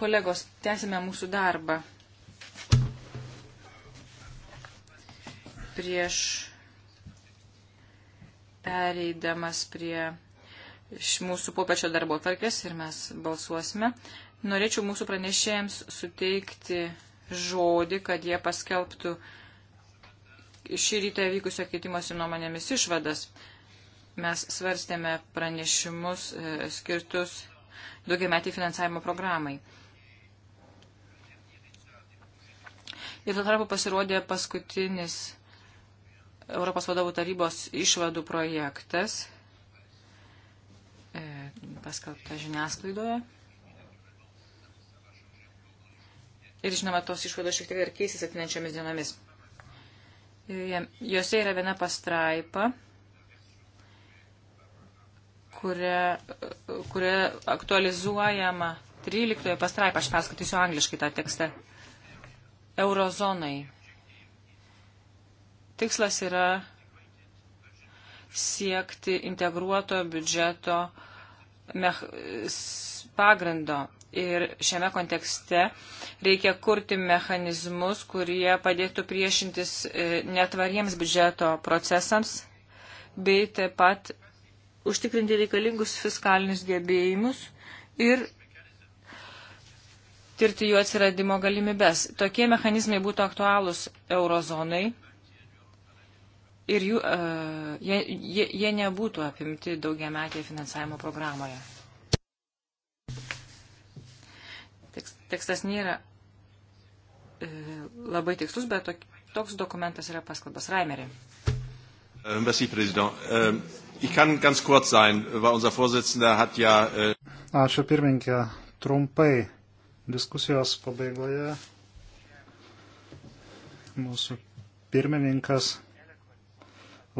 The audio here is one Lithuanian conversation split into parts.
Kolegos, tęsime mūsų darbą. Prieš pereidamas prie mūsų popečio darbo tarkės ir mes balsuosime, norėčiau mūsų pranešėjams suteikti žodį, kad jie paskelbtų šį rytą vykusio keitimosi nuomonėmis išvadas. Mes svarstėme pranešimus e, skirtus daugiametį finansavimo programai. Ir tuo tarpu pasirodė paskutinis Europos vadovų tarybos išvadų projektas, e, paskelbta žiniasklaidoje. Ir žinoma, tos išvados šiek tiek dar keisis atinančiomis dienomis. E, jose yra viena pastraipa kuria, kuria aktualizuojama 13 pastraipą, aš perskaitysiu angliškai tą tekstą. Eurozonai. Tikslas yra siekti integruoto biudžeto pagrindo. Ir šiame kontekste reikia kurti mechanizmus, kurie padėtų priešintis e, netvariems biudžeto procesams, bei taip pat užtikrinti reikalingus fiskalinius gebėjimus ir tirti jų atsiradimo galimybės. Tokie mechanizmai būtų aktualūs eurozonai ir jų, uh, jie, jie, jie nebūtų apimti daugiametėje finansavimo programoje. Tekstas nėra uh, labai tikslus, bet toks dokumentas yra paskalbas Raimerį. Euh, merci, prezident. Uh... Ich kann ganz kurz sein, weil unser Vorsitzender hat ja. Äh Ačiū pirmininkė. Trumpai diskusijos pabaigoje mūsų pirmininkas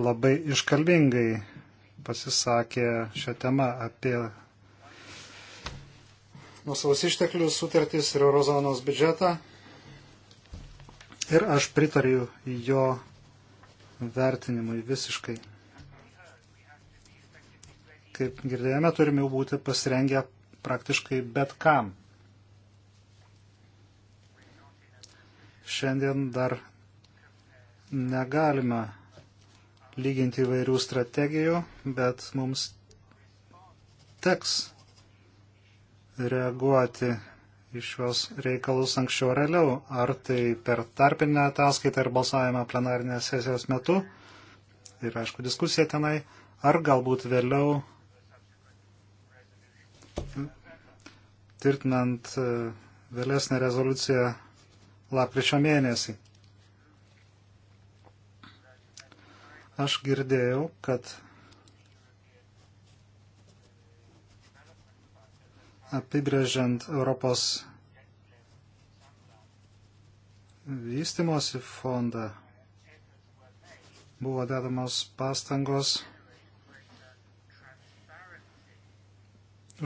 labai iškalbingai pasisakė šią temą apie nusavus išteklius, sutartys ir eurozonos biudžetą. Ir aš pritariu jo vertinimui visiškai kaip girdėjome, turime būti pasirengę praktiškai bet kam. Šiandien dar negalime lyginti įvairių strategijų, bet mums teks reaguoti į šios reikalus anksčiau ar vėliau, ar tai per tarpinę ataskaitą ir balsavimą plenarinės sesijos metu, ir aišku diskusija tenai, ar galbūt vėliau tvirtinant e, vėlesnę rezoliuciją lapkričio mėnesį. Aš girdėjau, kad apibrėžiant Europos vystimosi fondą buvo dedamos pastangos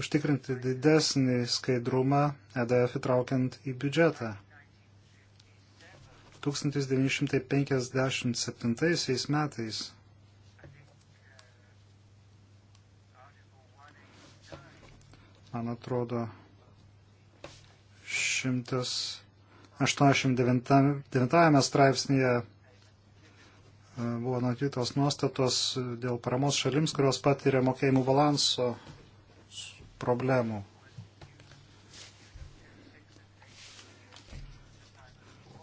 užtikrinti didesnį skaidrumą EDF įtraukiant į biudžetą. 1957 metais man atrodo 189 straipsnėje e, buvo nuotytos nuostatos dėl paramos šalims, kurios patiria mokėjimų balanso problemų.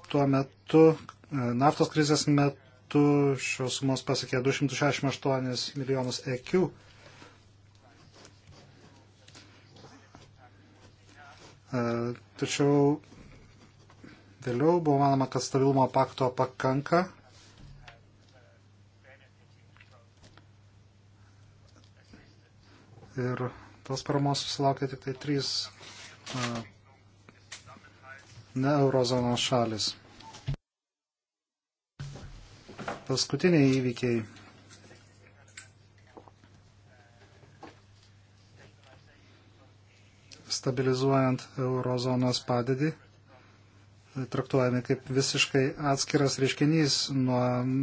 Tuo metu, e, naftos krizės metu šios sumos pasiekė 268 milijonus ekių. E, tačiau vėliau buvo manoma, kad stabilumo pakto pakanka ir tos paramos susilaukė tik tai trys ne eurozonos šalis. Paskutiniai įvykiai. Stabilizuojant eurozonos padėdį traktuojami kaip visiškai atskiras reiškinys nuo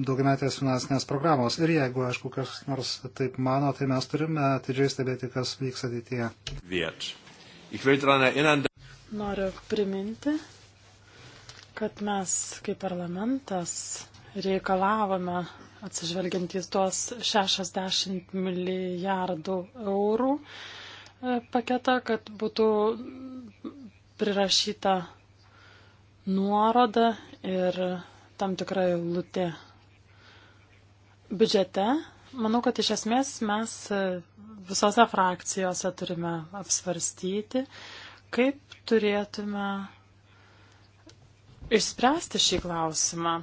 daugiametės finansinės programos. Ir jeigu, aišku, kas nors taip mano, tai mes turime atidžiai stebėti, kas vyks ateityje. Noriu priminti, kad mes kaip parlamentas reikalavome atsižvelgiant į tuos 60 milijardų eurų e, paketą, kad būtų prirašyta nuoroda ir tam tikra eilutė biudžete. Manau, kad iš esmės mes visose frakcijose turime apsvarstyti, kaip turėtume išspręsti šį klausimą.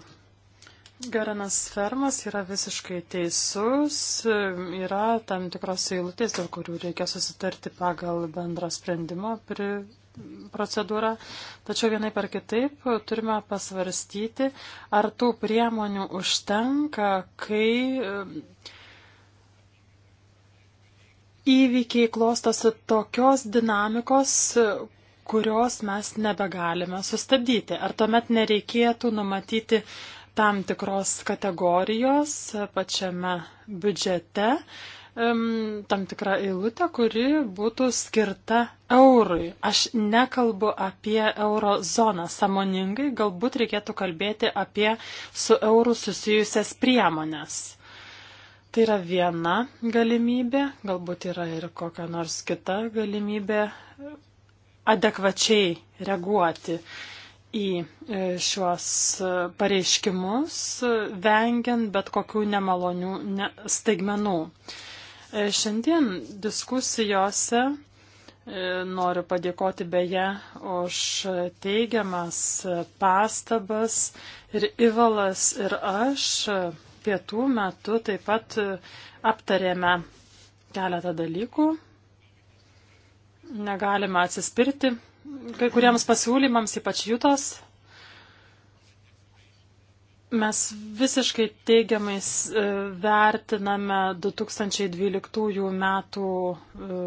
Garanas Fermas yra visiškai teisus, yra tam tikros eilutės, dėl kurių reikia susitarti pagal bendrą sprendimą pri procedūra, tačiau vienai per kitaip turime pasvarstyti, ar tų priemonių užtenka, kai e, įvykiai klostosi tokios dinamikos, kurios mes nebegalime sustabdyti. Ar tuomet nereikėtų numatyti tam tikros kategorijos pačiame biudžete, um, tam tikrą eilutę, kuri būtų skirta eurui. Aš nekalbu apie eurozoną samoningai, galbūt reikėtų kalbėti apie su eurų susijusias priemonės. Tai yra viena galimybė, galbūt yra ir kokia nors kita galimybė adekvačiai reaguoti į e, šiuos e, pareiškimus, vengiant bet kokių nemalonių staigmenų. E, šiandien diskusijose e, noriu padėkoti beje už teigiamas pastabas ir Ivalas ir aš pietų metu taip pat aptarėme keletą dalykų. Negalime atsispirti kai kuriems pasiūlymams, ypač Jutos Mes visiškai teigiamai e, vertiname 2012 metų e,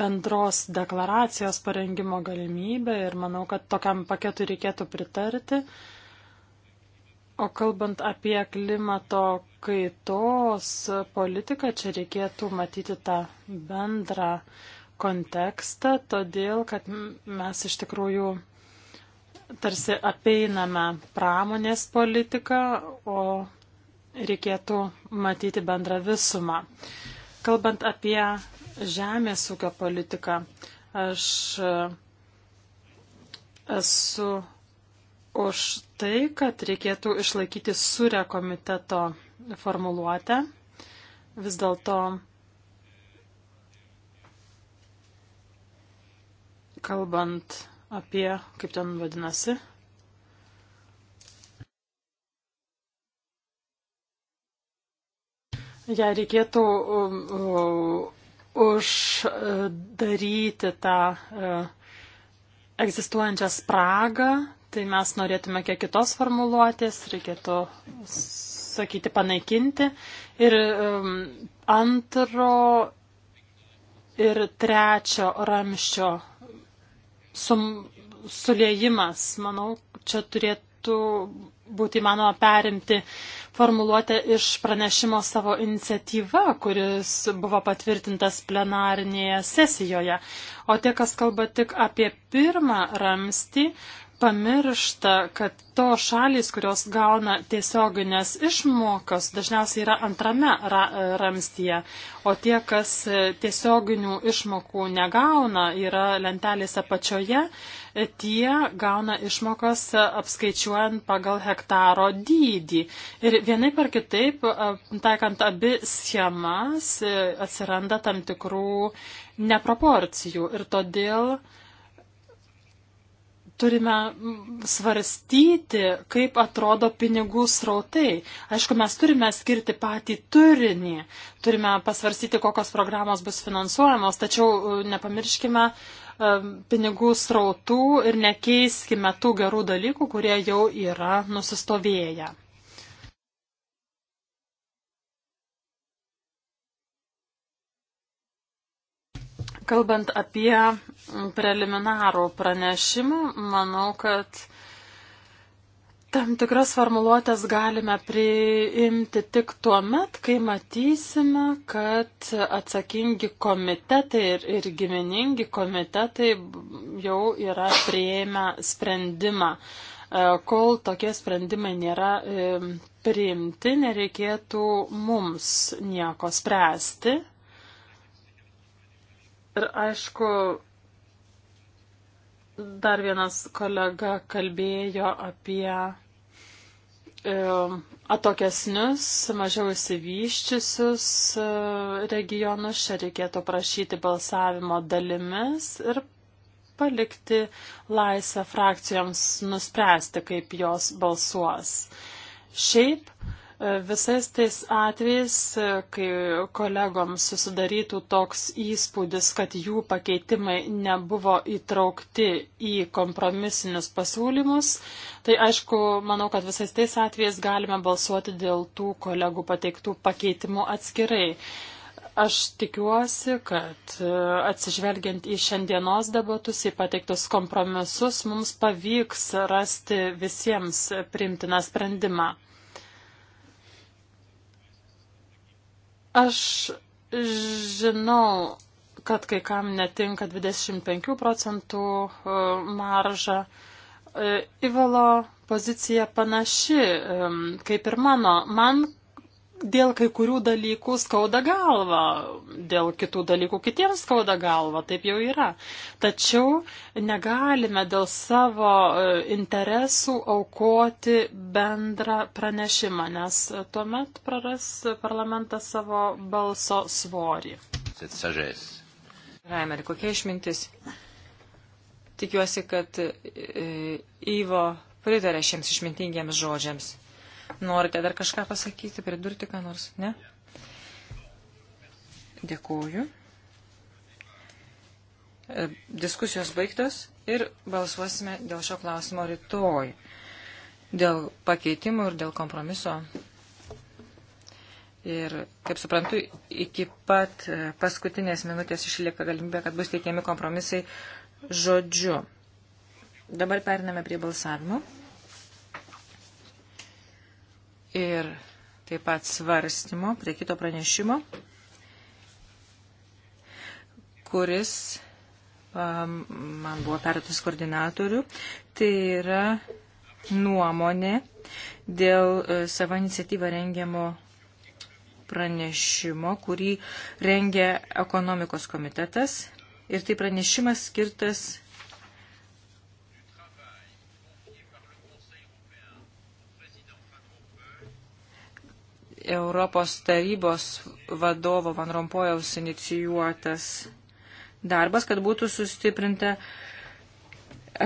bendros deklaracijos parengimo galimybę ir manau, kad tokiam paketui reikėtų pritarti. O kalbant apie klimato kaitos politiką, čia reikėtų matyti tą bendrą kontekstą, todėl kad mes iš tikrųjų tarsi apeiname pramonės politiką, o reikėtų matyti bendrą visumą. Kalbant apie žemės ūkio politiką, aš e, esu už tai, kad reikėtų išlaikyti surę komiteto formuluotę. Vis dėlto kalbant apie, kaip ten vadinasi, ją reikėtų um, uh, uždaryti tą uh, egzistuojančią spragą, tai mes norėtume kiek kitos formuluotės, reikėtų sakyti panaikinti. Ir um, antro ir trečio ramščio sum, suliejimas. Manau, čia turėtų būti įmanoma perimti formuluotę iš pranešimo savo iniciatyva, kuris buvo patvirtintas plenarinėje sesijoje. O tie, kas kalba tik apie pirmą ramstį, pamiršta, kad to šalys, kurios gauna tiesioginės išmokas, dažniausiai yra antrame ra ramstyje, o tie, kas tiesioginių išmokų negauna, yra lentelės apačioje, tie gauna išmokas apskaičiuojant pagal hektaro dydį. Ir vienai par kitaip, taikant abi schemas, atsiranda tam tikrų neproporcijų. Ir todėl turime svarstyti, kaip atrodo pinigų srautai. Aišku, mes turime skirti patį turinį, turime pasvarstyti, kokios programos bus finansuojamos, tačiau e, nepamirškime e, pinigų srautų ir nekeiskime tų gerų dalykų, kurie jau yra nusistovėję. Kalbant apie preliminarų pranešimą, manau, kad tam tikras formuluotės galime priimti tik tuo met, kai matysime, kad atsakingi komitetai ir, ir giminingi komitetai jau yra prieėmę sprendimą. E, kol tokie sprendimai nėra e, priimti, nereikėtų mums nieko spręsti, Ir aišku, dar vienas kolega kalbėjo apie e, atokesnius, mažiau įsivyščiusius e, regionus. Čia reikėtų prašyti balsavimo dalimis ir palikti laisvę frakcijoms nuspręsti, kaip jos balsuos. Šiaip Visais tais atvejais, e, kai kolegoms susidarytų toks įspūdis, kad jų pakeitimai nebuvo įtraukti į kompromisinius pasiūlymus, tai aišku, manau, kad visais tais atvejais galime balsuoti dėl tų kolegų pateiktų pakeitimų atskirai. Aš tikiuosi, kad e, atsižvelgiant į šiandienos debatus, į pateiktus kompromisus, mums pavyks rasti visiems primtiną sprendimą. Aš žinau, kad kai kam netinka 25 procentų e, marža. E, Ivalo pozicija panaši kaip ir mano. Man dėl kai kurių dalykų skauda galva, dėl kitų dalykų kitiems skauda galva, taip jau yra. Tačiau negalime dėl savo e, interesų aukoti bendrą pranešimą, nes tuomet praras parlamentas savo balso svorį. Raimer, kokia išmintis? Tikiuosi, kad e, Ivo pritarė šiems išmintingiems žodžiams. Norite dar kažką pasakyti, pridurti ką nors? Ne? Dėkuoju. E, diskusijos baigtos ir balsuosime dėl šio klausimo rytoj. Dėl pakeitimų ir dėl kompromiso. Ir, kaip suprantu, iki pat e, paskutinės minutės išlieka galimybė, kad bus teikiami kompromisai žodžiu. Dabar periname prie balsavimo ir taip pat svarstymo prie kito pranešimo, kuris um, man buvo perėtas koordinatorių. Tai yra nuomonė dėl e, savo iniciatyvą rengiamo pranešimo, kurį rengia ekonomikos komitetas. Ir tai pranešimas skirtas Europos tarybos vadovo Van Rompojaus inicijuotas darbas, kad būtų sustiprinta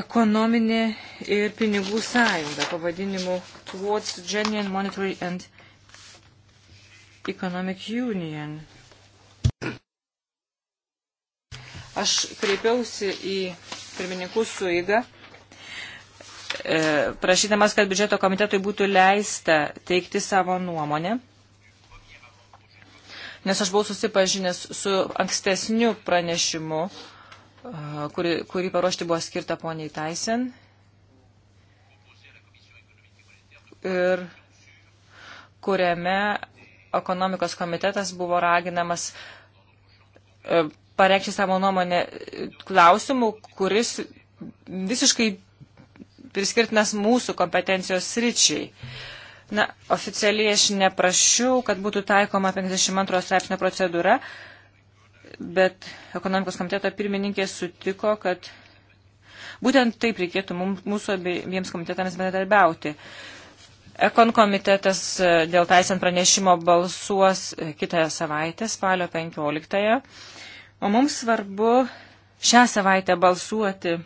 ekonominė ir pinigų sąjunga pavadinimu Towards Genuine Monetary and Economic Union. Aš kreipiausi į pirmininkų suigą e, prašydamas, kad biudžeto komitetui būtų leista teikti savo nuomonę nes aš buvau susipažinęs su ankstesniu pranešimu, kuri, kurį paruošti buvo skirta poniai Taisen. Ir kuriame ekonomikos komitetas buvo raginamas pareikšti savo nuomonę klausimų, kuris visiškai priskirtinas mūsų kompetencijos sričiai. Uh, Na, oficialiai aš neprašiau, kad būtų taikoma 52 straipsnio procedūra, bet ekonomikos komiteto pirmininkė sutiko, kad būtent taip reikėtų mums, mūsų abiems komitetams bendradarbiauti. Ekon komitetas e, dėl taisant pranešimo balsuos e, kitą savaitę, spalio 15-ąją, o mums svarbu šią savaitę balsuoti,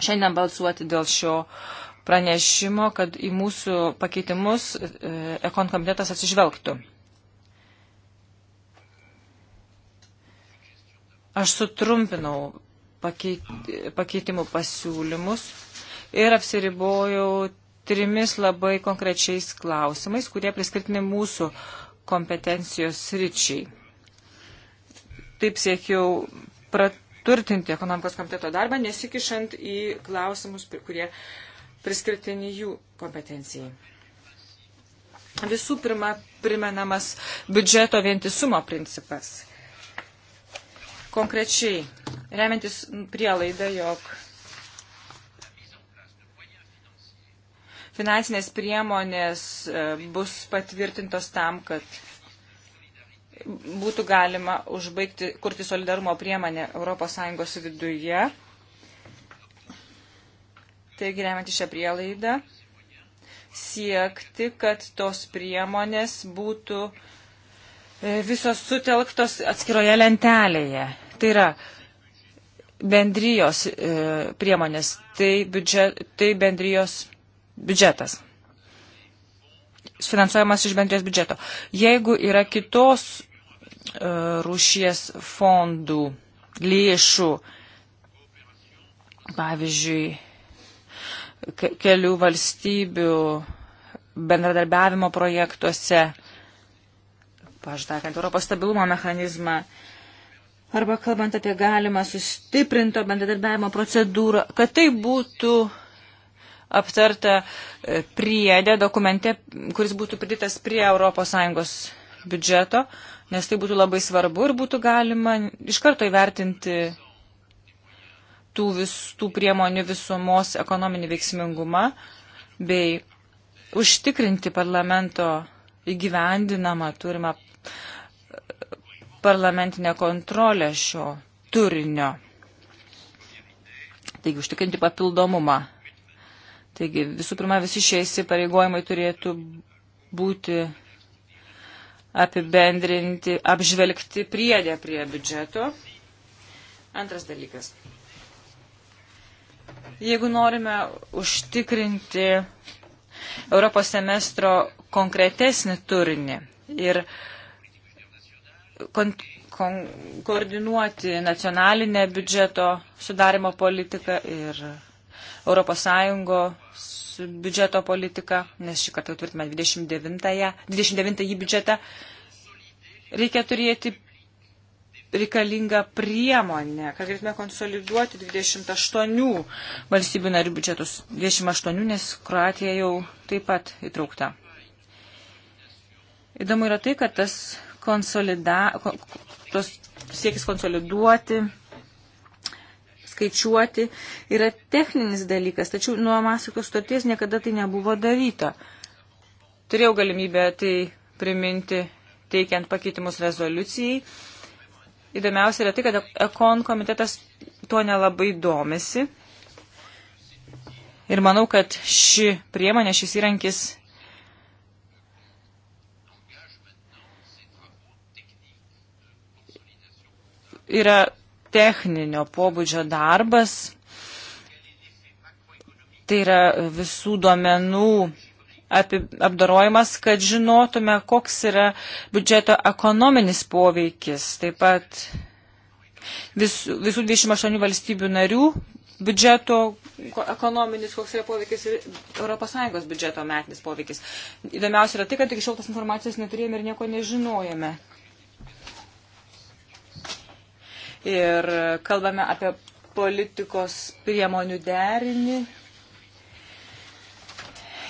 šiandien balsuoti dėl šio uh, pranešimo, kad į mūsų pakeitimus e, Ekon komitetas atsižvelgtų. Aš sutrumpinau pakeitimų pasiūlymus ir apsiribojau trimis labai konkrečiais klausimais, kurie priskirtini mūsų kompetencijos ryčiai. Taip siekiau praturtinti ekonomikos komiteto darbą, nesikišant į klausimus, kurie uh, priskirtini jų kompetencijai. Visų pirma, primenamas biudžeto vientisumo principas. Konkrečiai, remiantis prielaidą, jog finansinės priemonės e, bus patvirtintos tam, kad būtų galima užbaigti, kurti solidarumo priemonę ES viduje Taigi, remiant į šią prielaidą, siekti, kad tos priemonės būtų e, visos sutelktos atskiroje lentelėje. Tai yra bendrijos e, priemonės, tai, biudžet, tai bendrijos biudžetas finansuojamas iš bendrijos biudžeto. Jeigu yra kitos uh, rūšies fondų lėšų, pavyzdžiui, kelių valstybių bendradarbiavimo projektuose, pažtakant Europos stabilumo mechanizmą, arba kalbant apie galimą sustiprinto bendradarbiavimo procedūrą, kad tai būtų aptarta e, priedė dokumente, kuris būtų pridėtas prie ES biudžeto, nes tai būtų labai svarbu ir būtų galima iš karto įvertinti tų, vis, tų priemonių visumos ekonominį veiksmingumą bei užtikrinti parlamento įgyvendinamą turimą e, parlamentinę kontrolę šio turinio. Taigi užtikrinti papildomumą. Taigi visų pirma, visi šie įsipareigojimai turėtų būti apibendrinti, apžvelgti priedę prie biudžeto. Antras dalykas. Jeigu norime užtikrinti Europos semestro konkretesnį turinį ir kon, kon, koordinuoti nacionalinę biudžeto sudarimo politiką ir ES biudžeto politiką, nes šį kartą tvirtime 29, 29 biudžetą, reikia turėti reikalinga priemonė, kad galėtume konsoliduoti 28 valstybių narių biudžetus. 28, nes Kroatija jau taip pat įtraukta. Įdomu yra tai, kad tas konsolida, tos siekis konsoliduoti, skaičiuoti yra techninis dalykas, tačiau nuo Masikos stoties niekada tai nebuvo daryta. Turėjau galimybę tai priminti teikiant pakeitimus rezoliucijai įdomiausia yra tai, kad Ekon komitetas tuo nelabai domisi. Ir manau, kad ši priemonė, šis įrankis yra techninio pobūdžio darbas. Tai yra visų duomenų apdorojimas, kad žinotume, koks yra biudžeto ekonominis poveikis. Taip pat vis, visų 28 valstybių narių biudžeto ekonominis, koks yra poveikis ES biudžeto metinis poveikis. Įdomiausia yra tai, kad iki šiol tos informacijos neturėjome ir nieko nežinojome. Ir kalbame apie politikos priemonių derinį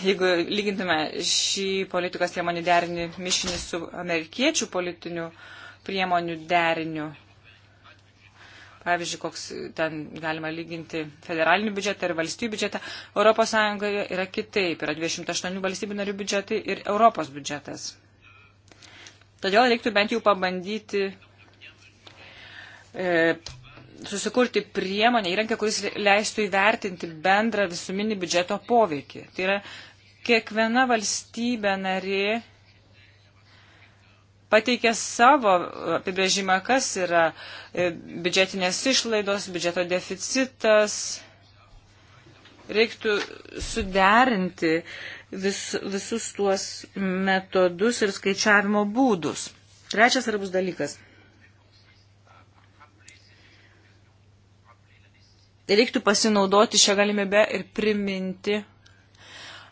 jeigu lygintume šį politikos priemonių derinį mišinį su amerikiečių politinių priemonių deriniu, pavyzdžiui, koks ten galima lyginti federalinį biudžetą ir valstybių biudžetą, ES yra kitaip, yra 28 valstybių narių biudžetai ir Europos biudžetas. Todėl reiktų bent jau pabandyti e, susikurti priemonę, įrankę, kuris leistų įvertinti bendrą visuminį biudžeto poveikį. Tai yra kiekviena valstybė narė pateikė savo apibrėžimą, kas yra e, biudžetinės išlaidos, biudžeto deficitas. Reiktų suderinti vis, visus tuos metodus ir skaičiavimo būdus. Trečias svarbus dalykas. Reiktų pasinaudoti šią galimybę ir priminti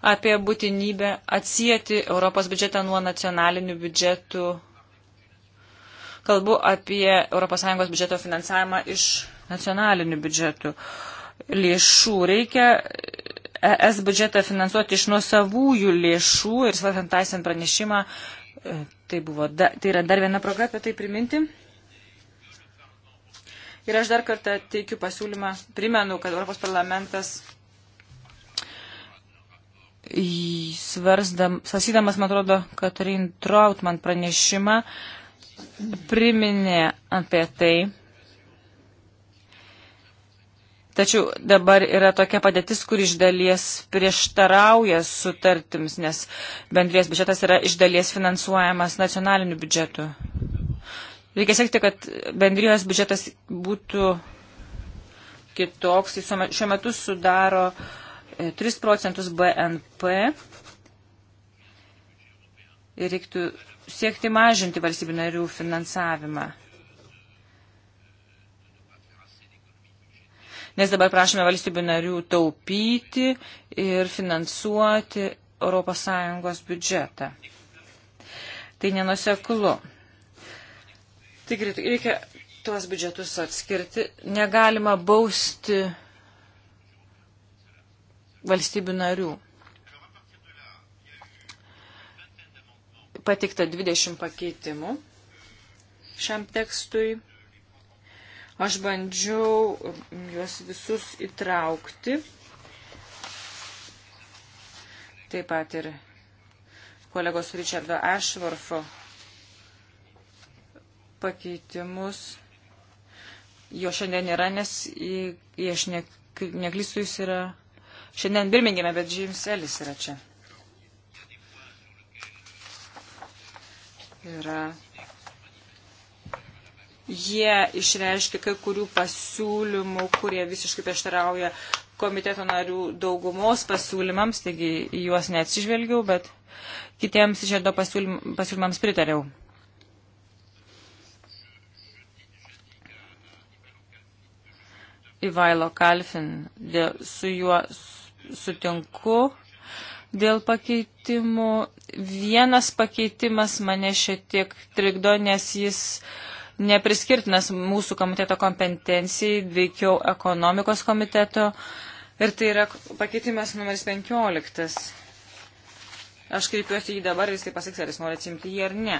apie būtinybę atsijėti Europos biudžetą nuo nacionalinių biudžetų. Kalbu apie ES biudžeto finansavimą iš nacionalinių biudžetų lėšų. Reikia ES biudžetą finansuoti iš nuosavųjų lėšų ir svarstant taisant pranešimą. E, tai, buvo, da, tai yra dar viena proga apie tai priminti. Ir aš dar kartą teikiu pasiūlymą, primenu, kad Europos parlamentas svarsdam, sasydamas, man atrodo, Katarin Trautman pranešimą, priminė apie tai. Tačiau dabar yra tokia padėtis, kur iš dalies prieštarauja sutartims, nes bendrės biudžetas yra iš dalies finansuojamas nacionaliniu biudžetu. Reikia siekti, kad bendrijos biudžetas būtų kitoks. Jis šiuo metu sudaro uh, 3 procentus BNP ir reiktų siekti mažinti valstybių narių finansavimą. Nes dabar prašome valstybių narių taupyti ir finansuoti ES biudžetą. Tai nenuseklu. Tikrai reikia tuos biudžetus atskirti. Negalima bausti valstybių narių. Patikta 20 pakeitimų šiam tekstui. Aš bandžiau juos visus įtraukti. Taip pat ir kolegos Richardo Ashworfo pakeitimus. Jo šiandien yra, nes jei aš neklystu, jis yra Šiandien Birmingime, bet James Ellis yra čia. Yra. Jie išreiškia kai kurių pasiūlymų, kurie visiškai prieštarauja komiteto narių daugumos pasiūlymams, taigi juos neatsižvelgiau, bet kitiems žiedo pasiūlym, pasiūlymams pritariau. Ivailo Kalfin, dėl, su juo sutinku dėl pakeitimų. Vienas pakeitimas mane šiek tiek trikdo, nes jis nepriskirtinas mūsų komiteto kompetencijai, veikiau ekonomikos komiteto. Ir tai yra pakeitimas numeris 15. Aš kreipiuosi jį dabar ir jisai pasakys, ar jis nori atsimti jį ar ne.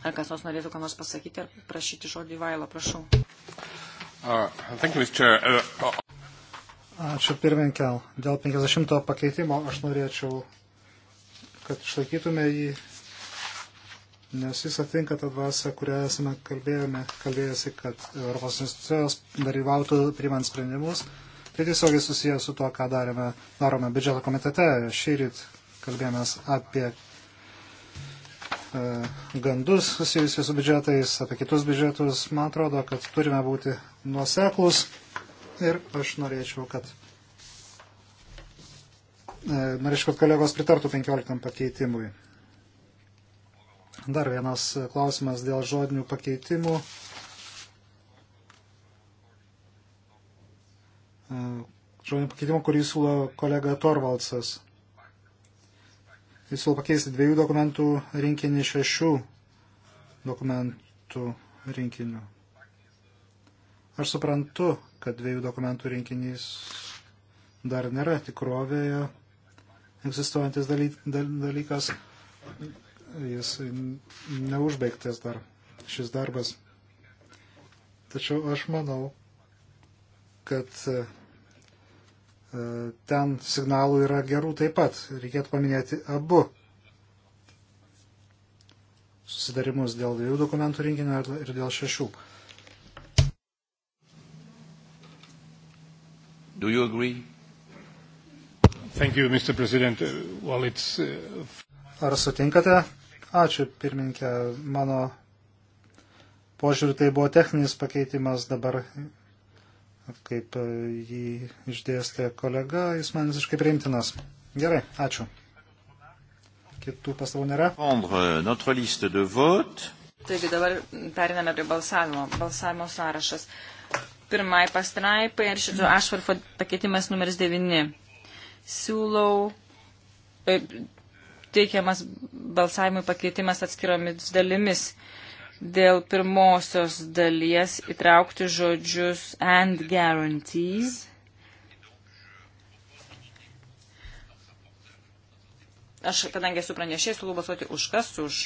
Ar kas nors norėtų ką nors pasakyti ar prašyti žodį Vailą, prašau. Uh, uh, uh, Ačiū pirmininkiau. Dėl 50 pakeitimo aš norėčiau, kad išlaikytume jį, nes jis atinka tą dvasę, kurią esame kalbėjome, kalbėjęsi, kad Europos institucijos dalyvautų priimant sprendimus. Tai tiesiogiai susijęs su tuo, ką darėme, darome biudžeto komitete. Šį rytą kalbėjomės apie E, gandus susijusius su biudžetais, apie kitus biudžetus. Man atrodo, kad turime būti nuoseklus ir aš norėčiau, kad. E, norėčiau, kad kolegos pritartų 15 pakeitimui. Dar vienas klausimas dėl žodinių pakeitimų. E, žodinių pakeitimų, kurį siūlo kolega Torvaldsas. Jis siūlo pakeisti dviejų dokumentų rinkinį šešių dokumentų rinkiniu. Aš suprantu, kad dviejų dokumentų rinkinys dar nėra tikrovėje egzistuojantis dalykas. Jis neužbaigtas dar šis darbas. Tačiau aš manau, kad E, ten signalų yra gerų taip pat. Reikėtų paminėti abu susidarimus dėl dviejų dokumentų rinkinio ir dėl šešių. Do you agree? Thank you, Mr. President. Well, it's, uh... Ar sutinkate? Ačiū, pirmininkė. Mano požiūriu, tai buvo techninis pakeitimas, dabar kaip e, jį išdėstė kolega, jis man visiškai priimtinas. Gerai, ačiū. Kitų pastabų nėra. Euh, Taigi dabar periname prie balsavimo. Balsavimo sąrašas. Pirmai pastraipai ir šito ašvarfo pakeitimas numeris 9. Siūlau. E, teikiamas balsavimui pakeitimas atskiromis dalimis dėl pirmosios dalies įtraukti žodžius and guarantees. Aš, kadangi esu pranešėjęs, siūlau balsuoti už kas už.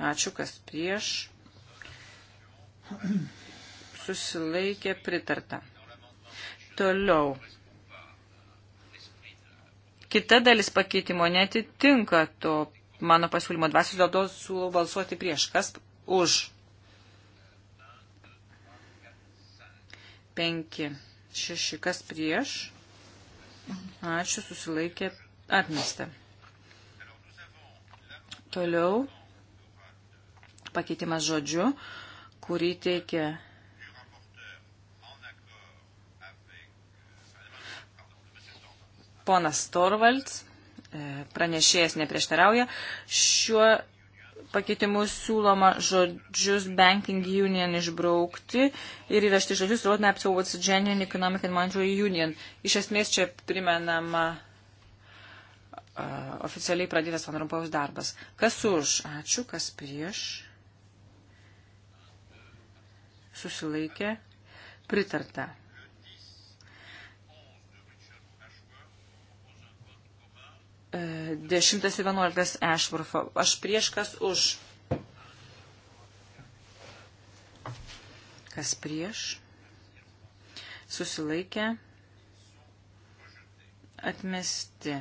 Ačiū, kas prieš. Susilaikė pritarta. Toliau. Kita dalis pakeitimo netitinka to mano pasiūlymo dvasios, dėl to siūlau balsuoti prieš. Kas už. 5, 6, kas prieš. Ačiū, susilaikė, atmesta. Toliau pakeitimas žodžiu, kurį teikia ponas Torvalds, e, pranešėjas neprieštarauja, šiuo pakeitimus siūloma žodžius Banking Union išbraukti ir įrašti žodžius Roadmap towards Genuine Economic and Monetary Union. Iš esmės čia primenama uh, oficialiai pradėtas Van Rompaus darbas. Kas už? Ačiū. Kas prieš? Susilaikė. Pritarta. 111 Ešvarfo. Aš prieš kas už. Kas prieš? Susilaikė. Atmesti.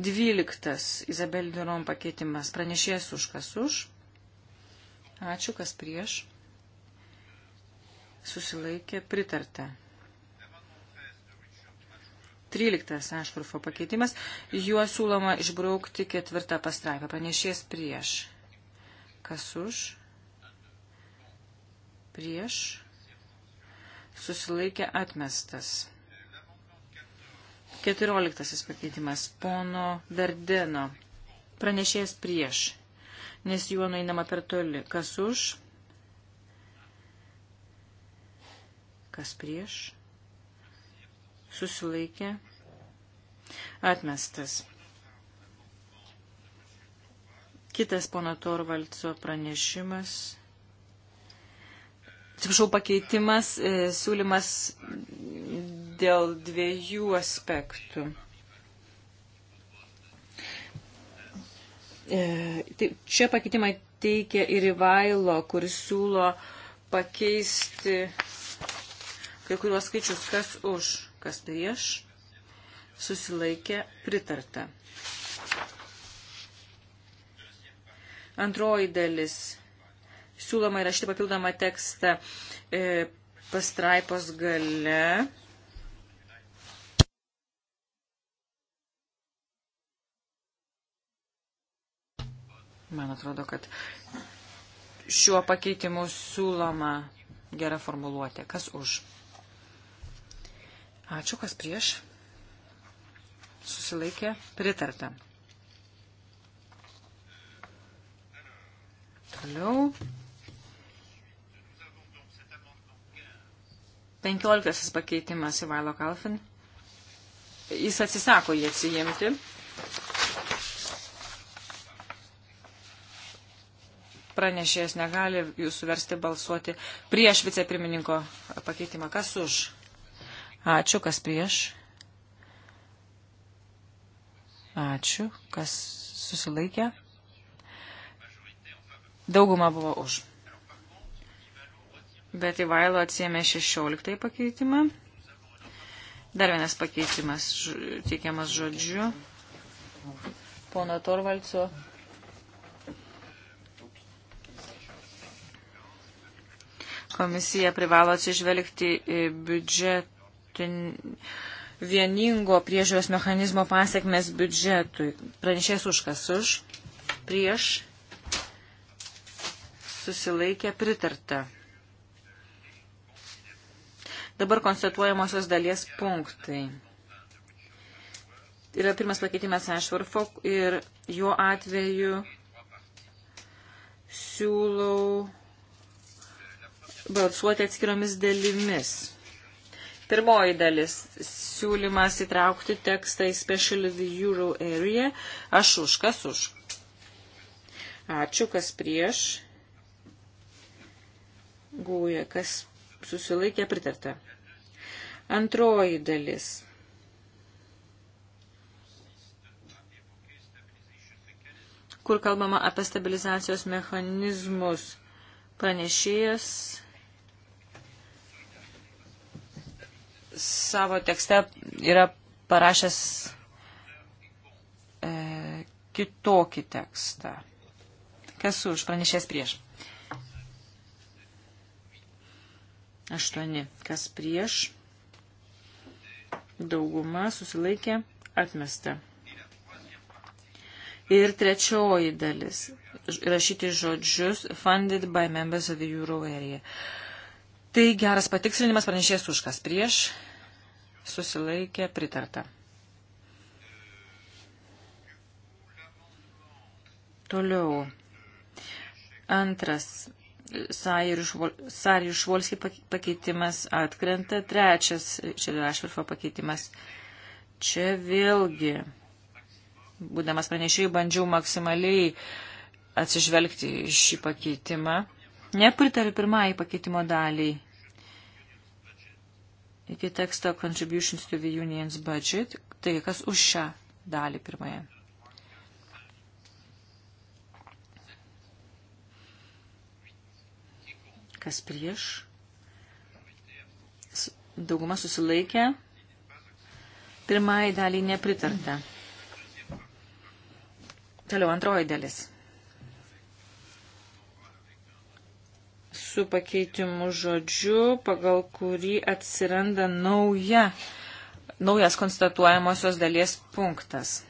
12. Izabel Duron pakeitimas. Pranešėjas už kas už. Ačiū, kas prieš. Susilaikė pritarta. 13 Aškurfo pakeitimas. Juo siūloma išbraukti ketvirtą pastraipą. Pranešės prieš. Kas už? Prieš. Susilaikė atmestas. 14 pakeitimas. Pono Verdeno. Pranešės prieš. Nes juo nueinama per toli. Kas už? Kas prieš? susilaikė, atmestas. Kitas pono Torvalco pranešimas. Atsiprašau, pakeitimas, e, siūlymas dėl dviejų aspektų. E, tai čia pakeitimą teikia ir Ivailo, kuris siūlo pakeisti kai kuriuos skaičius, kas už kas prieš, susilaikė pritarta. Antroji dalis. Siūloma įrašyti papildomą tekstą e, pastraipos gale. Man atrodo, kad šiuo pakeitimu siūloma gera formuluotė. Kas už? Ačiū, kas prieš. Susilaikė pritarta. Toliau. 15 pakeitimas Ivailo Kalfin. Jis atsisako jį atsijimti. Pranešėjas negali jūsų versti balsuoti prieš vicepirmininko pakeitimą. Kas už? Ačiū, kas prieš. Ačiū, kas susilaikė. Dauguma buvo už. Bet Ivailo atsiemė 16 pakeitimą. Dar vienas pakeitimas teikiamas žodžiu. Pono Torvalco. Komisija privalo atsižvelgti biudžetą vieningo priežiūros mechanizmo pasiekmes biudžetui. Pranešės už kas už, prieš, susilaikė pritarta. Dabar konstatuojamosios dalies punktai. Yra pirmas pakeitimas Ashworfo ir jo atveju siūlau balsuoti atskiromis dalimis. Pirmoji dalis - siūlymas įtraukti tekstą į Special Euro Area. Aš už, kas už. Ačiū, kas prieš. Gūja, kas susilaikė pritarta. Antroji dalis. kur kalbama apie stabilizacijos mechanizmus. Pranešėjas savo tekste yra parašęs e, kitokį tekstą. Kas už, pranešės prieš. Aštuoni. Kas prieš? Dauguma susilaikė atmesta. Ir trečioji dalis. Rašyti žodžius funded by members of the euro area. Tai geras patikslinimas pranešės už kas prieš susilaikė pritarta. Toliau. Antras Sarijų Švolskį pakeitimas atkrenta. Trečias Čelio Ašvirfo pakeitimas. Čia vėlgi, būdamas pranešėjai, bandžiau maksimaliai atsižvelgti šį pakeitimą. Nepritariu pirmąjį pakeitimo daliai iki teksto Contributions to the Union's Budget. Tai kas už šią dalį pirmąją. Kas prieš? Dauguma susilaikė. Pirmąjį dalį nepritarta. Toliau antroji dalis. su pakeitimu žodžiu, pagal kurį atsiranda nauja, naujas konstatuojamosios dalies punktas.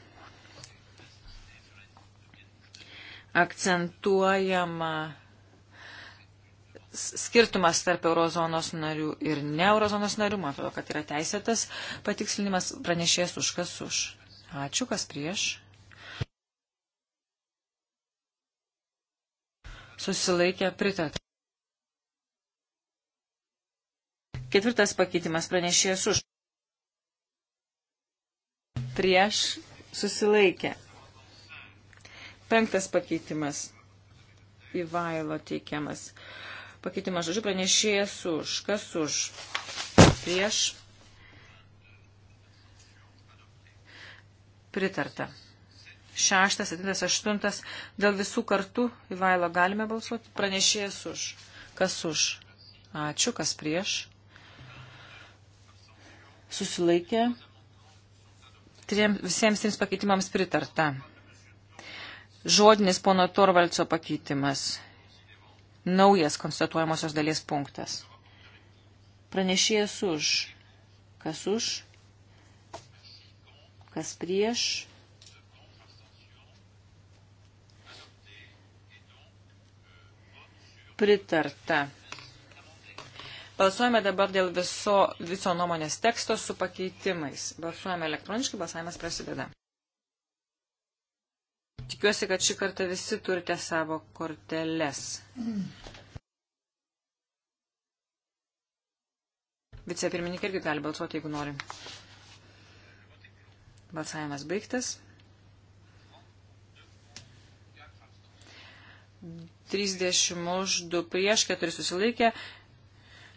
Akcentuojama skirtumas tarp eurozonos narių ir ne eurozonos narių, man atrodo, kad yra teisėtas patikslinimas pranešėjas už kas už. Ačiū, kas prieš. Susilaikė pritartą. Ketvirtas pakeitimas pranešėjas už. Prieš susilaikė. Penktas pakeitimas įvailo teikiamas. Pakeitimas žodžiu pranešėjas už. Kas už? Prieš. Pritarta. Šeštas, septintas, aštuntas. Dėl visų kartų įvailo galime balsuoti. Pranešėjas už. Kas už? Ačiū. Kas prieš? susilaikė, trim, visiems trims pakeitimams pritarta. Žodinis pono Torvalco pakeitimas. Naujas konstatuojamosios dalies punktas. Pranešėjas už. Kas už? Kas prieš? Pritarta. Balsuojame dabar dėl viso, viso nuomonės teksto su pakeitimais. Balsuojame elektroniškai, balsavimas prasideda. Tikiuosi, kad šį kartą visi turite savo korteles. Vicepirmininkai irgi gali balsuoti, jeigu nori. Balsavimas baigtas. 30 už 2 prieš 4 susilaikė,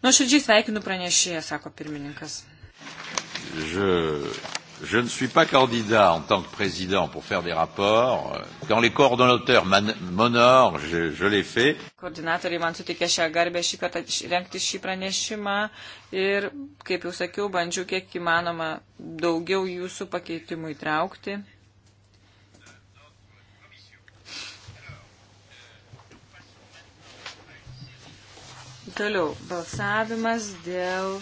Nuoširdžiai sveikinu pranešėją, sako pirmininkas. Je, je ne suis pas candidat en tant que président pour faire des rapports. Quand les coordonnateurs m'honorent, je, je l'ai fait. Koordinatoriai man sutikė šią garbę šį kartą rengti šį pranešimą ir, kaip jau sakiau, bandžiau kiek įmanoma daugiau jūsų pakeitimų įtraukti. Toliau balsavimas dėl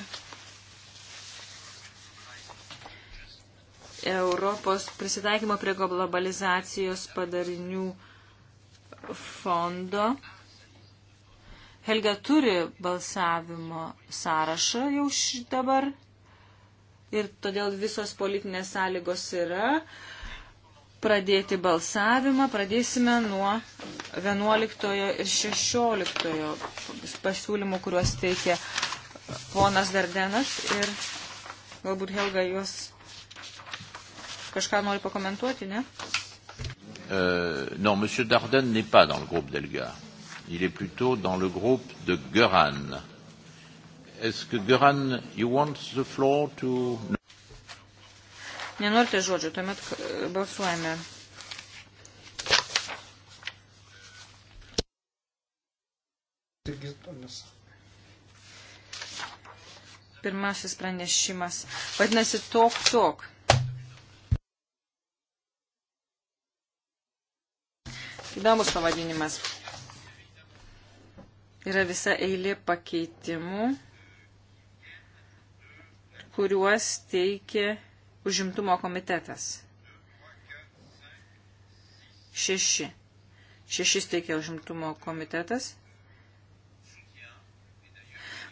Europos prisitaikymo prie globalizacijos padarinių fondo. Helga turi balsavimo sąrašą jau dabar ir todėl visos politinės sąlygos yra. Uh, pradėti balsavimą. Pradėsime nuo 11 ir 16 pasiūlymų, kuriuos teikia ponas Dardenas ir galbūt Helga juos kažką nori pakomentuoti, ne? Euh, non, M. Darden n'est pas dans le groupe d'Elga. Il est plutôt dans le groupe de Göran. Est-ce que Göran, you want the floor to... Nenorite žodžio, tuomet balsuojame. Pirmasis pranešimas. Vadinasi, tok, tok. Įdomus pavadinimas. Yra visa eilė pakeitimų, kuriuos teikia Užimtumo komitetas. Šeši. Šešis teikia užimtumo komitetas.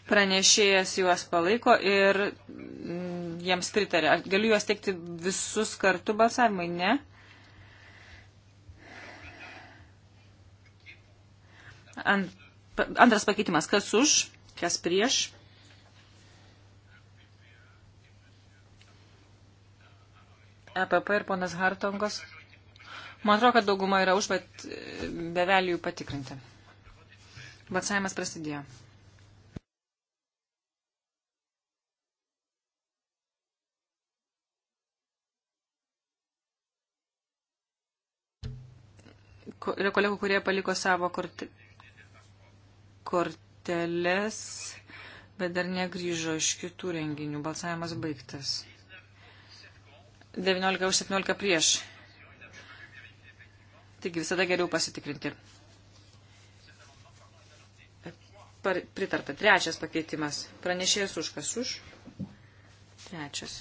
Pranešėjas juos palaiko ir mm, jiems pritarė. Ar galiu juos teikti visus kartu balsavimai? Ne. Ant, antras pakeitimas. Kas už, kas prieš? EPP ir ponas Hartongos. Man atrodo, kad dauguma yra už, bet e, beveliu jų patikrinti. Balsavimas prasidėjo. Yra kolegų, kurie paliko savo korte, korteles, bet dar negrįžo iš kitų renginių. Balsavimas baigtas. 19 už 17 prieš. Taigi visada geriau pasitikrinti. Par, pritarta. Trečias pakeitimas. Pranešėjas už kas už. Trečias.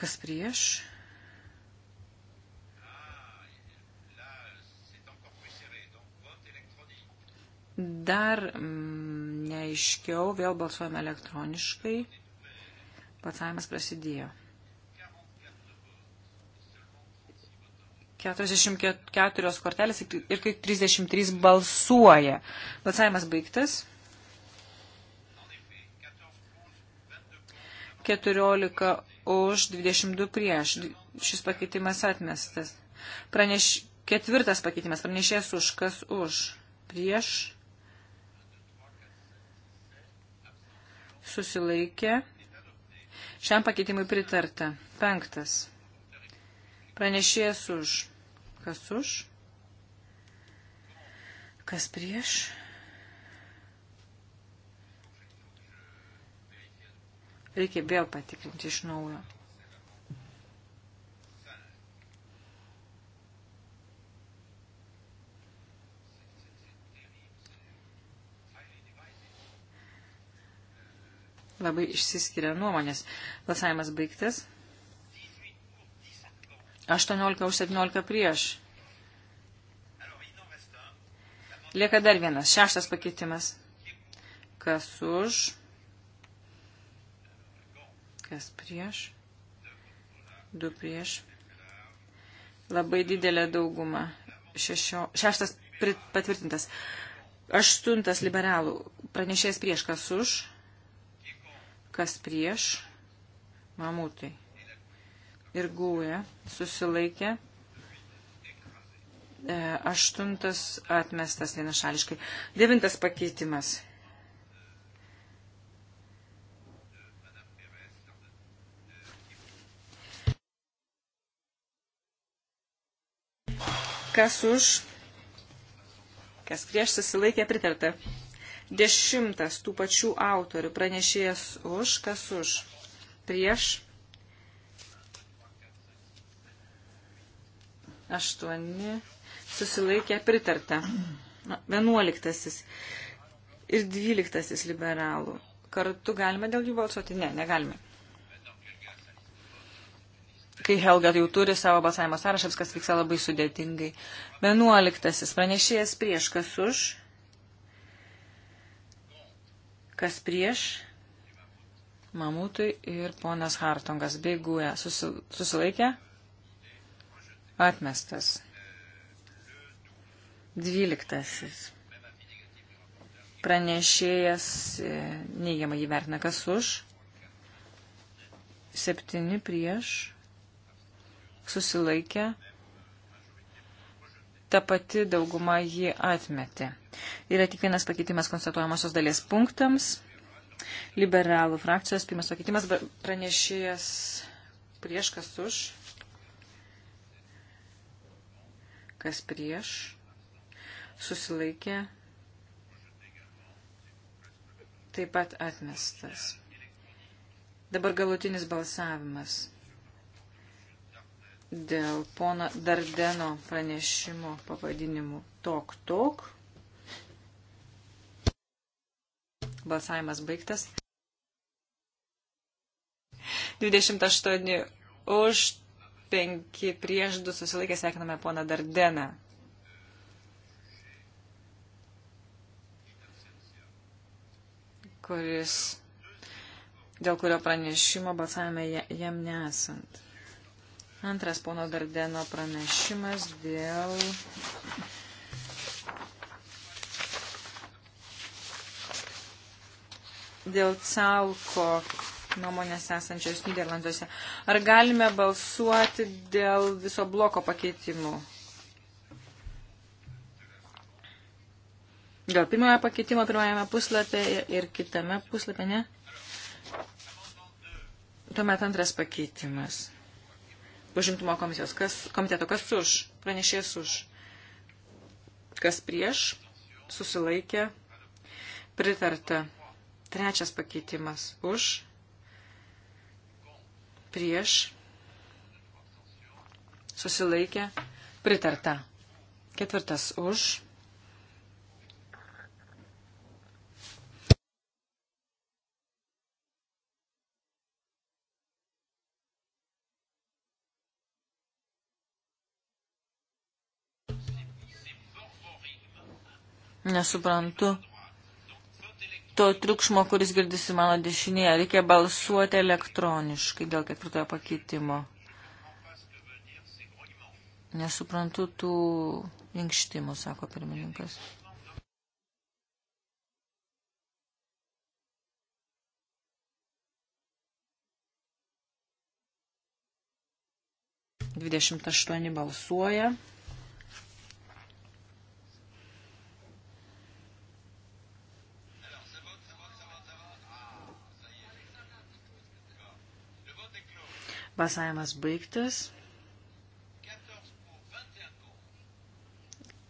Kas prieš? Dar mm, neaiškiau, vėl balsuojame elektroniškai. Balsavimas prasidėjo. 44 kortelės ir kai 33 balsuoja. Balsavimas baigtas. 14 už 22 prieš. Šis pakeitimas atmestas. Praneš... Ketvirtas pakeitimas. Pranešės už. Kas už? Prieš. Susilaikė. Šiam pakeitimui pritarta. Penktas. Pranešėjas už. Kas už? Kas prieš? Reikia vėl patikrinti iš naujo. labai išsiskiria nuomonės. Balsavimas baigtas. 18 už 17 prieš. Lieka dar vienas, šeštas pakeitimas. Kas už? Kas prieš? Du prieš. Labai didelė dauguma. Šešio, šeštas patvirtintas. Aštuntas liberalų pranešėjas prieš kas už, kas prieš, mamutai. Ir gūja susilaikė. E, aštuntas atmestas vienašališkai. Devintas pakeitimas. Kas už, kas prieš susilaikė pritarta. Dešimtas tų pačių autorių pranešėjas už, kas už, prieš. Aštuoni susilaikė pritarta. Vienuoliktasis ir dvyliktasis liberalų. Kartu galime dėl jų balsuoti? Ne, negalime. Kai Helga jau turi savo balsavimo sąrašą, viskas vyksta labai sudėtingai. Vienuoliktasis pranešėjas prieš kas už Kas prieš? Mamutui ir ponas Hartongas bei Gūja susilaikė. Atmestas. Dvyliktasis. Pranešėjas e, neigiamai įvertina, kas už. Septyni prieš. Susilaikė ta pati dauguma jį atmetė. Yra tik vienas pakeitimas konstatuojamosios dalies punktams. Liberalų frakcijos pirmas pakeitimas pranešėjas prieš kas už. Kas prieš. Susilaikė. Taip pat atmestas. Dabar galutinis balsavimas dėl pono Dardeno pranešimo pavadinimu Tok Tok. Balsavimas baigtas. 28 už 5 prieš 2 susilaikė sveikiname poną Dardeną. kuris, dėl kurio pranešimo balsavime jam nesant. Antras pono Dardeno pranešimas dėl dėl Calko nuomonės esančios Niderlanduose. Ar galime balsuoti dėl viso bloko pakeitimų? Dėl pirmojo pakeitimo pirmajame puslapyje ir kitame puslapyje, ne? Tuomet antras pakeitimas užimtumo komisijos. Kas, komiteto, kas už? Pranešės už. Kas prieš? Susilaikė. Pritarta. Trečias pakeitimas. Už. Prieš. Susilaikė. Pritarta. Ketvirtas už. nesuprantu to triukšmo, kuris girdisi mano dešinėje. Reikia balsuoti elektroniškai dėl ketvirtojo pakeitimo. Nesuprantu tų inkštimų, sako pirmininkas. Dvidešimt aštuoni balsuoja. Balsavimas baigtas.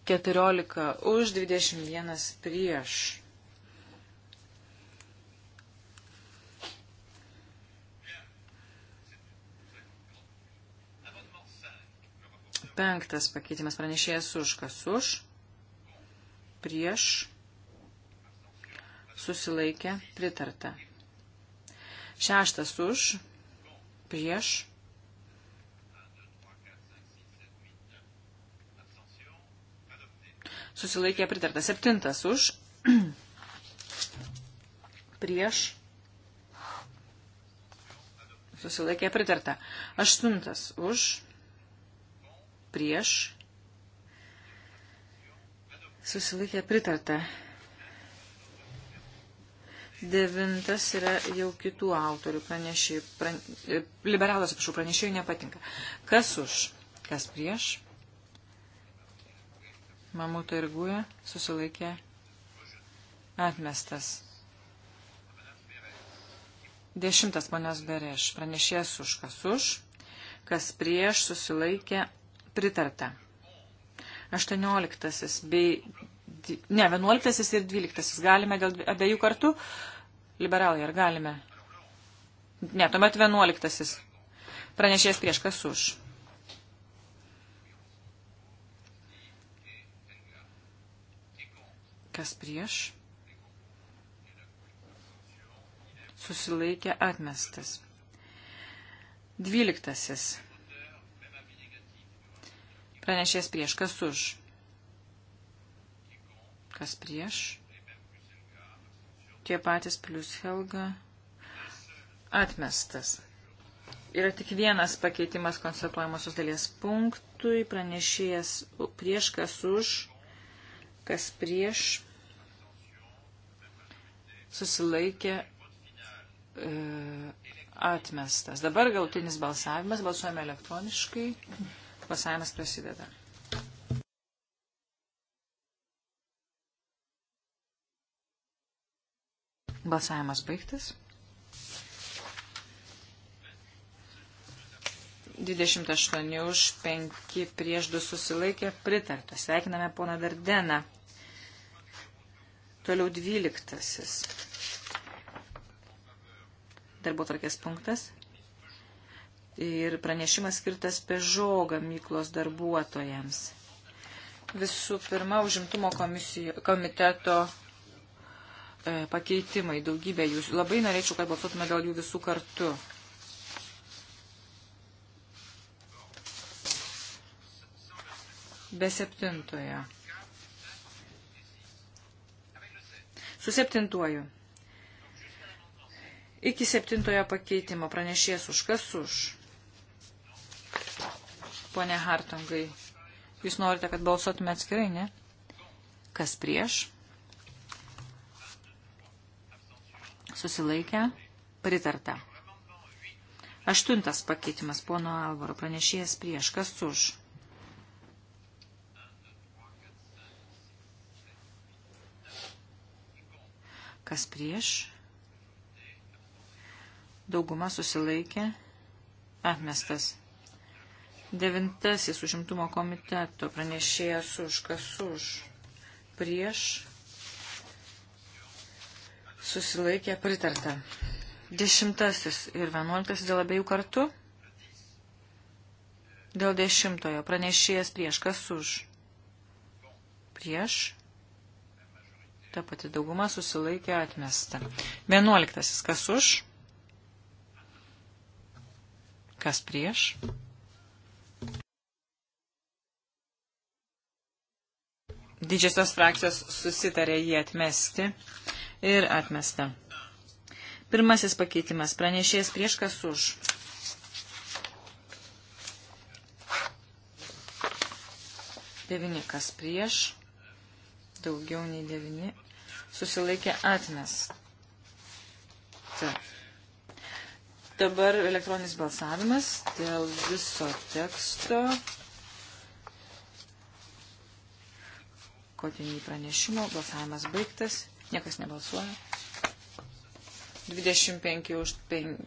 14 už 21 prieš. Penktas pakeitimas pranešėjas už kas už, prieš, susilaikė, pritarta. Šeštas už, prieš. Susilaikė pritarta. Septintas už. Prieš. Susilaikė pritarta. Aštuntas už. Prieš. Susilaikė pritarta. Devintas yra jau kitų autorių pranešėjų. Pran, e, liberalas, atsiprašau, pranešėjų nepatinka. Kas už? Kas prieš? Mamuto ir guja susilaikė atmestas. Dešimtas ponios Bereš. Pranešės už kas už, kas prieš susilaikė pritarta. Aštuonioliktasis bei ne, 11 ir 12. Galime dėl abiejų kartų Liberalai, ar galime? Ne, tuomet vienuoliktasis. Pranešės prieš kas už. Kas prieš? Susilaikė atmestas. Dvyliktasis. Pranešės prieš kas už. Kas prieš? tie patys plus Helga atmestas. Yra tik vienas pakeitimas konstatuojamosios dalies punktui, pranešėjas prieš kas už, kas prieš susilaikė e, atmestas. Dabar gautinis balsavimas, balsuojame elektroniškai, balsavimas prasideda. Balsavimas baigtas. 28 už 5 prieš 2 susilaikė pritarta. Sveikiname poną Dardeną. Toliau 12. Darbo tarkės punktas. Ir pranešimas skirtas pežo gamyklos darbuotojams. Visų pirma, užimtumo komisijo, komiteto E, pakeitimai, daugybė jų. Labai norėčiau, kad balsuotume dėl jų visų kartu. Be septintojo. Su septintuoju. Iki septintojo pakeitimo pranešės už kas už. Pone Hartungai, jūs norite, kad balsuotume atskirai, ne? Kas prieš? susilaikę, pritarta. Aštuntas pakeitimas pono Alvaro pranešėjas prieš, kas už. Kas prieš? Dauguma susilaikė. Atmestas. Devintasis užimtumo komiteto pranešėjas už, kas už. Prieš susilaikė pritarta. Dešimtasis ir vienuoliktasis dėl abiejų kartų. Dėl dešimtojo pranešėjas prieš kas už. Prieš. Ta pati dauguma susilaikė atmesta. Vienuoliktasis kas už. Kas prieš. Didžiosios frakcijos susitarė jį atmesti ir atmesta. Pirmasis pakeitimas. Pranešėjas prieš kas už. Devini kas prieš. Daugiau nei devini. Susilaikė atmesta. Dabar elektroninis balsavimas dėl viso teksto. Kotinį pranešimo balsavimas baigtas. Niekas nebalsuoja. 25 už 5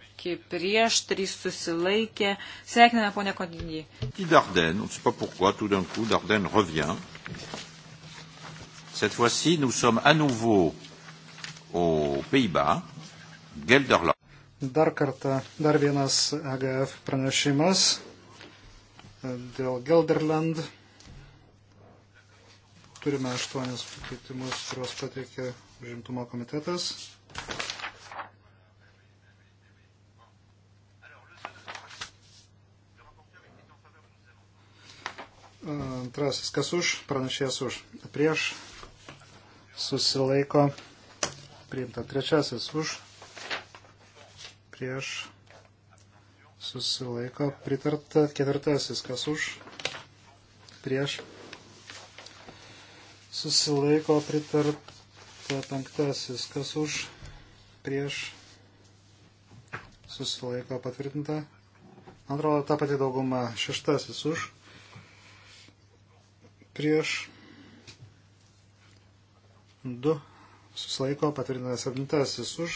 prieš, 3 susilaikė. Sveikiname ponę Kodinį. Į Dardenę, on ne sait pas pourquoi, tout d'un coup, Dardenne revient. Cette fois-ci, nous sommes à nouveau aux Pays-Bas, Gelderland. Dar kartą, dar vienas AGF pranešimas e, dėl Gelderland. Turime aštuonis pakeitimus, kuriuos pateikė Rimtumo komitetas. Antrasis, kas už, pranašės už, prieš, susilaiko, priimta. Trečiasis už, prieš, susilaiko, pritarta. Ketvirtasis, kas už, prieš, susilaiko, pritarta. 105. Kas už? Prieš? Susilaiko patvirtinta. Man atrodo, ta pati dauguma. Šeštasis už? Prieš? Du. Susilaiko patvirtinta. Septintasis už?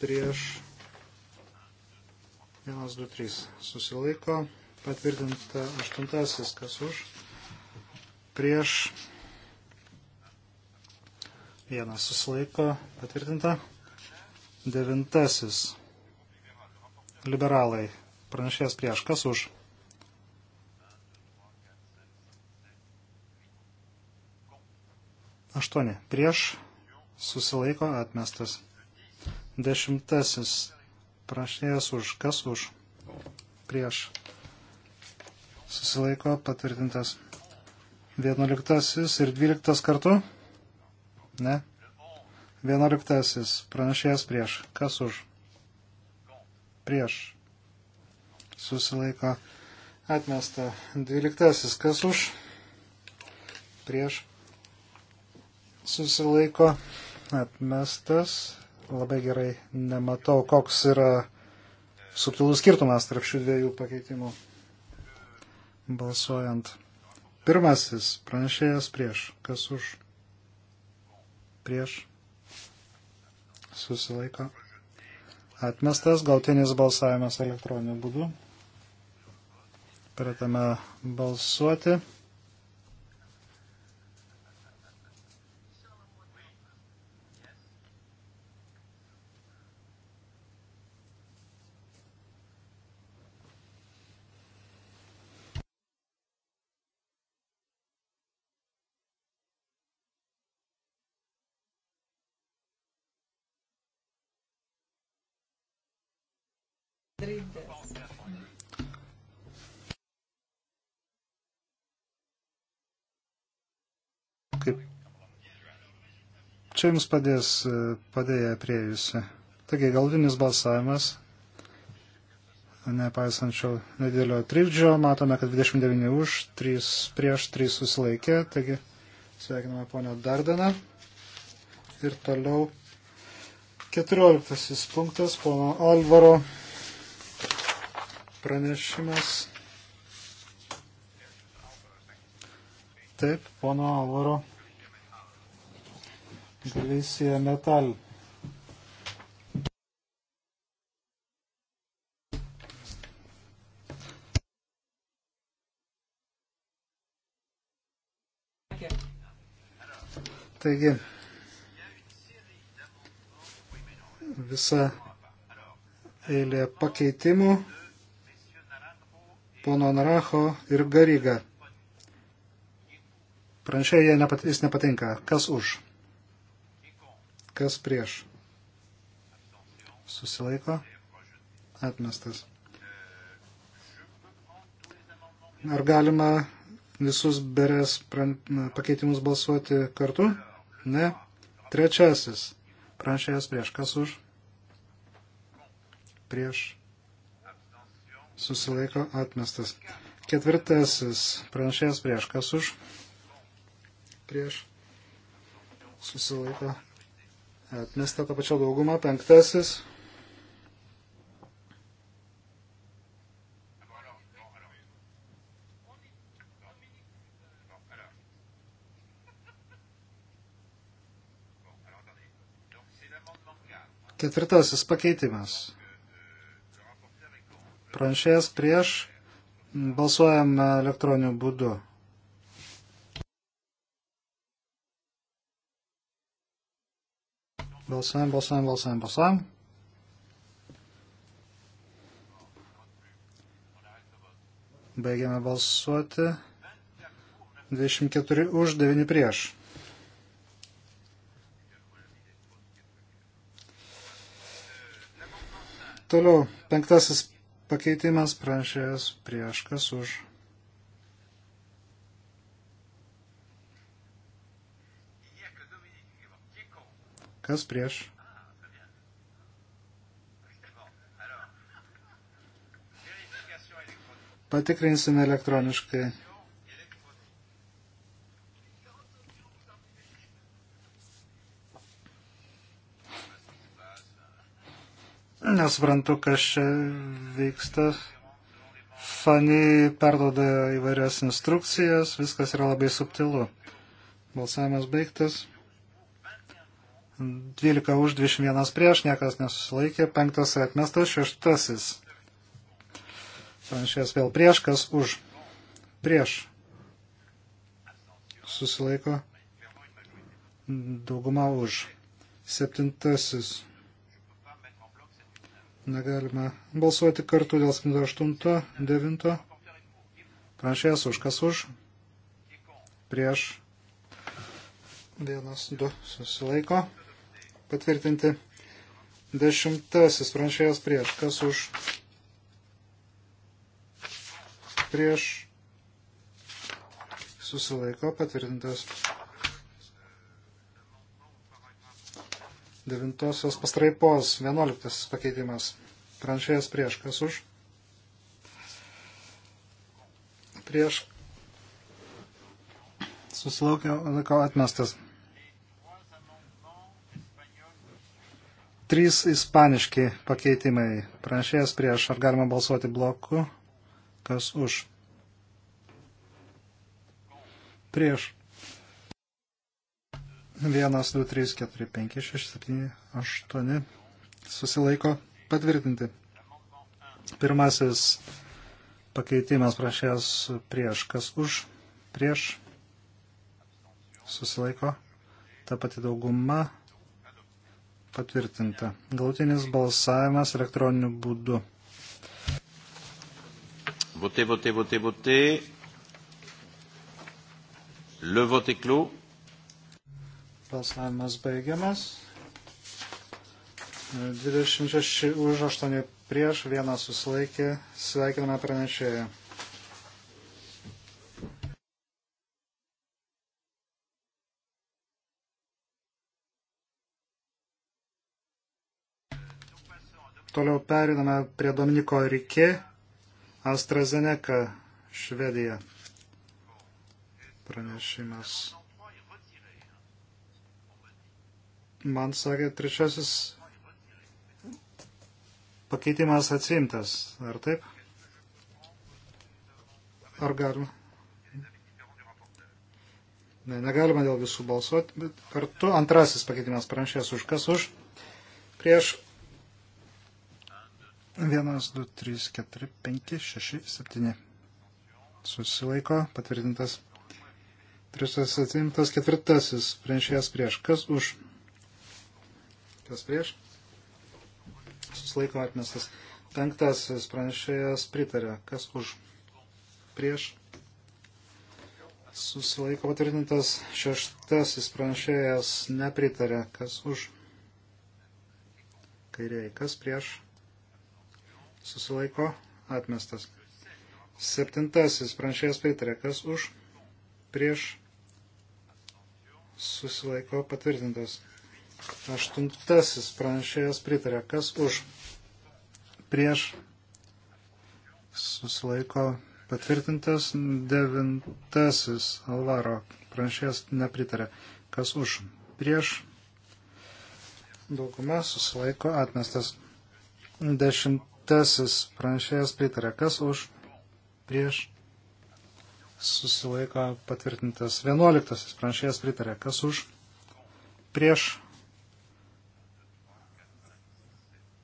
Prieš? 1, 2, 3. Susilaiko. Patvirtinta aštuntasis, kas už. Prieš vienas susilaiko, patvirtinta. Devintasis. Liberalai. Pranešėjas prieš. Kas už? Aštuoni. Prieš. Susilaiko atmestas. Dešimtasis. Pranešėjas už. Kas už? Prieš. Susilaiko patvirtintas. Vienuoliktasis ir dvyliktas kartu. Ne. Vienuoliktasis. Pranešėjas prieš. Kas už? Prieš. Susilaiko. Atmesta. Dvyliktasis. Kas už? Prieš. Susilaiko. Atmestas. Labai gerai nematau, koks yra subtilus skirtumas tarp šių dviejų pakeitimų. Balsuojant. Pirmasis pranešėjas prieš. Kas už? prieš susilaiko. Atmestas galtinis balsavimas elektroniniu būdu. Pratame balsuoti. Čia jums padės e, padėję priejusi. Taigi galvinis balsavimas, nepaisančio nedidelio trikdžio, matome, kad 29 už, 3 prieš, 3 susilaikė. Taigi sveikiname ponę Dardaną. Ir toliau 14 punktas, pono Alvaro pranešimas. Taip, pono Alvaro Galicija Metal. Taigi, visa eilė pakeitimų pono Naracho ir Garyga. Pranešėjai jis nepatinka. Kas už? Kas prieš? Susilaiko? Atmestas. Ar galima visus berės pakeitimus balsuoti kartu? Ne. Trečiasis. Pranšėjas prieš. Kas už? Prieš. Susilaiko atmestas. Ketvirtasis. Pranšėjas prieš. Kas už? Prieš. Susilaiko Atmesta tą pačią daugumą. Penktasis. Ketvirtasis pakeitimas. Pranšėjas prieš balsuojam elektroniniu būdu. Balsavim, balsavim, balsavim, balsavim. Baigiame balsuoti. 24 už, 9 prieš. Toliau, penktasis pakeitimas pranešėjas prieš kas už Kas prieš? Patikrinsime elektroniškai. Nesuprantu, kas čia vyksta. Fani perdoda įvairias instrukcijas, viskas yra labai subtilu. Balsavimas baigtas. 12 už 21 prieš, niekas nesusilaikė, 5 atmestas, 6. Panašias vėl prieš, kas už. Prieš. Susilaiko. Dauguma už. 7. Negalima balsuoti kartu dėl 78, 9. Panašias už, kas už. Prieš. Vienas, du, susilaiko patvirtinti. Dešimtasis pranešėjas prieš. Kas už? Prieš. Susilaiko patvirtintas. Devintosios pastraipos. Vienuoliktasis pakeitimas. Pranešėjas prieš. Kas už? Prieš. Susilaukė, laiko atmestas. Trys ispaniški pakeitimai. Pranešėjas prieš. Ar galima balsuoti bloku? Kas už? Prieš. 1, 2, 3, 4, 5, 6, 7, 8. Susilaiko patvirtinti. Pirmasis pakeitimas prašęs prieš. Kas už? Prieš. Susilaiko. Ta pati dauguma patvirtinta. Galutinis balsavimas elektroniniu būdu. Votez, votez, votez, votez. Le vote est clos. Balsavimas baigiamas. 26 už 8 prieš, vienas susilaikė. Sveikiname pranešėją. Toliau periname prie Dominiko Rikė, AstraZeneca, Švedija. Pranešimas. Man sakė, trečiasis pakeitimas atsimtas, ar taip? Ar galima? Ne, negalima dėl visų balsuoti, bet kartu antrasis pakeitimas pranešės už kas už. Prieš Vienas, du, trys, keturi, penki, šeši, septyni. Susilaiko, patvirtintas. Trisas atimtas, ketvirtasis, priešėjas prieš. Kas už? Kas prieš? Susilaiko atmestas. Penktasis pranešėjas pritarė. Kas už? Prieš. Susilaiko patvirtintas. Šeštasis pranešėjas nepritarė. Kas už? Kairiai. Kas prieš? susilaiko atmestas. Septintasis pranšėjas pritarė, kas už, prieš, susilaiko patvirtintas. Aštuntasis pranšėjas pritarė, kas už, prieš, susilaiko patvirtintas. Devintasis Alvaro pranšėjas nepritarė, kas už, prieš, dauguma susilaiko atmestas. Dešimt Penktasis pranešėjas pritarė. Kas už? Prieš? Susilaiko patvirtintas. Vienuoliktasis pranešėjas pritarė. Kas už? Prieš?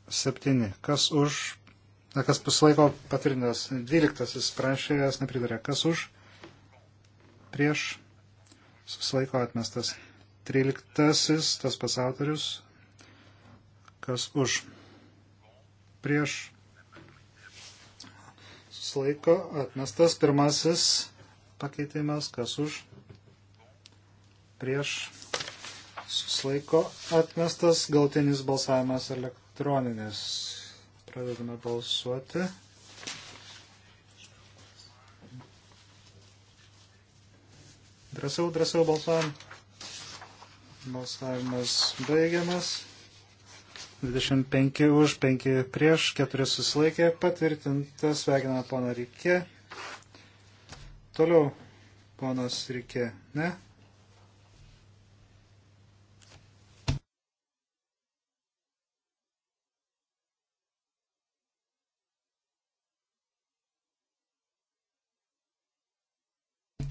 Septyni. Kas už? Na, kas pasilaiko patvirtintas. Dvyliktasis pranešėjas nepritarė. Kas už? Prieš? Susilaiko atmestas. Tryliktasis, tas pas autorius. Kas už? prieš susilaiko atmestas. Pirmasis pakeitimas, kas už, prieš susilaiko atmestas. Galtinis balsavimas elektroninis. Pradedame balsuoti. Drąsiau, drąsiau balsuojam. Balsavimas baigiamas. 25 už, 5 prieš, 4 susilaikė, patvirtintas, sveikiname poną Rikė. Toliau, ponas Rikė, ne?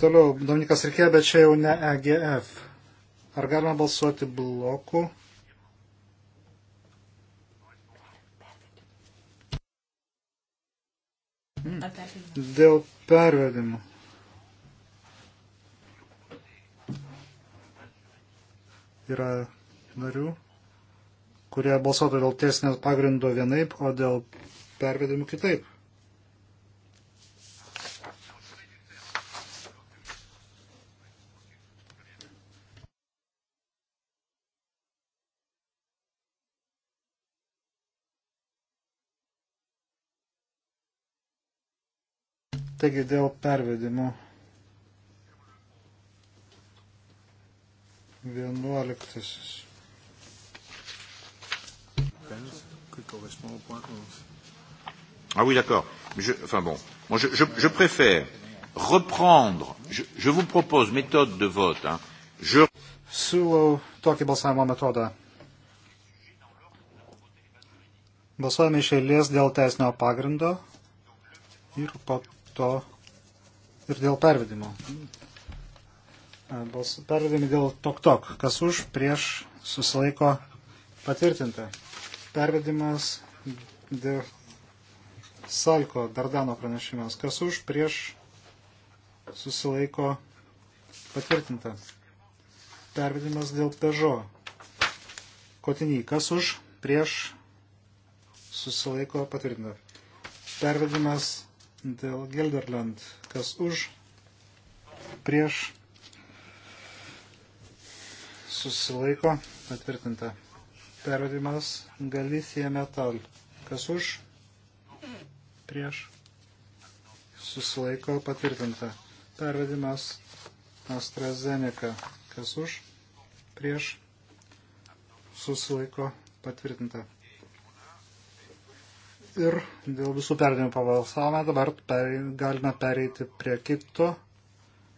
Toliau, Dominikas Rikė, bet čia jau ne EGF. Ar galima balsuoti blokų? Dėl pervedimų. Yra narių, kurie balsuotų dėl teisinės pagrindo vienaip, o dėl pervedimų kitaip. Taigi dėl pervedimų 11. Ah oui, d'accord. Je, enfin bon, moi, je, je, je préfère reprendre. Je, je vous propose méthode de vote. Hein. Je... Siūlau tokį balsavimo metodą. Balsuojame iš eilės dėl teisinio pagrindo ir po to ir dėl pervedimo. E, Pervedami dėl tok-tok, kas už, prieš, susilaiko patvirtinta. Pervedimas dėl Salko Dardano pranešimas, kas už, prieš, susilaiko patvirtinta. Pervedimas dėl Pežo. Kotinį, kas už, prieš, susilaiko patvirtinta. Pervedimas dėl Gelderland. Kas už, prieš, susilaiko, patvirtinta. Pervedimas Galicija Metal. Kas už, prieš, susilaiko, patvirtinta. Pervedimas AstraZeneca. Kas už, prieš, susilaiko, patvirtinta ir dėl visų perdėmų pavalsavome. Dabar per, galime pereiti prie kito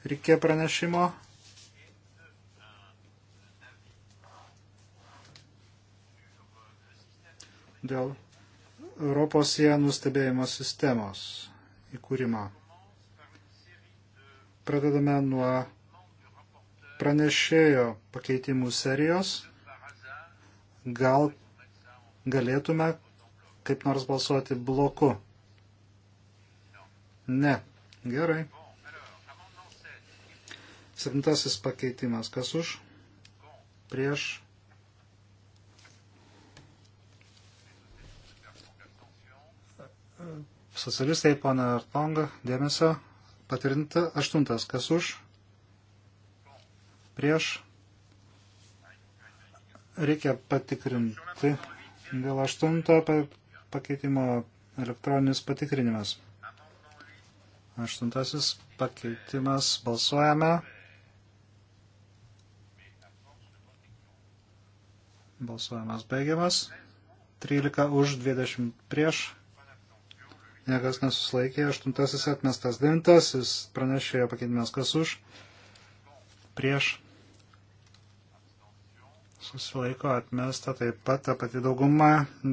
reikė pranešimo. Dėl Europos sienų stebėjimo sistemos įkūrimo. Pradedame nuo pranešėjo pakeitimų serijos. Gal galėtume kaip nors balsuoti bloku? Ne. Gerai. Septintasis pakeitimas. Kas už? Prieš. Socialistai, pana Artonga, dėmesio. Patvirtinta. Aštuntas. Kas už? Prieš. Reikia patikrinti. Dėl aštunto pakeitimo elektroninis patikrinimas. Aštuntasis pakeitimas. Balsuojame. Balsuojamas baigiamas. 13 už 20 prieš. Niekas nesuslaikė. Aštuntasis atmestas. Devintasis pranešėjo pakeitimas kas už. Prieš susilaiko atmesta taip pat ta pati dauguma.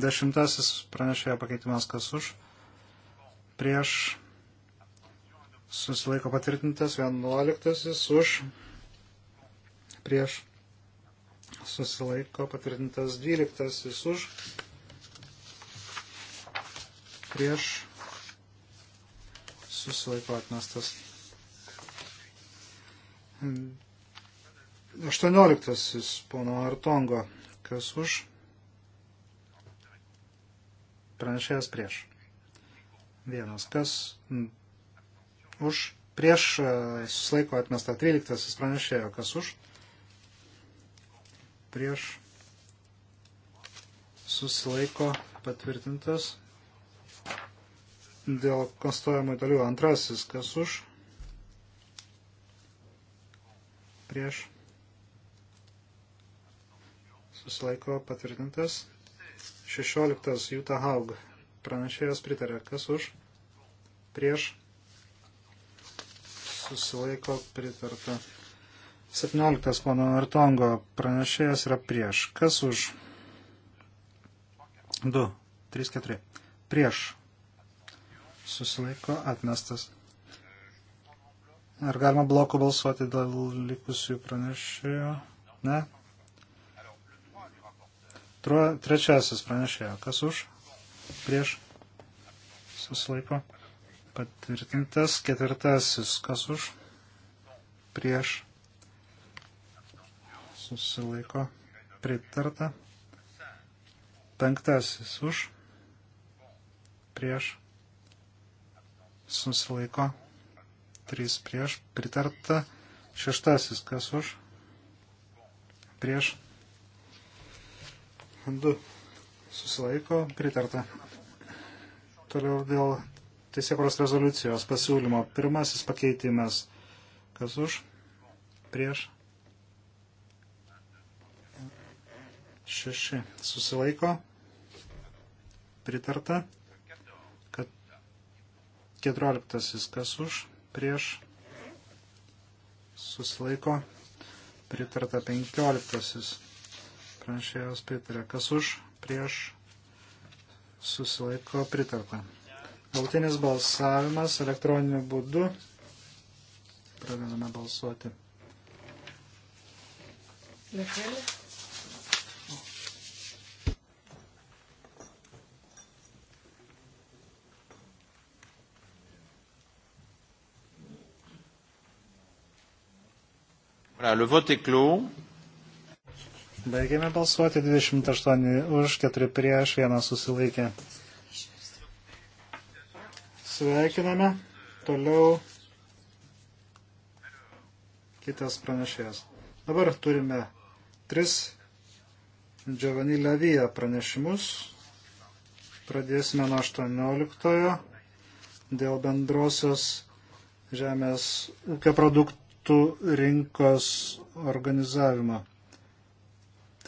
Dešimtasis pranešėjo pakeitimas kas už. Prieš susilaiko patvirtintas. Vienuoliktasis už. Prieš susilaiko patvirtintas. Dvyliktasis už. Prieš susilaiko atmestas. 18. Pono Artongo. Kas už? Pranešėjas prieš. Vienas. Kas už? Prieš e, susilaiko atmesta 13. Pranešėjo. Kas už? Prieš susilaiko patvirtintas dėl konstatuojamų dalių antrasis, kas už, prieš, susilaiko patvirtintas. 16 Juta Haug. Pranešėjas pritarė. Kas už? Prieš. Susilaiko pritarta. 17 pono Artongo. Pranešėjas yra prieš. Kas už? 2, 3, 4. Prieš. Susilaiko atmestas. Ar galima bloku balsuoti dėl likusių pranešėjo? Ne. Trečiasis pranešėjo, kas už, prieš, susilaiko, patvirtintas. Ketvirtasis, kas už, prieš, susilaiko, pritarta. Penktasis už, prieš, susilaiko, trys prieš, pritarta. Šeštasis, kas už, prieš, 2 susilaiko, pritarta. Toliau dėl teisėkuros rezoliucijos pasiūlymo. Pirmasis pakeitimas. Kas už? Prieš? Šeši. Susilaiko. Pritarta. Kad keturioliktasis. Kas už? Prieš? Susilaiko. Pritarta penkioliktasis pranešėjos pritarė. Kas už, prieš, susilaiko pritarta. Galutinis balsavimas elektroniniu būdu. Pradedame balsuoti. Nekėlė. Voilà, le vote est clos. Baigėme balsuoti 28 už, 4 prieš, 1 susilaikė. Sveikiname. Toliau kitas pranešėjas. Dabar turime 3 Giovanni Lavija pranešimus. Pradėsime nuo 18 dėl bendrosios žemės ūkio produktų rinkos organizavimo.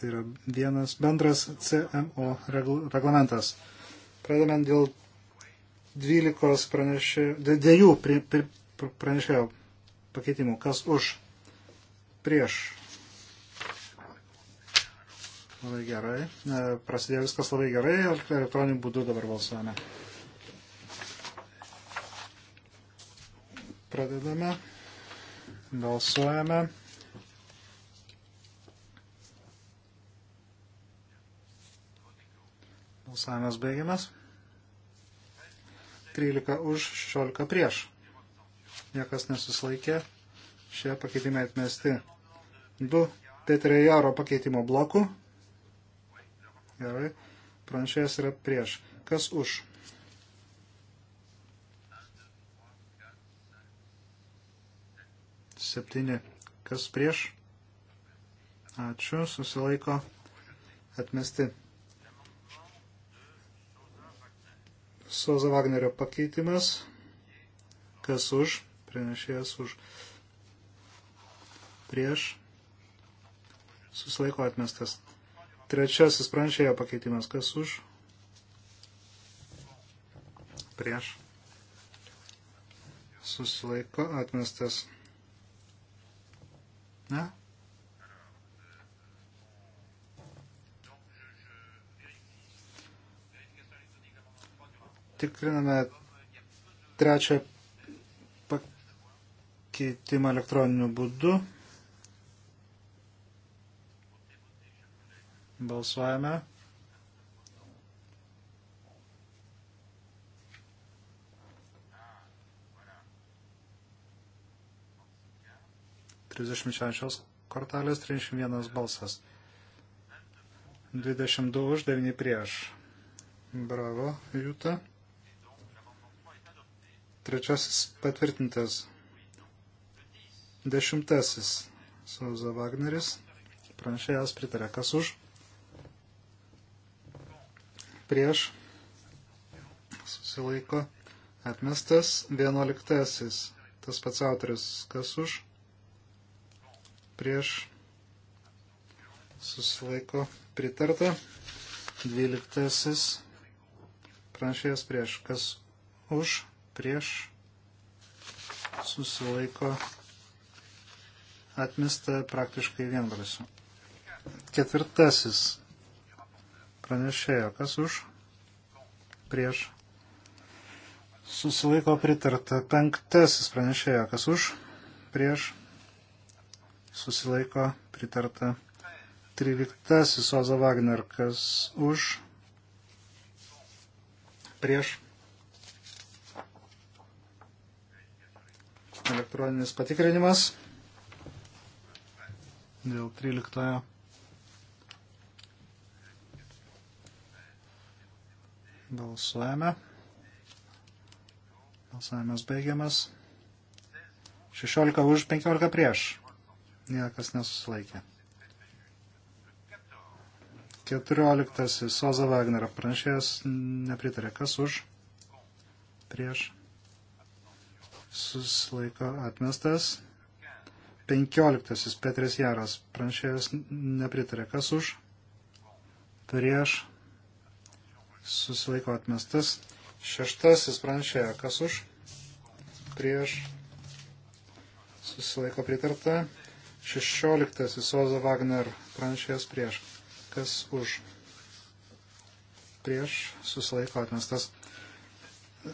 Tai yra vienas bendras CMO reglamentas. Pradedant dėl 12 pranešėjų, dviejų pranešėjų pakeitimų. Kas už? Prieš. Labai gerai. E, prasidėjo viskas labai gerai. Elektroniniu būdu dabar balsuojame. Pradedame. Balsuojame. Balsavimas baigiamas. 13 už, 16 prieš. Niekas nesuslaikė. Šie pakeitimai atmesti. 2 Petrė Jaro pakeitimo blokų. Gerai. Pranšėjas yra prieš. Kas už? Septyni. Kas prieš? Ačiū. Susilaiko. Atmesti. Soza Wagnerio pakeitimas. Kas už? Pranešėjas už. Prieš. Susilaiko atmestas. Trečiasis pranešėjo pakeitimas. Kas už? Prieš. Susilaiko atmestas. Ne? tikriname trečią pakeitimą elektroniniu būdu. Balsuojame. Trisdešimt šešios kortelės, trisdešimt vienas balsas. Dvidešimt du už, devyni prieš. Bravo, Jūta. Trečiasis patvirtintas. Dešimtasis. Sauza Wagneris. Pranešėjas pritarė. Kas už? Prieš. Susilaiko. Atmestas. Vienuoliktasis. Tas pats autoris. Kas už? Prieš. Susilaiko. Pritarta. Dvyliktasis. Pranešėjas prieš. Kas už? prieš susilaiko atmesta praktiškai vienbalsiu. Ketvirtasis pranešėjo, kas už, prieš susilaiko pritarta. Penktasis pranešėjo, kas už, prieš susilaiko pritarta. Tryliktasis Oza Wagner, kas už, prieš Elektroninis patikrinimas dėl 13. Balsuojame. Balsavimas baigiamas. 16 už, 15 prieš. Niekas nesusilaikė. 14. Soza Wagner pranešėjas nepritarė. Kas už? Prieš susilaiko atmestas. 15. Petris Jaras. Pranšėjas nepritarė. Kas už? Prieš. Susilaiko atmestas. Šeštasis pranšėja. Kas už? Prieš. Susilaiko pritarta. Šešioliktasis Oza Wagner pranšėjas prieš. Kas už? Prieš. Susilaiko atmestas.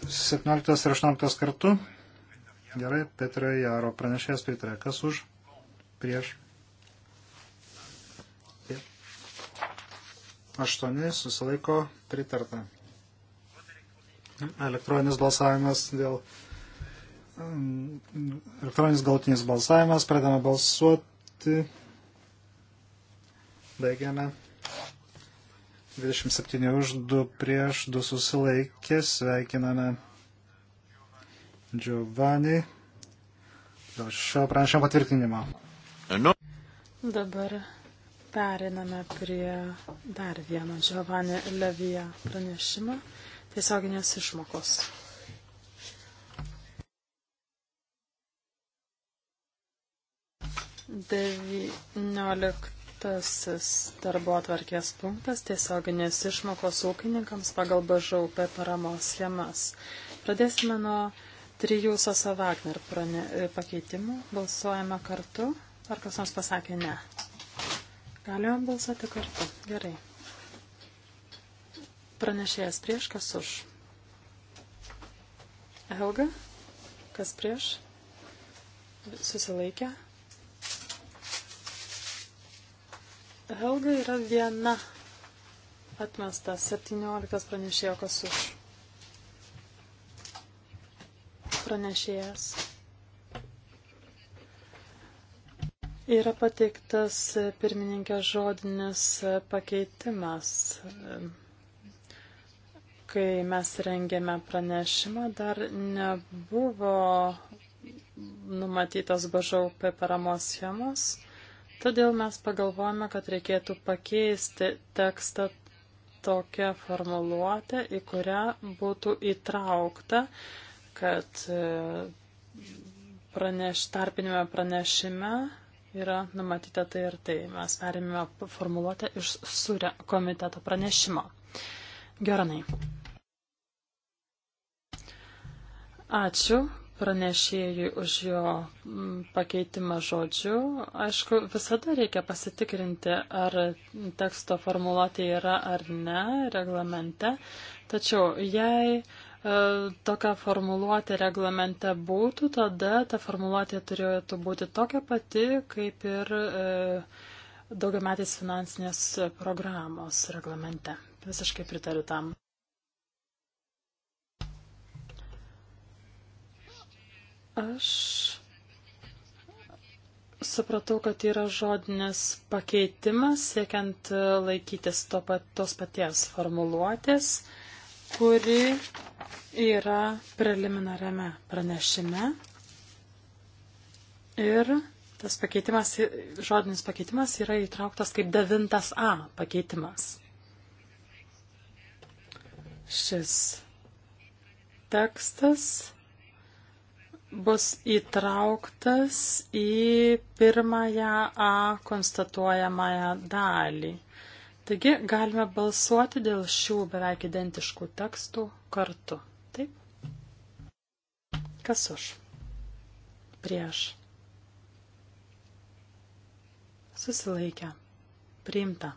17 ir 18 kartu. Gerai, Petra Jaro pranešės Petra. Kas už? Prieš. Aštuoni susilaiko pritarta. Elektroninis balsavimas dėl. Mm, elektroninis galtinis balsavimas. Pradame balsuoti. Baigiame. 27 už 2 prieš 2 susilaikė. Sveikiname. Giovanni dėl šio pranešimo patvirtinimo. Nu. Dabar periname prie dar vieno Giovanni Levija pranešimo - tiesioginės išmokos. Devynioliktasis darbo atvarkės punktas tiesioginės išmokos ūkininkams pagal BŽUP paramos schemas. Pradėsime nuo trijų Sosa Wagner prane, e, pakeitimų. Balsuojame kartu. Ar kas nors pasakė ne? Galėjom balsuoti kartu. Gerai. Pranešėjas prieš, kas už? Helga, kas prieš? Susilaikę. Helga yra viena atmesta 17 pranešėjo, kas už. pranešėjas. Yra pateiktas pirmininkės žodinis pakeitimas. Kai mes rengėme pranešimą, dar nebuvo numatytos BŽUP paramos schemos, todėl mes pagalvojame, kad reikėtų pakeisti tekstą tokią formuluotę, į kurią būtų įtraukta kad e, praneš, tarpinėme pranešime yra numatyta tai ir tai. Mes perėmėme formuluotę iš surė komiteto pranešimo. Geranai. Ačiū pranešėjui už jo pakeitimą žodžių. Aišku, visada reikia pasitikrinti, ar teksto formuluotė yra ar ne reglamente. Tačiau jei uh, E, tokia formuluotė reglamente būtų, tada ta formuluotė turėtų būti tokia pati, kaip ir e, daugiametės finansinės programos reglamente. Visiškai pritariu tam. Aš supratau, kad yra žodinis pakeitimas, siekiant laikytis to pat, tos paties formuluotės. Uh, kuri yra preliminariame pranešime. Ir tas pakeitimas, žodinis pakeitimas yra įtrauktas kaip 9a pakeitimas. Šis tekstas bus įtrauktas į pirmąją A konstatuojamąją dalį. Taigi galime balsuoti dėl šių beveik identiškų tekstų kartu. Taip? Kas už? Prieš. Susilaikę. Priimta.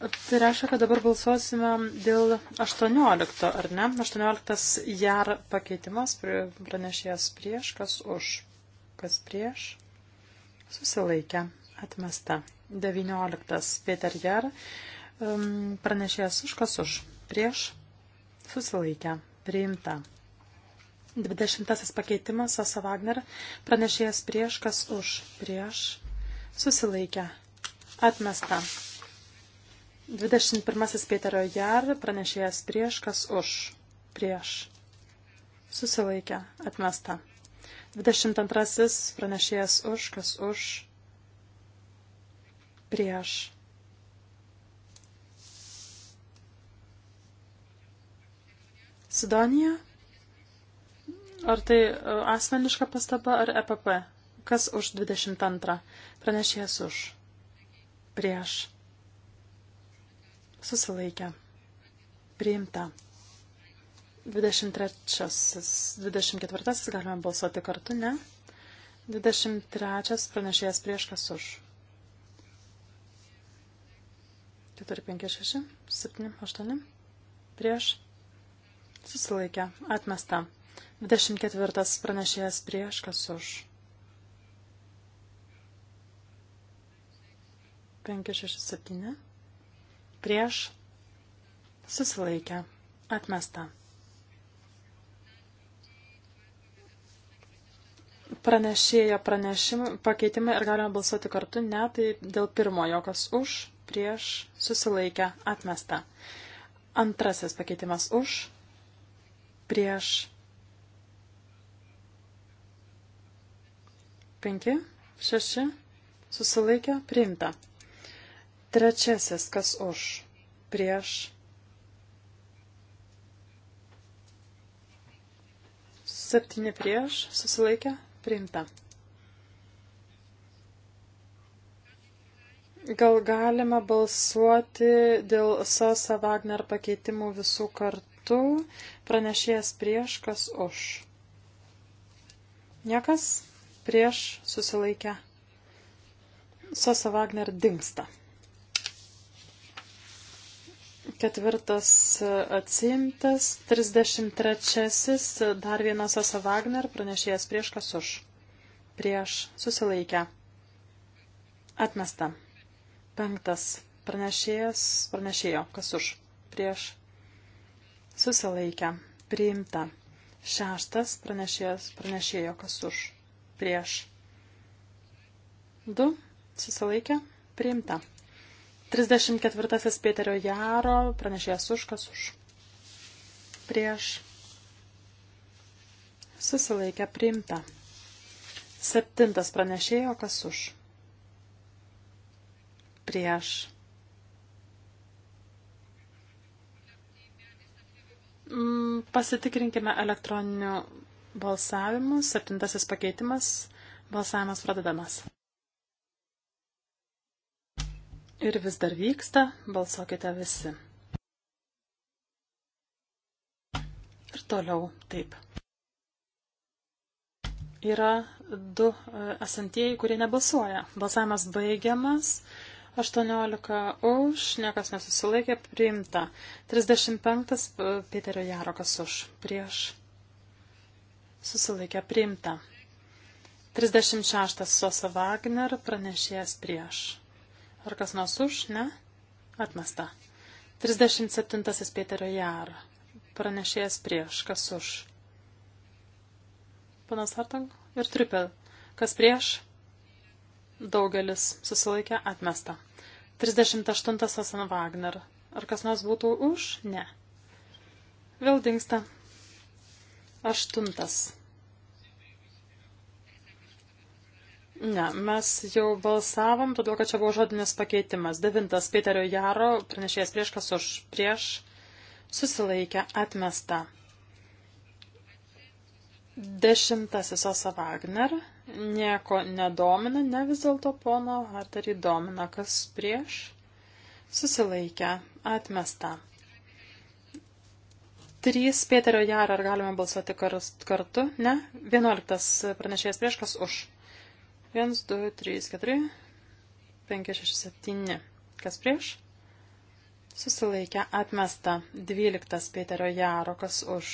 Tai reiškia, kad dabar balsuosime dėl 18, ar ne? 18 jar pakeitimas, pranešėjas prieš, kas už, kas prieš, susilaikė, atmesta. 19 Peter jar, um, pranešėjas už, kas už, prieš, susilaikė, priimta. 20 pakeitimas, Sasa Wagner, pranešėjas prieš, kas už, prieš, susilaikė, atmesta. 21 Pėterio Jar pranešėjas prieš, kas už, prieš. Susilaikė, atmesta. 22 pranešėjas už, kas už, prieš. Sidonija? Ar tai e, asmeniška pastaba ar EPP? Kas už 22? Pranešėjas už. Prieš. Susilaikę. Priimta. 23, 24 galime balsuoti kartu, ne? 23 pranešėjas prieš kas už. 4, 5, 6, 7, 8. Prieš. Susilaikę. Atmesta. 24 pranešėjas prieš kas už. 5, 6, 7 prieš, susilaikę, atmesta. Pranešėjo pranešimų pakeitimai ir galima balsuoti kartu, ne, tai dėl pirmojo, kas už, prieš, susilaikę, atmesta. Antrasis pakeitimas už, prieš, penki, šeši, susilaikę, priimta. Trečiasis, kas už, prieš, septyni prieš, susilaikę, priimta. Gal galima balsuoti dėl Sosa Wagner pakeitimų visų kartų, pranešėjas prieš, kas už. Niekas prieš susilaikę. Sosa Wagner dinksta. Ketvirtas e, atsimtas, 33-asis, e, dar vienas Asa Wagner, pranešėjas prieš kas už. Prieš susilaikę. Atmesta. Penktas pranešėjas, pranešėjo kas už. Prieš susilaikę. Priimta. Šeštas pranešėjas, pranešėjo kas už. Prieš. Du susilaikę. Priimta. 34 Pėterio Jaro, pranešėjas už, kas už. Prieš. Susilaikę priimta. Septintas pranešėjo, kas už. Prieš. Mm, pasitikrinkime elektroniniu balsavimu. Septintasis pakeitimas. Balsavimas pradedamas ir vis dar vyksta, balsuokite visi. Ir toliau taip. Yra du e, esantieji, kurie nebalsuoja. Balsavimas baigiamas. 18 už, niekas nesusilaikė, priimta. 35 e, Piterio Jarokas už, prieš. Susilaikė, priimta. 36 Sosa Wagner, pranešėjas prieš Ar kas nors už? Ne? Atmesta. 37. Pėterio Jar. Pranešėjas prieš. Kas už? Panas Hartang ir Tripel. Kas prieš? Daugelis susilaikė atmesta. 38. Asan Wagner. Ar kas nors būtų už? Ne. Vėl dinksta. Aštuntas. Ne, mes jau balsavom, todėl kad čia buvo žodinis pakeitimas. Devintas Peterio Jaro pranešėjas prieš kas už prieš susilaikę atmesta. Dešimtasis Osa Wagner nieko nedomina, ne vis dėlto pono Harterį domina, kas prieš susilaikę atmesta. Trys Peterio Jaro, ar galima balsuoti kartu? Ne. Vienuoliktas pranešėjas prieš kas už 1, 2, 3, 4, 5, 6, 7. Kas prieš? Susilaikę atmesta 12 Pėterio Jaro, kas už.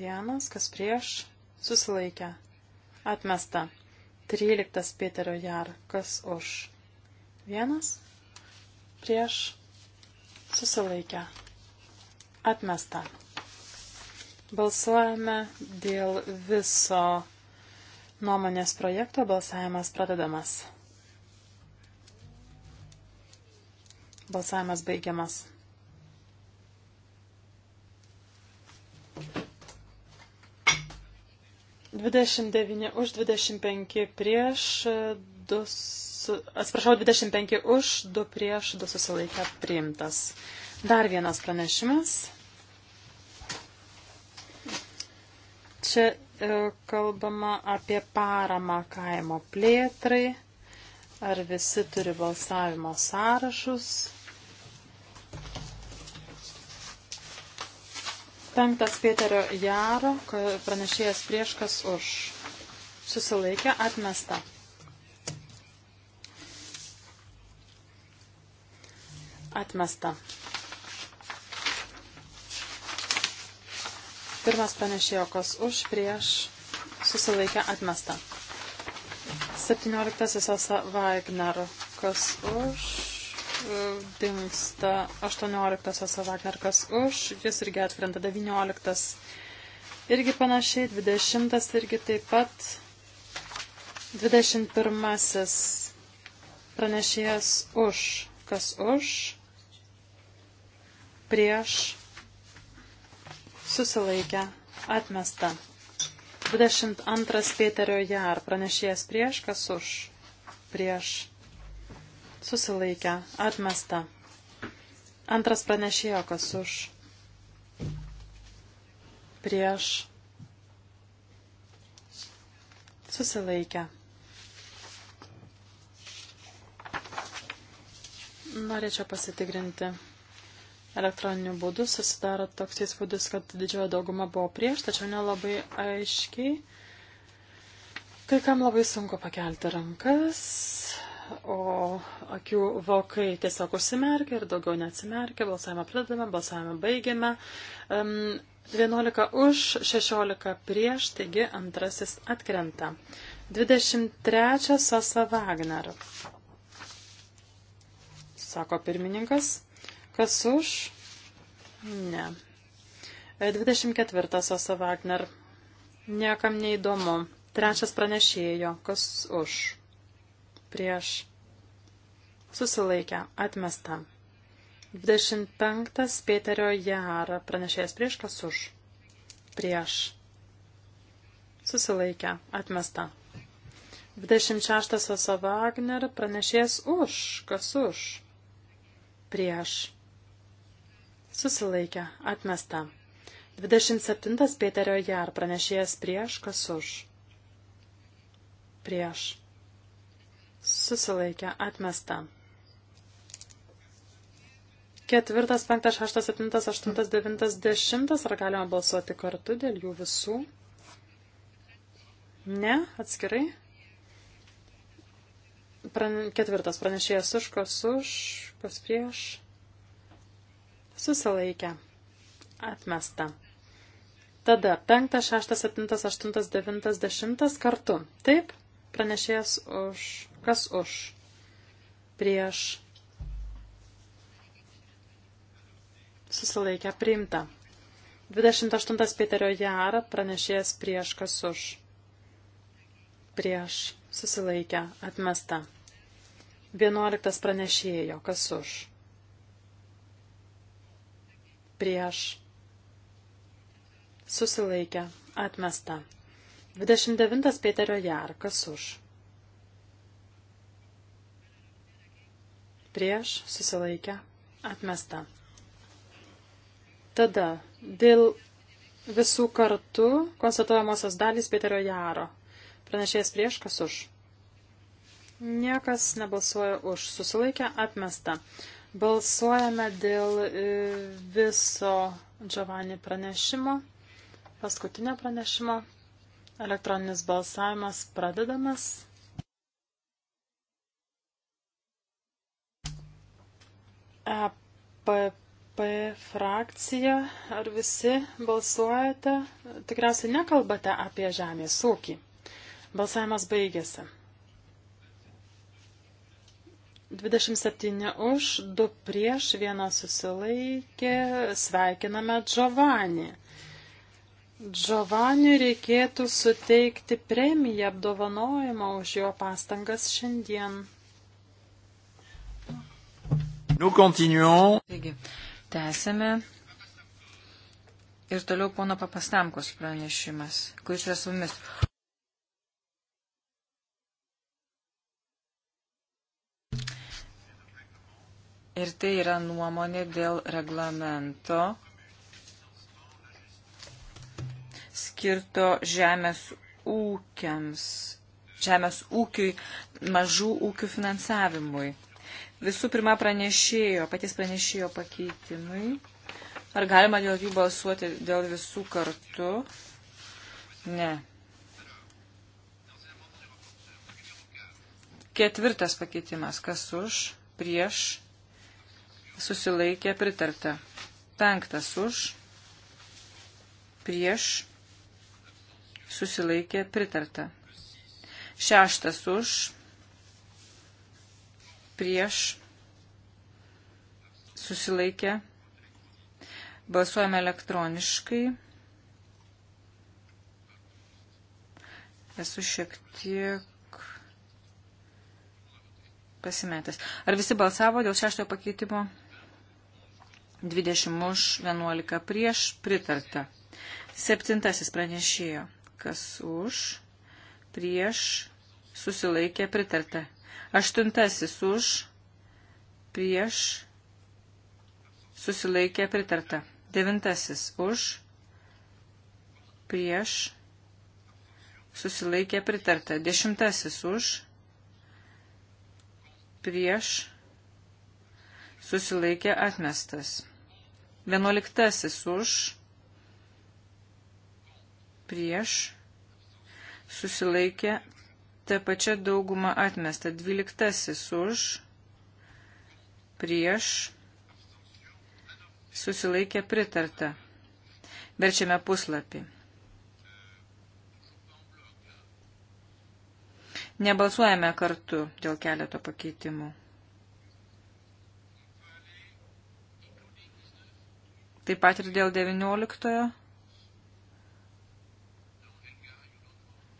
Vienas, kas prieš, susilaikę, atmesta. Tryliktas Pėterio Jar, kas už. Vienas, prieš, susilaikę, atmesta. Balsuojame dėl viso nuomonės projekto. Balsavimas pradedamas. Balsavimas baigiamas. Dvidešimt devyni už, dvidešimt penki prieš, du su, atsiprašau, 25 už, 2 prieš, 2 susilaikę priimtas. Dar vienas pranešimas. Čia e, kalbama apie paramą kaimo plėtrai. Ar visi turi balsavimo sąrašus? Penktas Pėterio Jaro, pranešėjas prieš kas už. Susilaikė atmesta. Atmesta. Pirmas pranešėjo, kas už, prieš, susilaikė atmesta. 17 Wagner, kas už, e, dingsta 18 Wagner, kas už, jis irgi atkrenta 19. Irgi panašiai, 20 irgi taip pat. 21 pranešėjas už, kas už, prieš, susilaikę, atmesta. 22 Pėterio Jar, pranešėjas prieš, kas už, prieš, susilaikę, atmesta. Antras pranešėjo, kas už, prieš, susilaikę. Norėčiau pasitikrinti elektroniniu būdu, susidaro toks įspūdis, kad didžioji dauguma buvo prieš, tačiau nelabai aiškiai. Kai kam labai sunku pakelti rankas, o akių vokai tiesiog užsimerkia ir daugiau neatsimerkia. Balsavimą pradedame, balsavimą baigiame. Um, 11 už, 16 prieš, taigi antrasis atkrenta. 23 Sasa Wagner. Sako pirmininkas. Kas už? Ne. 24. E, Sosa Wagner. Niekam neįdomu. Trečias pranešėjo. Kas už? Prieš. Susilaikę. Atmesta. 25. Pėterio Jara. Pranešėjas prieš. Kas už? Prieš. Susilaikę. Atmesta. 26. Sosa Wagner. Pranešėjas už. Kas už? Prieš Susilaikė. Atmesta. 27 Pėterio Jar pranešėjas prieš, kas už. Prieš. Susilaikė. Atmesta. 4, 5, 6, 7, 8, 9, 10. Ar galima balsuoti kartu dėl jų visų? Ne, atskirai. Pran... Ketvirtas pranešėjas už, kas už, kas prieš susilaikę, atmesta. Tada 5, 6, 7, 8, 9, 10 kartu. Taip, pranešėjas už. Kas už? Prieš. Susilaikę priimta. 28 Peterio Jara pranešėjas prieš kas už. Prieš. Susilaikę atmesta. 11 pranešėjo kas už prieš susilaikę atmesta. 29 Pėterio Jarkas už. Prieš susilaikę atmesta. Tada dėl visų kartų konstatuojamosios dalys Pėterio Jaro. Pranešėjas prieš kas už. Niekas nebalsuoja už susilaikę atmesta. Balsuojame dėl e, viso Giovanni pranešimo, paskutinio pranešimo. Elektroninis balsavimas pradedamas. EPP frakcija, ar visi balsuojate? Tikriausiai nekalbate apie žemės ūkį. Balsavimas baigėsi. 27 už, 2 prieš, 1 susilaikė. Sveikiname Giovanni. Giovanniui reikėtų suteikti premiją apdovanojimą už jo pastangas šiandien. Nous continuons. Taigi, tęsėme. Ir toliau pono Papastamkos pranešimas, kuris yra su mumis. Ir tai yra nuomonė dėl reglamento skirto žemės ūkiams, žemės ūkiui, mažų ūkių finansavimui. Visų pirma, pranešėjo, patys pranešėjo pakeitimai. Ar galima dėl jų balsuoti dėl visų kartu? Ne. Ketvirtas pakeitimas. Kas už? Prieš? susilaikė pritarta. Penktas už, prieš, susilaikė pritarta. Šeštas už, prieš, susilaikė. Balsuojame elektroniškai. Esu šiek tiek pasimetęs. Ar visi balsavo dėl šeštojo pakeitimo? 20 už, 11 prieš, pritarta. Septintasis pranešėjo, kas už, prieš, susilaikė, pritarta. Aštuntasis už, prieš, susilaikė, pritarta. Devintasis už, prieš, susilaikė, pritarta. Dešimtasis už, prieš, susilaikė, atmestas. Vienuoliktasis už, prieš, susilaikė, ta pačia dauguma atmesta. Dvyliktasis už, prieš, susilaikė pritarta. Verčiame puslapį. Nebalsuojame kartu dėl keleto pakeitimų. Taip pat ir dėl 19.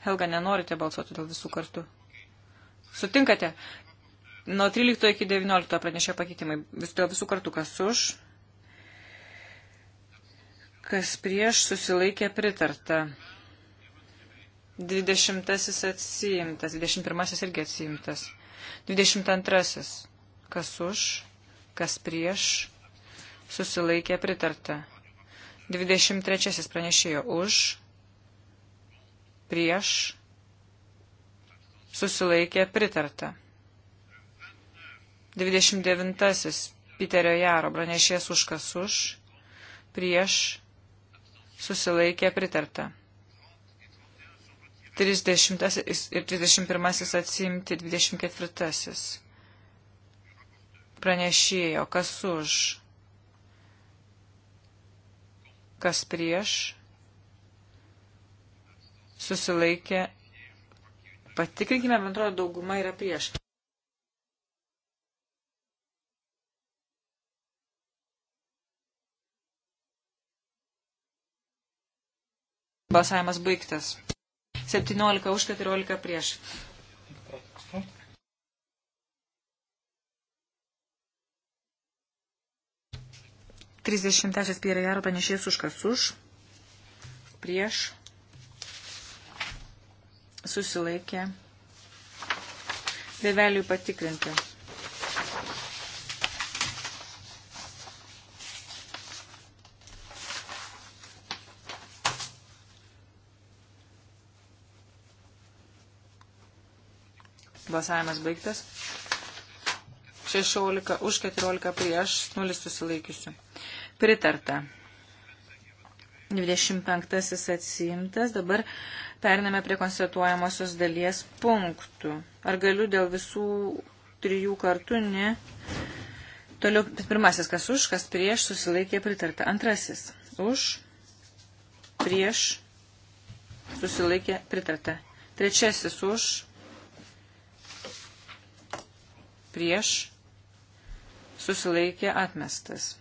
Helga, nenorite balsuoti dėl visų kartų. Sutinkate? Nuo 13 iki 19 pranešė pakeitimai. Vis dėl visų kartų, kas už, kas prieš susilaikė pritarta. 20 atsiimtas, 21 irgi atsiimtas. 22 kas už, kas prieš susilaikė pritarta. 23 pranešėjo už, prieš, susilaikė pritarta. 29 Piterio Jaro pranešės už kas už, prieš, susilaikė pritarta. 30 ir 31 atsimti 24 pranešėjo kas už kas prieš, susilaikė, patikrinkime, man atrodo, dauguma yra prieš. Balsavimas baigtas. 17 už 14 prieš. 33 Pierre Jaro pranešėjas už kas už, prieš, susilaikė, beveliui patikrinti. Balsavimas baigtas. 16 už 14 prieš 0 susilaikysiu. Pritarta. 25 atsiimtas, dabar periname prie konstatuojamosios dalies punktų. Ar galiu dėl visų trijų kartų, ne? Toliau pirmasis, kas už, kas prieš, susilaikė pritarta. Antrasis, už, prieš, susilaikė pritarta. Trečiasis, už, prieš, susilaikė atmestas.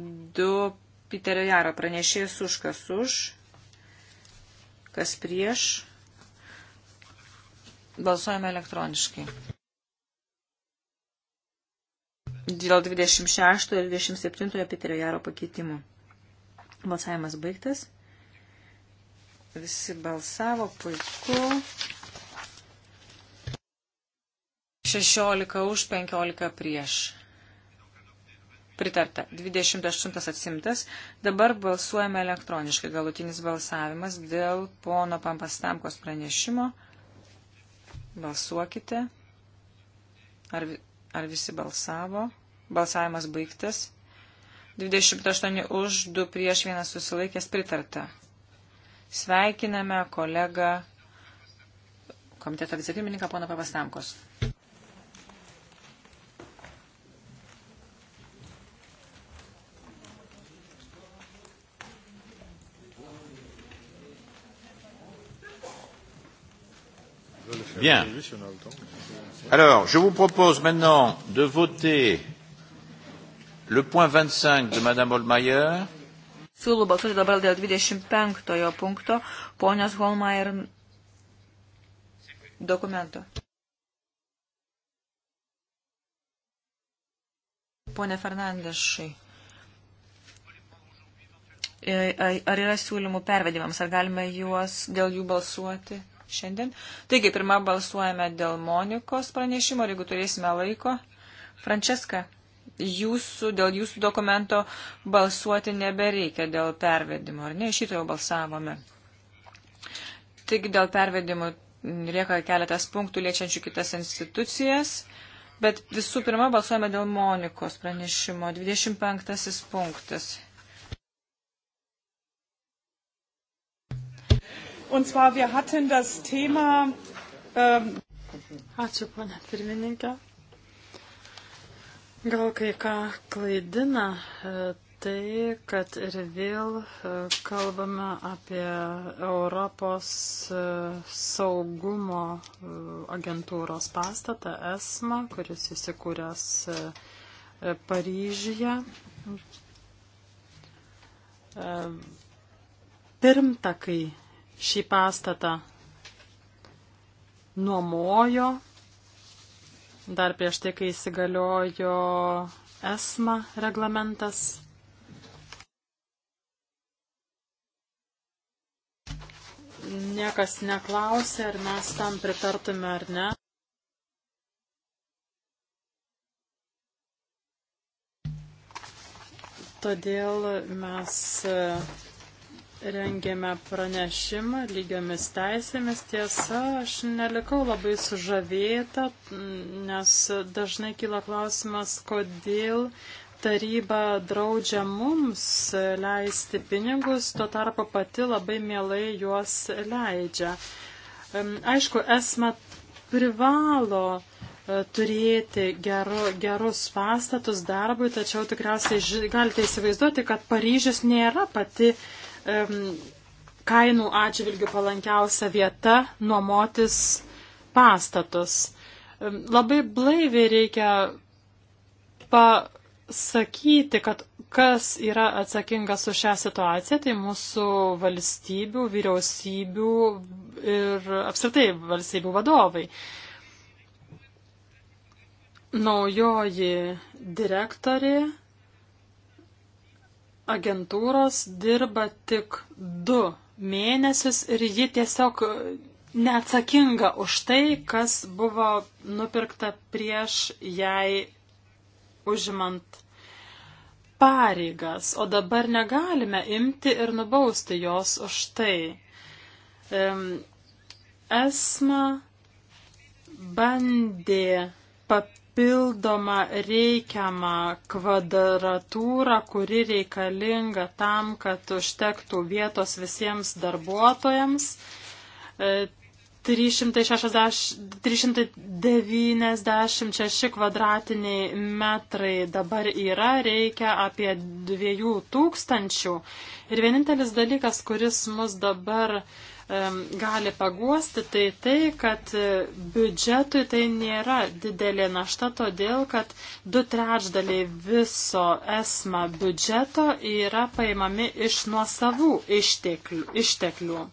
2 Piterio Jaro pranešėjas už kas už, kas prieš. Balsuojame elektroniškai. Dėl 26 ir 27 Piterio Jaro pakeitimų. Balsavimas baigtas. Visi balsavo, puiku. 16 už, 15 prieš. Pritarta. 28 atsimtas. Dabar balsuojame elektroniškai. Galutinis balsavimas dėl pono Pampastamkos pranešimo. Balsuokite. Ar, ar visi balsavo? Balsavimas baigtas. 28 už, 2 prieš, 1 susilaikęs pritarta. Sveikiname kolegą komiteto vicepirmininką poną Papastamkos. Bien. Alors, je vous propose maintenant de voter le point 25 de Madame Holmeyer. Siūlau balsuoti dabar dėl 25 punkto ponios Holmeyer dokumento. Pone Fernandešai, e, ar yra siūlymų pervedimams, ar galime juos dėl jų balsuoti? šiandien. Taigi, pirmą balsuojame dėl Monikos pranešimo, ir jeigu turėsime laiko. Frančeska, jūsų, dėl jūsų dokumento balsuoti nebereikia dėl pervedimo, ar ne? Šitą jau balsavome. Tik dėl pervedimų lieka keletas punktų liečiančių kitas institucijas, bet visų pirma balsuojame dėl Monikos pranešimo. 25 punktas. Und zwar, wir hatten das Thema. Ähm Ačiū, ponė pirmininkė. Gal kai ką klaidina e, tai, kad ir vėl e, kalbame apie Europos e, saugumo agentūros pastatą ESMA, kuris įsikūręs Paryžyje pirmtakai šį pastatą nuomojo dar prieš tai, kai įsigaliojo ESMA reglamentas. Niekas neklausė, ar mes tam pritartume ar ne. Todėl mes rengėme pranešimą lygiomis teisėmis. Tiesa, aš nelikau labai sužavėta, nes dažnai kyla klausimas, kodėl taryba draudžia mums leisti pinigus, tuo tarpu pati labai mielai juos leidžia. Aišku, esma privalo e, turėti gero, gerus pastatus darbui, tačiau tikriausiai galite įsivaizduoti, kad Paryžius nėra pati uh, kainų atžvilgių palankiausia vieta nuomotis pastatus. Labai blaiviai reikia pasakyti, kad kas yra atsakingas už šią situaciją, tai mūsų valstybių, vyriausybių ir apskritai valstybių vadovai. Naujoji direktorė agentūros dirba tik du mėnesius ir ji tiesiog neatsakinga už tai, kas buvo nupirkta prieš jai užimant pareigas, o dabar negalime imti ir nubausti jos už tai. Esma bandė papildyti papildomą reikiamą kvadratūrą, kuri reikalinga tam, kad užtektų vietos visiems darbuotojams. 360, e, 396 kvadratiniai metrai dabar yra, reikia apie 2000. Ir vienintelis dalykas, kuris mus dabar uh, gali paguosti, tai tai, kad biudžetui tai nėra didelė našta, todėl kad du trečdaliai viso esma biudžeto yra paimami iš nuosavų išteklių. išteklių.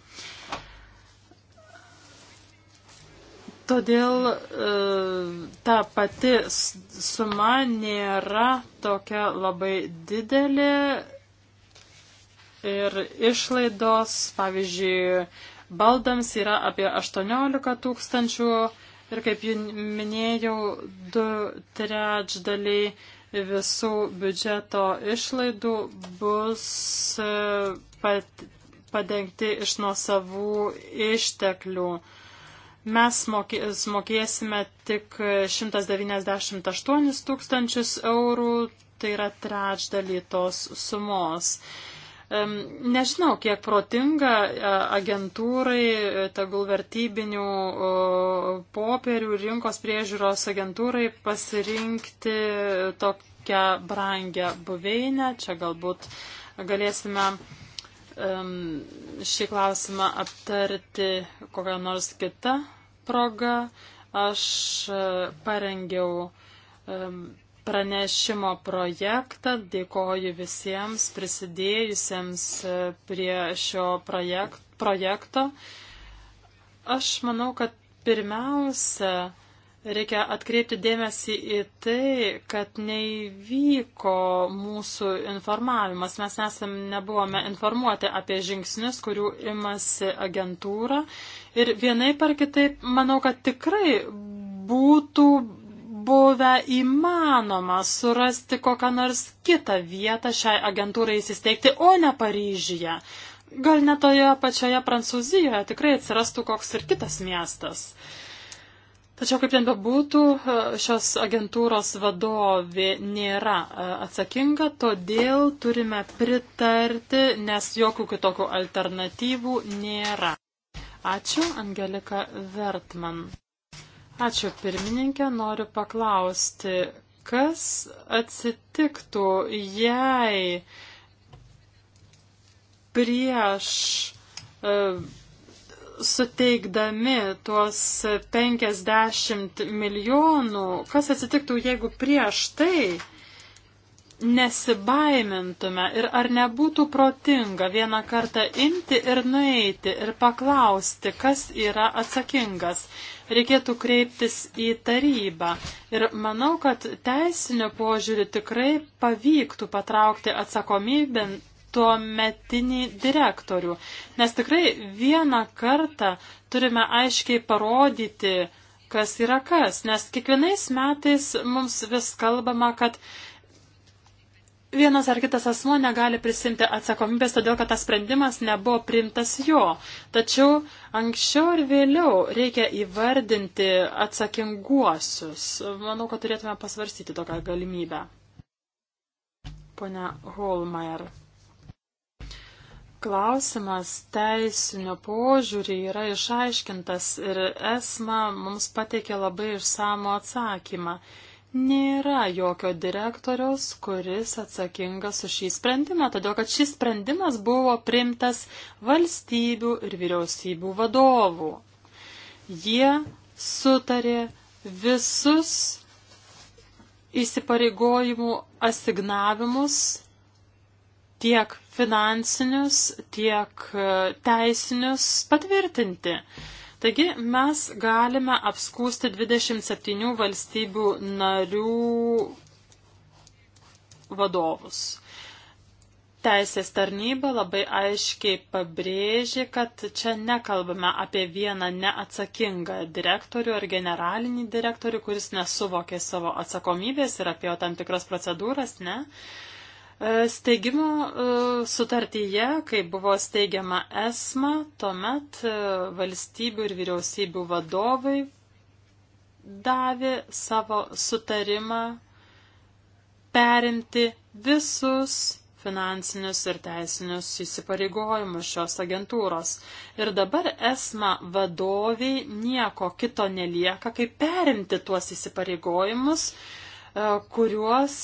Todėl e, ta pati suma nėra tokia labai didelė ir išlaidos, pavyzdžiui, baldams yra apie 18 tūkstančių ir kaip jau minėjau, du trečdaliai visų biudžeto išlaidų bus e, padengti iš nuosavų išteklių. Mes mokėsime tik 198 tūkstančius eurų, tai yra trečdalį tos sumos. Nežinau, kiek protinga e, agentūrai, e, tegul vertybinių popierių rinkos priežiūros agentūrai pasirinkti tokią brangę buveinę. Čia galbūt galėsime šį klausimą aptarti kokią nors kitą progą. Aš e, parengiau pranešimo projektą. Dėkoju visiems prisidėjusiems e, prie šio projekt, projekto. Aš manau, kad pirmiausia, reikia atkreipti dėmesį į tai, kad neįvyko mūsų informavimas. Mes nesam, nebuvome informuoti apie žingsnius, kurių imasi agentūra. Ir vienai par kitaip, manau, kad tikrai būtų buvę įmanoma surasti kokią nors kitą vietą šiai agentūrai įsisteigti, o ne Paryžyje. Gal net toje pačioje Prancūzijoje tikrai atsirastų koks ir kitas miestas. Tačiau kaip ten bebūtų, šios agentūros vadovė nėra e, atsakinga, todėl turime pritarti, nes jokių kitokių alternatyvų nėra. Ačiū, Angelika Vertman. Ačiū pirmininkė, noriu paklausti, kas atsitiktų, jei prieš e, suteikdami tuos 50 milijonų, kas atsitiktų, jeigu prieš tai nesibaimintume ir ar nebūtų protinga vieną kartą imti ir nueiti ir paklausti, kas yra atsakingas. Reikėtų kreiptis į tarybą. Ir manau, kad teisiniu požiūriu tikrai pavyktų patraukti atsakomybę tuo metinį direktorių. Nes tikrai vieną kartą turime aiškiai parodyti, kas yra kas. Nes kiekvienais metais mums vis kalbama, kad uh, vienas ar kitas asmo negali prisimti atsakomybės, todėl kad tas sprendimas nebuvo priimtas jo. Tačiau anksčiau ir vėliau reikia įvardinti atsakinguosius. Manau, kad turėtume pasvarstyti tokią galimybę. Pone Holmeier. Klausimas teisinio požiūrį yra išaiškintas ir esma mums pateikė labai išsamų atsakymą nėra jokio direktoriaus, kuris atsakingas už šį sprendimą, todėl kad šis sprendimas buvo primtas valstybių ir vyriausybių vadovų. Jie sutarė visus įsipareigojimų asignavimus tiek finansinius, tiek e, teisinius patvirtinti. Taigi mes galime apskūsti 27 valstybių narių vadovus. Teisės tarnyba labai aiškiai pabrėžė, kad čia nekalbame apie vieną neatsakingą direktorių ar generalinį direktorių, kuris nesuvokė savo atsakomybės ir apie tam tikras procedūras, ne. Uh, E, steigimo e, sutartyje, kai buvo steigiama ESMA, tuomet e, valstybių ir vyriausybių vadovai davė savo sutarimą perimti visus finansinius ir teisinius įsipareigojimus šios agentūros. Ir dabar esma vadoviai nieko kito nelieka, kaip perimti tuos įsipareigojimus, uh, E, kuriuos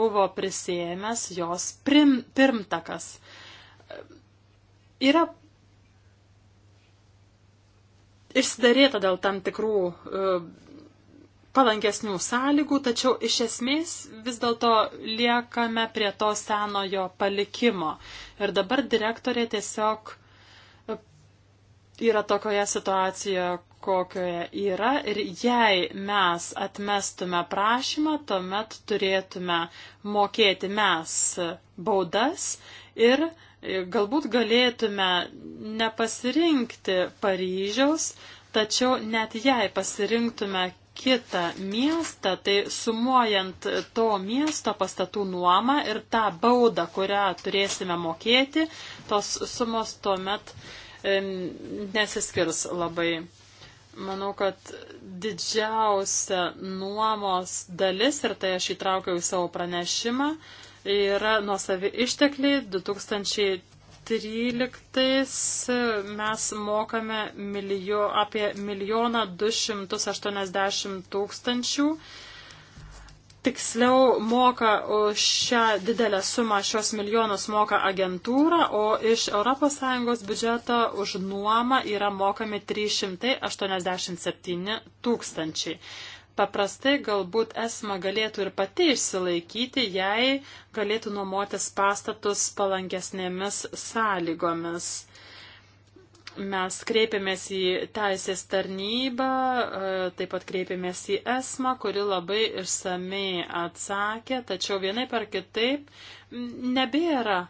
buvo prisėmęs jos prim, pirmtakas. Yra išsidarėta dėl tam tikrų e, palankesnių sąlygų, tačiau iš esmės vis dėlto liekame prie to senojo palikimo. Ir dabar direktorė tiesiog uh, yra tokioje situacijoje, kokioje yra. Ir jei mes atmestume prašymą, tuomet turėtume mokėti mes baudas ir galbūt galėtume nepasirinkti Paryžiaus, tačiau net jei pasirinktume kitą miestą, tai sumuojant to miesto pastatų nuomą ir tą baudą, kurią turėsime mokėti, tos sumos tuomet met E, nesiskirs labai. Manau, kad didžiausia nuomos dalis, ir tai aš įtraukiau į savo pranešimą, yra nuosavi ištekliai 2013 mes mokame milijo, apie milijoną 280 tūkstančių. 000 tiksliau moka už šią didelę sumą, šios milijonus moka agentūra, o iš ES biudžeto už nuomą yra mokami 387 tūkstančiai. Paprastai galbūt esma galėtų ir pati išsilaikyti, jei galėtų nuomotis pastatus palankesnėmis sąlygomis mes kreipėmės į teisės tarnybą, e, taip pat kreipėmės į esmą, kuri labai išsamei atsakė, tačiau vienai per kitaip nebėra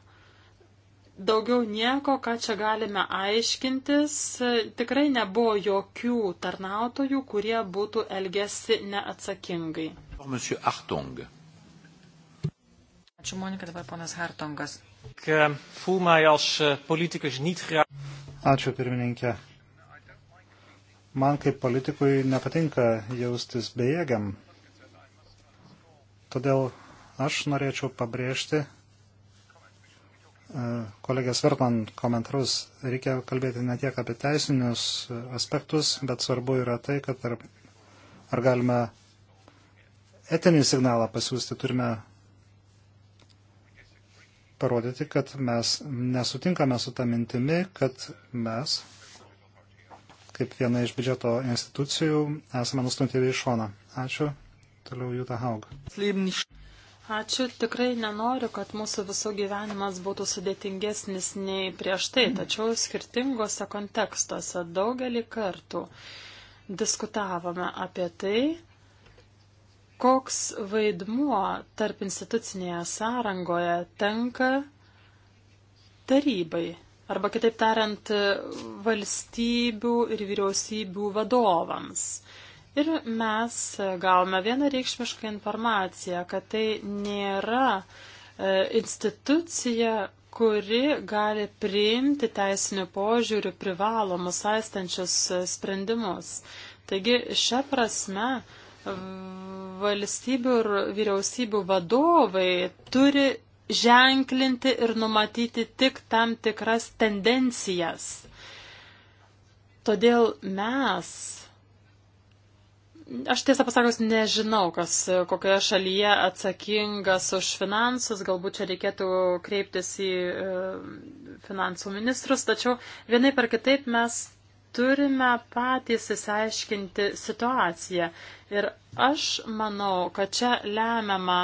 daugiau nieko, ką čia galime aiškintis. E, tikrai nebuvo jokių tarnautojų, kurie būtų elgesi neatsakingai. Ačiū, Monika, dabar ponas Hartongas. Ik eh, voel mij als eh, politicus niet graag. Ačiū pirmininkė. Man kaip politikui nepatinka jaustis bejėgiam. Todėl aš norėčiau pabrėžti e, kolegės Vertman komentarus. Reikia kalbėti ne tiek apie teisinius aspektus, bet svarbu yra tai, kad ar, ar galime etinį signalą pasiūsti. Turime parodyti, kad mes nesutinkame su tą mintimi, kad mes, kaip viena iš biudžeto institucijų, esame nustumtyti į šoną. Ačiū. Toliau Jūta Haug. Ačiū. Tikrai nenoriu, kad mūsų visų gyvenimas būtų sudėtingesnis nei prieš tai, tačiau skirtingose kontekstuose daugelį kartų diskutavome apie tai, koks vaidmuo tarp institucinėje sąrangoje tenka tarybai, arba kitaip tariant, valstybių ir vyriausybių vadovams. Ir mes gavome vienareikšmišką informaciją, kad tai nėra e, institucija, kuri gali priimti teisinių požiūrių privalomus aistančius sprendimus. Taigi, šią prasme, valstybių ir vyriausybių vadovai turi ženklinti ir numatyti tik tam tikras tendencijas. Todėl mes aš tiesą pasakius nežinau, kas kokioje šalyje atsakingas už finansus, galbūt čia reikėtų kreiptis į e, finansų ministrus, tačiau vienai per kitaip mes turime patys įsiaiškinti situaciją. Ir aš manau, kad čia lemiamą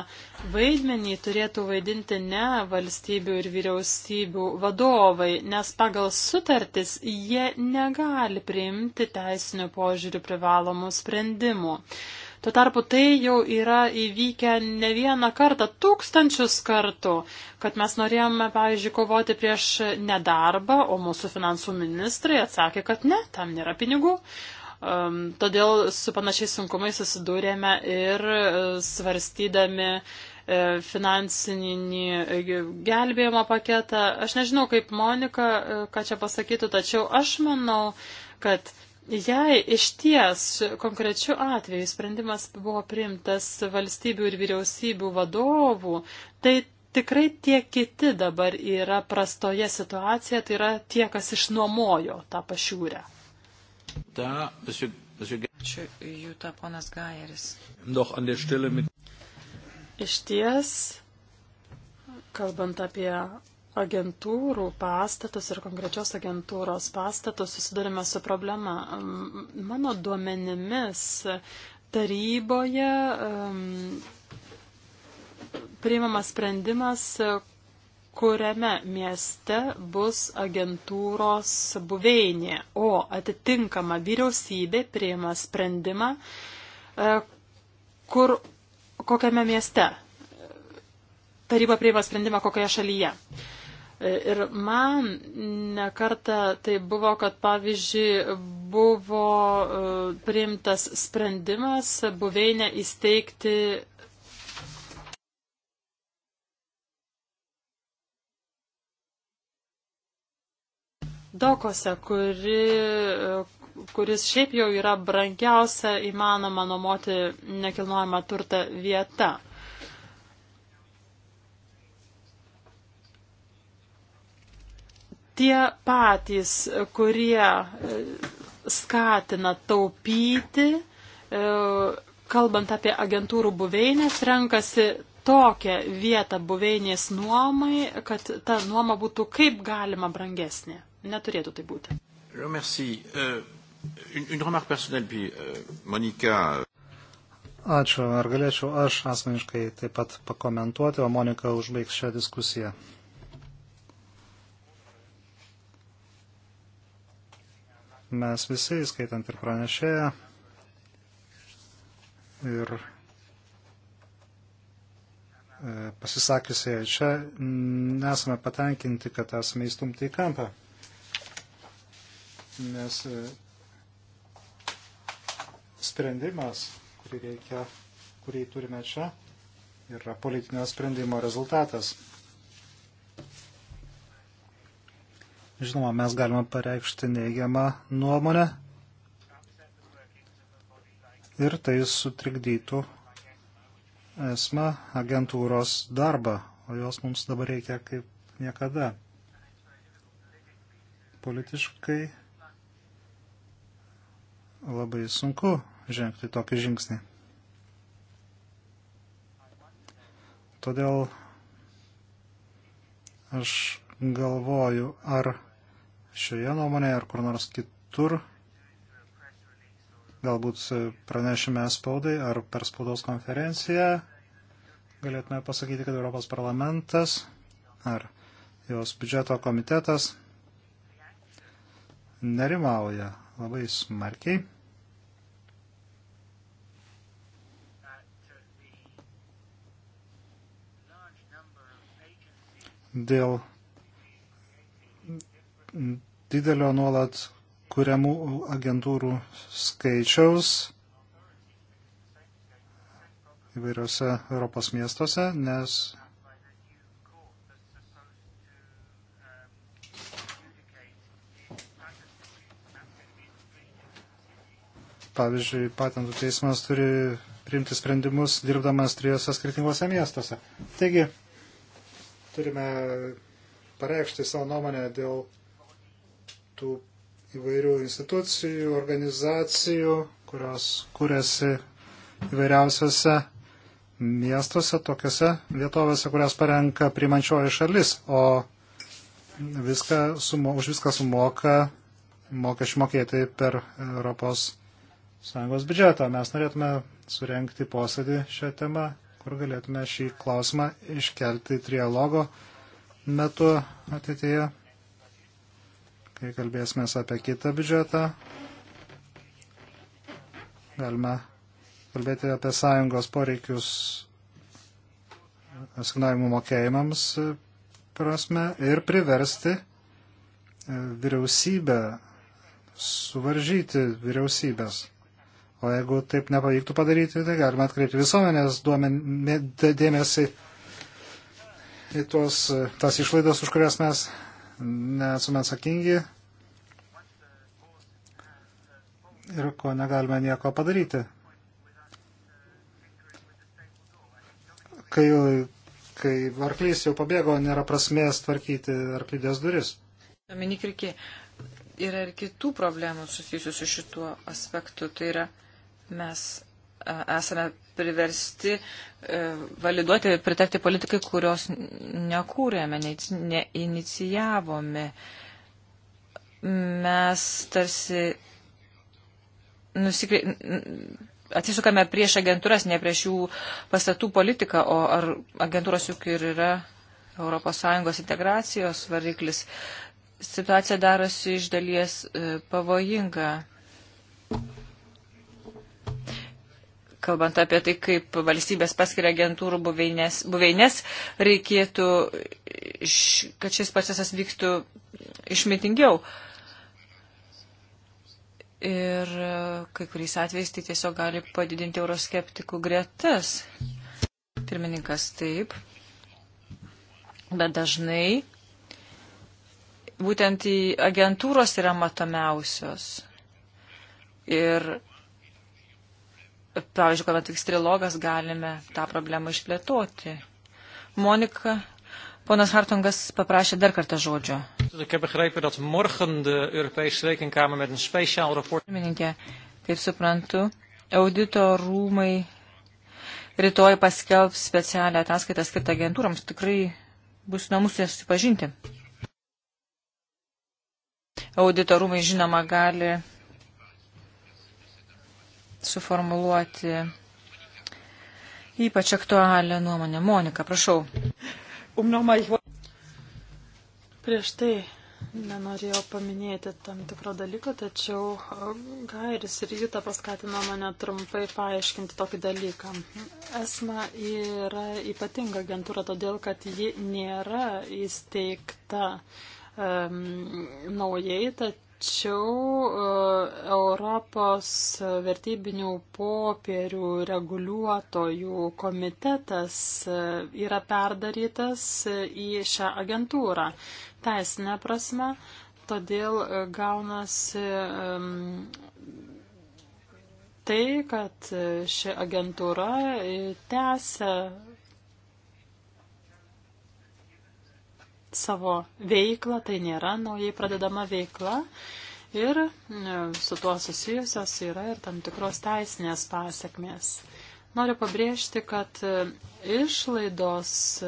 vaidmenį turėtų vaidinti ne valstybių ir vyriausybių vadovai, nes pagal sutartis jie negali priimti teisinių požiūrių privalomų sprendimų. Tuo tarpu tai jau yra įvykę ne vieną kartą, tūkstančius kartų, kad mes norėjome, pavyzdžiui, kovoti prieš nedarbą, o mūsų finansų ministrai atsakė, kad ne, tam nėra pinigų. Um, todėl su panašiais sunkumais susidūrėme ir e, svarstydami e, finansinį gelbėjimo paketą. Aš nežinau, kaip Monika, e, ką čia pasakytų, tačiau aš manau, kad Jei iš ties konkrečiu atveju sprendimas buvo priimtas valstybių ir vyriausybių vadovų, tai tikrai tie kiti dabar yra prastoje situacijoje, tai yra tie, kas išnuomojo tą pašiūrę. Ta, monsieur, monsieur... Ačiū, Jūta, ponas Gajeris. Iš ties, kalbant apie agentūrų pastatus ir konkrečios agentūros pastatus susidurime su problema. Mm, mano duomenimis taryboje um, priimamas sprendimas, kuriame mieste bus agentūros buveinė, o atitinkama vyriausybė priima sprendimą, e, kur, kokiame mieste. Taryba priima sprendimą kokioje šalyje. Uh, Ir man nekarta tai buvo, kad pavyzdžiui buvo e, priimtas sprendimas buveinę įsteigti dokose, kuri, e, kuris šiaip jau yra brangiausia įmanoma nuomoti nekilnojama turta vieta. tie patys, kurie e, skatina taupyti, e, kalbant apie agentūrų buveinės, renkasi tokią vietą buveinės nuomai, kad ta nuoma būtų kaip galima brangesnė. Neturėtų tai būti. Euh, euh, euh. Ačiū. Ar galėčiau aš asmeniškai taip pat pakomentuoti, o Monika užbaigs šią diskusiją. mes visi, skaitant ir pranešėją, ir e, pasisakiusieji čia, nesame patenkinti, kad esame įstumti į kampą. Nes e, sprendimas, kurį, reikia, kurį turime čia, yra politinio sprendimo rezultatas. Žinoma, mes galime pareikšti neigiamą nuomonę ir tai sutrikdytų esmą agentūros darbą, o jos mums dabar reikia kaip niekada. Politiškai labai sunku žengti tokį žingsnį. Todėl aš galvoju, ar šioje nuomonėje ar kur nors kitur, galbūt pranešime spaudai ar per spaudos konferenciją, galėtume pasakyti, kad Europos parlamentas ar jos biudžeto komitetas nerimauja labai smarkiai. Dėl didelio nuolat kuriamų agentūrų skaičiaus įvairiose Europos miestuose, nes pavyzdžiui, patentų teismas turi priimti sprendimus dirbdamas trijose skirtingose miestuose. Taigi, turime pareikšti savo nuomonę dėl tų įvairių institucijų, organizacijų, kurios kūrėsi įvairiausiose miestuose, tokiuose vietovėse, kurias parenka primančioji šalis, o viską sumo, už viską sumoka mokesčių mokėtai per Europos Sąjungos biudžetą. Mes norėtume surenkti posėdį šią temą, kur galėtume šį klausimą iškelti trialogo metu ateityje kai kalbėsime apie kitą biudžetą, galime kalbėti apie sąjungos poreikius asignavimų mokėjimams e, prasme ir priversti e, vyriausybę, suvaržyti vyriausybės. O jeigu taip nepavyktų padaryti, tai galima atkreipti visuomenės duomenį, dėmesį į tuos, e, tas išlaidas, už kurias mes nesame atsakingi ir ko negalime nieko padaryti. Kai, kai arklys jau pabėgo, nėra prasmės tvarkyti arklydės duris. Dominik Rikė, yra ir kitų problemų susijusių su šituo aspektu. Tai yra, mes esame priversti e, validuoti ir pritekti politikai, kurios nekūrėme, neinicijavome. Mes tarsi nusikri... atsisukame prieš agentūras, ne prieš jų pastatų politiką, o ar agentūros juk ir yra ES integracijos variklis. Situacija darosi iš dalies e, pavojinga kalbant apie tai, kaip valstybės paskiria agentūrų buveinės, buveinės reikėtų, kad šis procesas vyktų išmitingiau. Ir kai kuriais atvejais tai tiesiog gali padidinti euroskeptikų gretas. Pirmininkas taip. Bet dažnai būtent į agentūros yra matomiausios. Ir pavyzdžiui, kuomet vyks trilogas, galime tą problemą išplėtoti. Monika, ponas Hartongas paprašė dar kartą žodžio. Pirmininkė, kaip suprantu, audito rūmai rytoj paskelbs specialią ataskaitą skirtą agentūrams. Tikrai bus namus jas susipažinti. Auditorumai, žinoma, gali suformuluoti ypač aktualią nuomonę. Monika, prašau. Um Prieš tai nenorėjau paminėti tam tikro dalyko, tačiau Gairis ir Jūta paskatino mane trumpai paaiškinti tokį dalyką. ESMA yra ypatinga agentūra, todėl kad ji nėra įsteigta um, naujai, tad Tačiau e, Europos vertybinių popierių reguliuotojų komitetas e, yra perdarytas į šią agentūrą teisinę prasme, todėl e, gaunasi tai, kad ši agentūra tęsia savo veiklą, tai nėra naujai pradedama veikla. Ir e, su tuo susijusios yra ir tam tikros teisinės pasiekmės. Noriu pabrėžti, kad e, išlaidos e,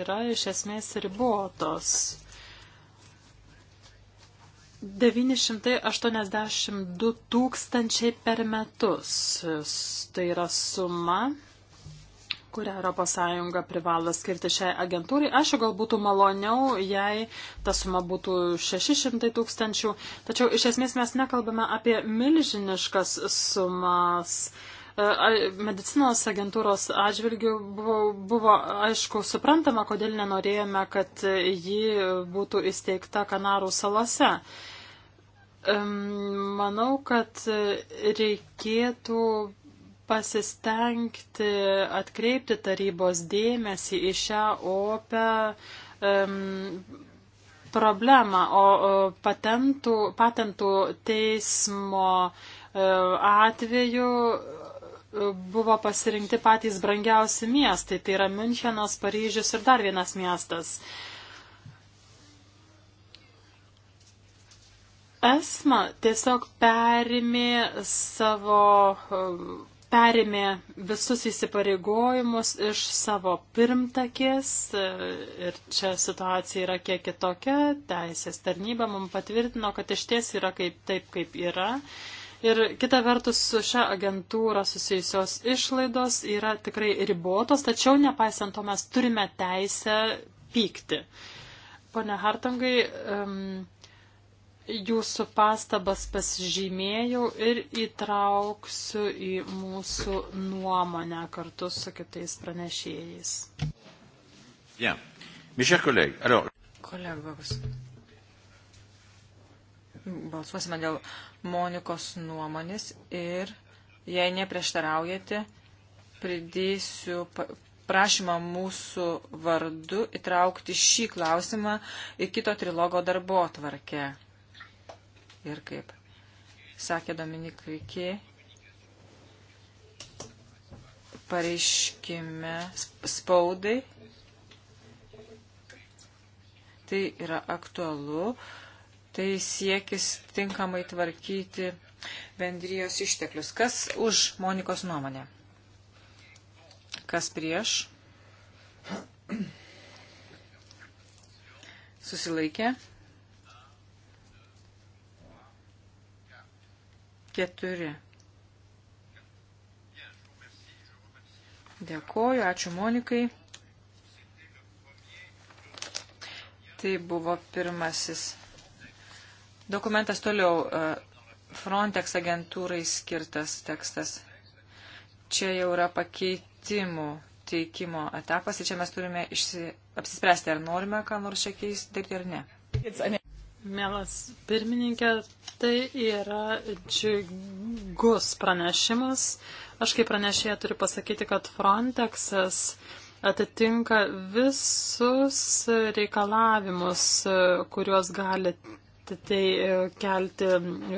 yra iš esmės ribotos. 982 tūkstančiai per metus. Tai yra suma, kurią ES privalo skirti šiai agentūrai. Aišku, gal būtų maloniau, jei ta suma būtų 600 tūkstančių, tačiau iš esmės mes nekalbame apie milžiniškas sumas. E, medicinos agentūros atžvilgių buvo, buvo aišku suprantama, kodėl nenorėjome, kad ji būtų įsteigta Kanarų salose. Manau, kad reikėtų pasistengti atkreipti tarybos dėmesį į šią opę um, problemą, o, o patentų, patentų teismo uh, atveju e, buvo pasirinkti patys brangiausi miestai, tai yra Münchenas, Paryžius ir dar vienas miestas. Esma tiesiog perimė savo perėmė visus įsipareigojimus iš savo pirmtakės e, ir čia situacija yra kiek kitokia. Teisės tarnyba mums patvirtino, kad iš ties yra kaip, taip, kaip yra. Ir kita vertus, su šia agentūra susijusios išlaidos yra tikrai ribotos, tačiau nepaisant to mes turime teisę pykti. Pone Hartangai, um, jūsų pastabas pasižymėjau ir įtrauksiu į mūsų nuomonę kartu su kitais pranešėjais. Bien. Mes chers collègues, alors. Kolegos. Balsuosime dėl Monikos nuomonės ir, jei neprieštaraujate, pridėsiu prašymą mūsų vardu įtraukti šį klausimą į kito trilogo darbo tvarkę ir kaip sakė Dominik Rikė, pareiškime spaudai. Tai yra aktualu, tai siekis tinkamai tvarkyti bendrijos išteklius. Kas už Monikos nuomonę? Kas prieš? Susilaikė. keturi. Dėkoju, ačiū Monikai. Tai buvo pirmasis dokumentas toliau. E, Frontex agentūrai skirtas tekstas. Čia jau yra pakeitimų teikimo etapas ir čia mes turime išsi, apsispręsti, ar norime ką nors čia keisti, daryti ar ne. Mielas pirmininkė, tai yra džiugus pranešimas. Aš kaip pranešėja turiu pasakyti, kad Frontexas atitinka visus reikalavimus, kuriuos gali tai kelti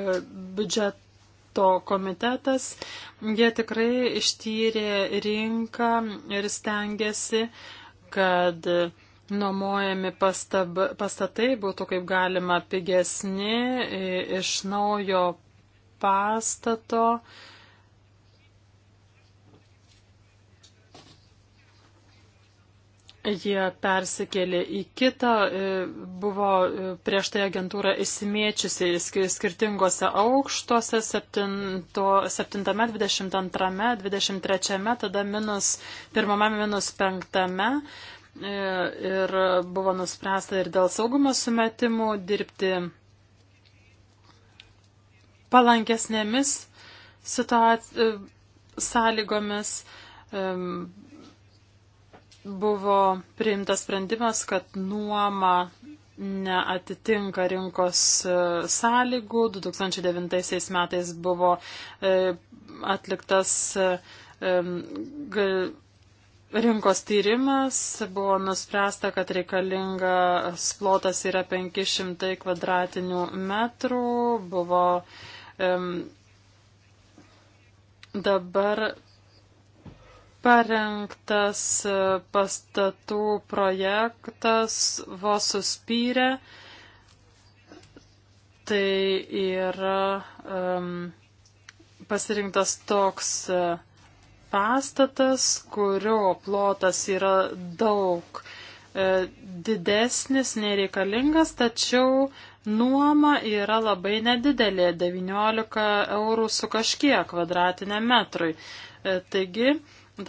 e, biudžeto komitetas. Jie tikrai ištyrė rinką ir stengiasi, kad nuomojami pastab, pastatai būtų kaip galima pigesni iš naujo pastato. Jie persikėlė į kitą, buvo prieš tai agentūra įsimiečiusi skirtingose aukštuose, 7-22-23, tada minus 1-5 E, ir buvo nuspręsta ir dėl saugumo sumetimų dirbti palankesnėmis e, sąlygomis. E, buvo priimtas sprendimas, kad nuoma neatitinka rinkos sąlygų. 2009 metais buvo atliktas rinkos tyrimas, buvo nuspręsta, kad reikalingas plotas yra 500 kvadratinių metrų, buvo um, dabar parengtas e, pastatų projektas vos suspyrė. Tai yra um, pasirinktas toks uh, pastatas, kurio plotas yra daug e, didesnis, nereikalingas, tačiau nuoma yra labai nedidelė - 19 eurų su kažkiek kvadratiniam metrui. E, taigi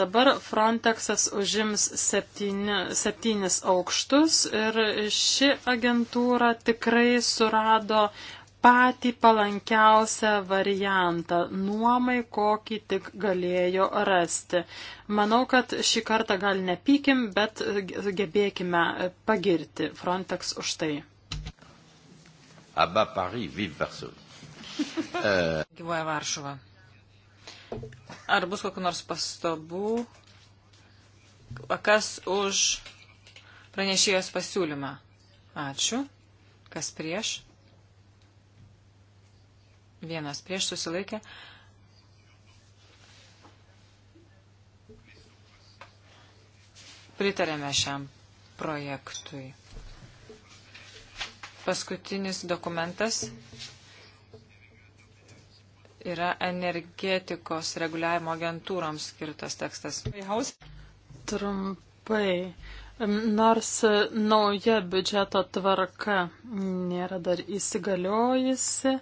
dabar Frontexas užims septyni, septynis aukštus ir ši agentūra tikrai surado patį palankiausią variantą nuomai, kokį tik galėjo rasti. Manau, kad šį kartą gal nepykim, bet gebėkime pagirti Frontex už tai. Aba Paris, vive Varsovie. Euh, Gyvoja Varšuva. Ar bus kokiu nors pastabų? Kas už pranešėjos pasiūlymą? Ačiū. Kas prieš? Vienas prieš susilaikė. Pritarėme šiam projektui. Paskutinis dokumentas yra energetikos reguliavimo agentūroms skirtas tekstas. Trumpai. Nors nauja biudžeto tvarka nėra dar įsigaliojusi,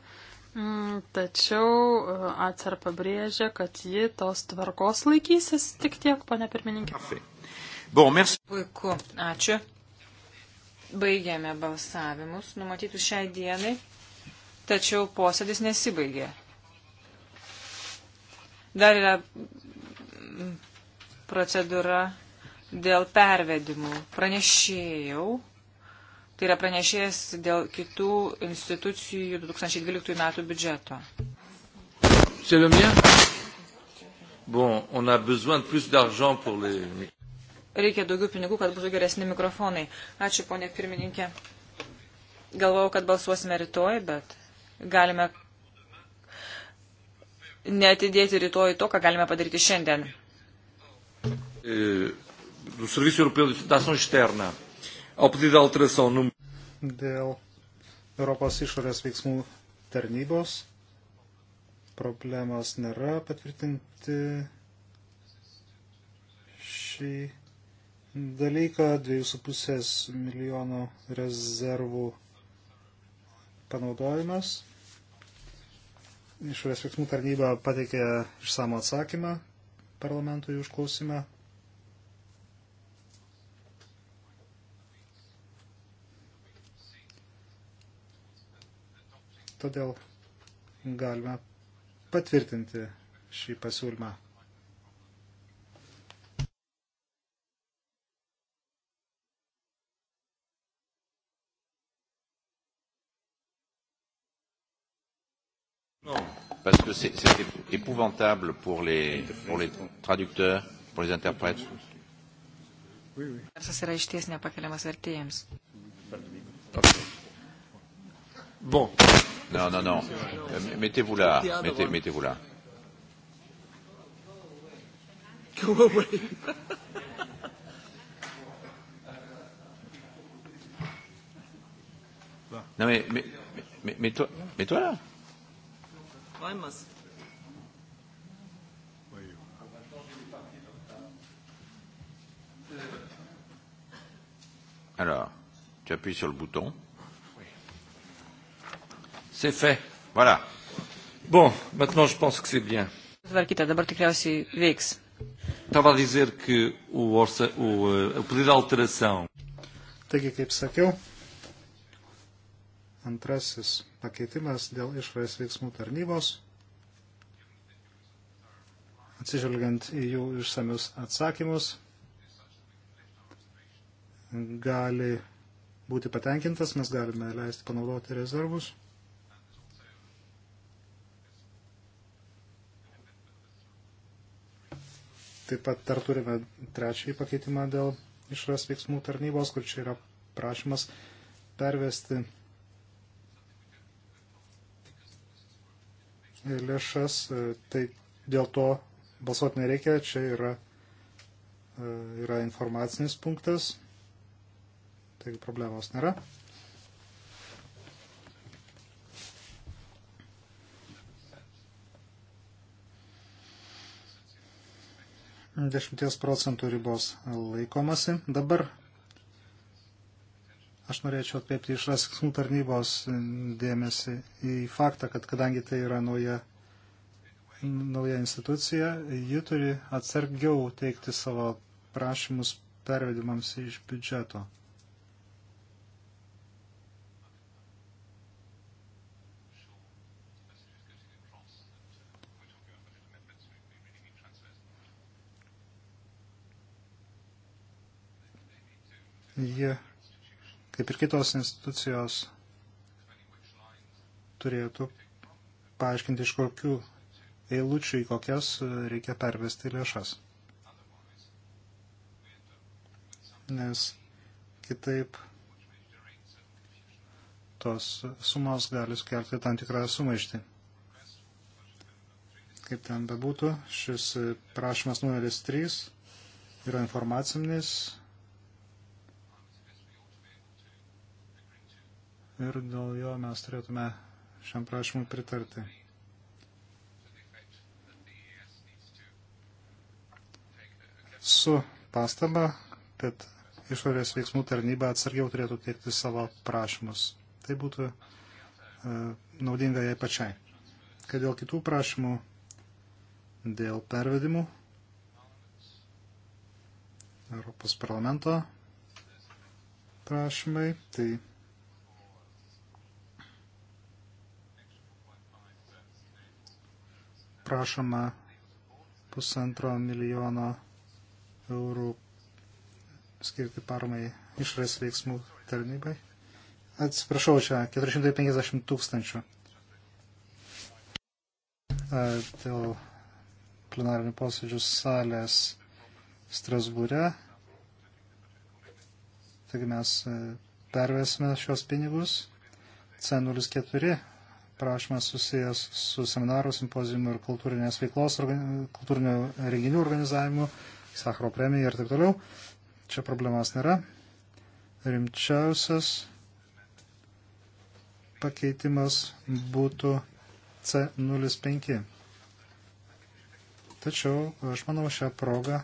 Mm, tačiau e, atsar pabrėžia, kad ji tos tvarkos laikysis tik tiek, pane pirmininkė. Puiku, ačiū. Baigėme balsavimus numatytus šiai dienai, tačiau posėdis nesibaigė. Dar yra mm, procedūra dėl pervedimų. Pranešėjau. Tai yra pranešėjas dėl kitų institucijų 2012 metų biudžeto. C'est le mien? Bon, on a besoin de plus d'argent pour les... Reikia daugiau pinigų, kad būtų geresni mikrofonai. Ačiū, ponė pirmininkė. Galvojau, kad balsuosime rytoj, bet galime netidėti rytoj to, ką galime padaryti šiandien. E, eh, do Serviço Europeu de Ação Externa ao pedido de alteração número. Dėl Europos išorės veiksmų tarnybos problemos nėra patvirtinti šį dalyką. 2,5 milijono rezervų panaudojimas. Išorės veiksmų tarnyba pateikė išsamą atsakymą parlamentui užklausimą. todėl galime patvirtinti šį pasiūlymą. Parce que c'est épouvantable pour les, pour les traducteurs, pour les interprètes. Garsas yra išties nepakeliamas vertėjams. Bon. Non, non, non. Euh, mettez-vous là. Mettez, mettez-vous là. Go away. non mais, mais, mais, mais toi, mais toi là. I must. Alors, tu appuies sur le bouton. C'est fait. Voilà. Bon, maintenant je pense que c'est bien. Tvarkyta dabar tikriausiai veiks. Estava a dizer que o, orça, o, eh, o pedido de alteração. Taigi, kaip sakiau, antrasis pakeitimas dėl išorės veiksmų tarnybos. Atsižvelgiant į jų išsamius atsakymus, gali būti patenkintas, mes galime leisti panaudoti rezervus. Taip pat dar turime trečiąjį pakeitimą dėl išras veiksmų tarnybos, kur čia yra prašymas pervesti lėšas. E, tai dėl to balsuoti nereikia, čia yra, e, yra informacinis punktas, taigi problemos nėra. 10 procentų ribos laikomasi. Dabar aš norėčiau atkreipti iš rasismų tarnybos dėmesį į faktą, kad kadangi tai yra nauja, nauja institucija, ji turi atsargiau teikti savo prašymus pervedimams iš biudžeto. Jie, kaip ir kitos institucijos, turėtų paaiškinti, iš kokių eilučių į kokias reikia pervesti lėšas. Nes kitaip tos sumos gali skelti tam tikrą sumaištį. Kaip ten bebūtų, šis prašymas numeris 3 yra informacinis ir dėl jo mes turėtume šiam prašymui pritarti. Su pastaba, kad išorės veiksmų tarnyba atsargiau turėtų teikti savo prašymus. Tai būtų e, naudinga jai pačiai. Kad dėl kitų prašymų, dėl pervedimų Europos parlamento prašymai, tai prašoma pusantro milijono eurų skirti paramai išras veiksmų tarnybai. Atsiprašau, čia 450 tūkstančių dėl plenarinių posėdžių salės Strasbūre. Taigi mes e, pervesime šios pinigus C04 prašymas susijęs su seminarų, simpozijumu ir kultūrinės veiklos, kultūrinio renginių organizavimu, Sakro premija ir taip toliau. Čia problemas nėra. Rimčiausias pakeitimas būtų C05. Tačiau, aš manau, šią progą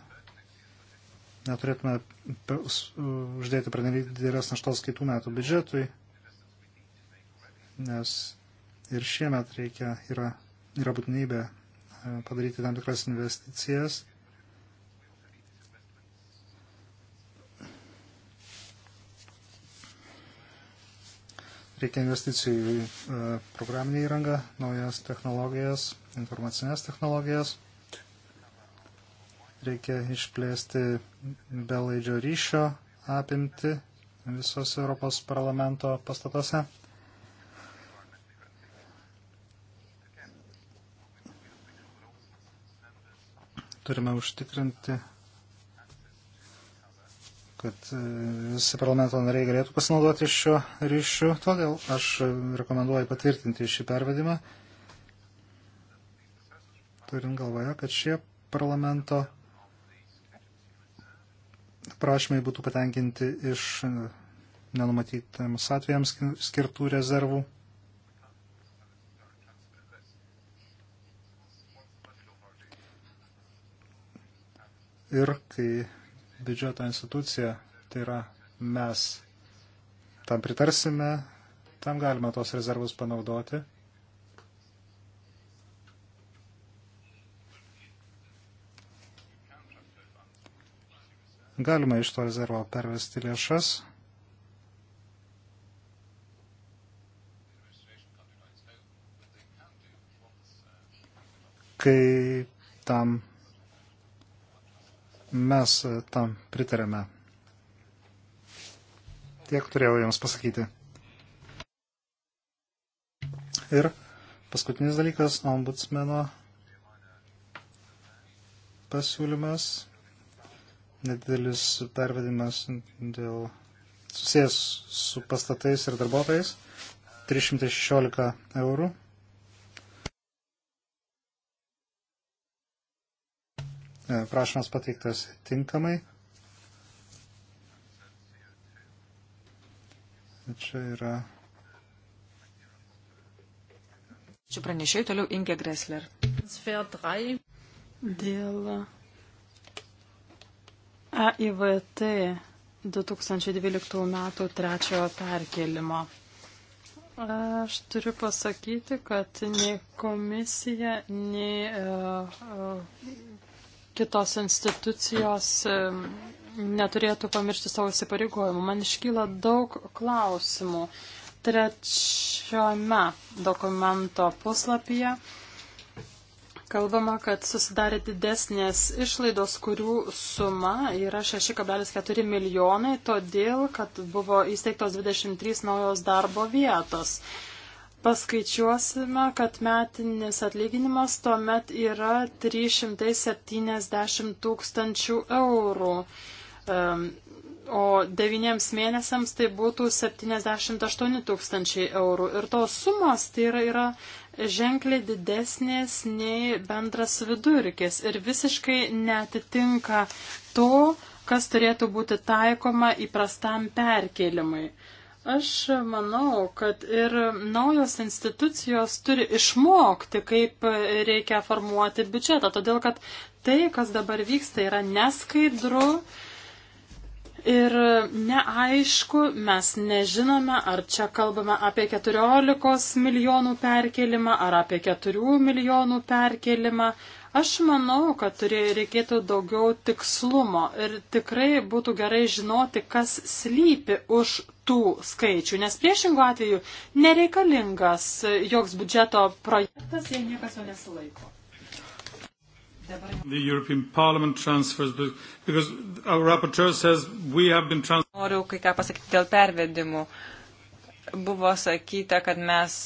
neturėtume uždėti pernelyg didelės naštos kitų metų biudžetui, nes ir šiemet reikia, yra, yra būtinybė e, padaryti tam tikras investicijas. Reikia investicijų į e, programinį įrangą, naujas technologijas, informacinės technologijas. Reikia išplėsti belaidžio ryšio apimti visos Europos parlamento pastatuose. Turime užtikrinti, kad e, visi parlamento nariai galėtų pasinaudoti šiuo ryšiu. Todėl aš rekomenduoju patvirtinti šį pervedimą, turint galvoje, kad šie parlamento prašymai būtų patenkinti iš nenumatytams atvejams skirtų rezervų. ir kai biudžeto institucija, tai yra mes tam pritarsime, tam galima tos rezervus panaudoti. Galima iš to rezervo pervesti lėšas. kai tam Mes e, tam pritarėme. Tiek turėjau Jums pasakyti. Ir paskutinis dalykas - ombudsmeno pasiūlymas, nedidelis pervedimas dėl susijęs su pastatais ir darbuotojais - 316 eurų E, prašymas pateiktas tinkamai. E, čia yra. Čia pranešėjai toliau Inge Gressler. Dėl AIVT 2012 metų trečiojo perkelimo. Aš turiu pasakyti, kad nei komisija, nei uh, uh, kitos institucijos neturėtų pamiršti savo įsipareigojimų. Man iškyla daug klausimų. Trečiame dokumento puslapyje kalbama, kad susidarė didesnės išlaidos, kurių suma yra 6,4 milijonai, todėl, kad buvo įsteigtos 23 naujos darbo vietos paskaičiuosime, kad metinis atlyginimas tuomet yra 370 tūkstančių eurų, o devyniems mėnesiams tai būtų 78 tūkstančiai eurų. Ir tos sumos tai yra, yra ženkliai didesnės nei bendras vidurkis ir visiškai netitinka to, kas turėtų būti taikoma įprastam perkelimui. Aš manau, kad ir naujos institucijos turi išmokti, kaip reikia formuoti biudžetą, todėl kad tai, kas dabar vyksta, yra neskaidru ir neaišku, mes nežinome, ar čia kalbame apie 14 milijonų perkelimą, ar apie 4 milijonų perkelimą, Aš manau, kad turė, reikėtų daugiau tikslumo ir tikrai būtų gerai žinoti, kas slypi už tų skaičių, nes priešingų atveju nereikalingas joks biudžeto projektas, jei niekas jo nesilaiko. Noriu kai ką pasakyti dėl pervedimų. Buvo sakyta, kad mes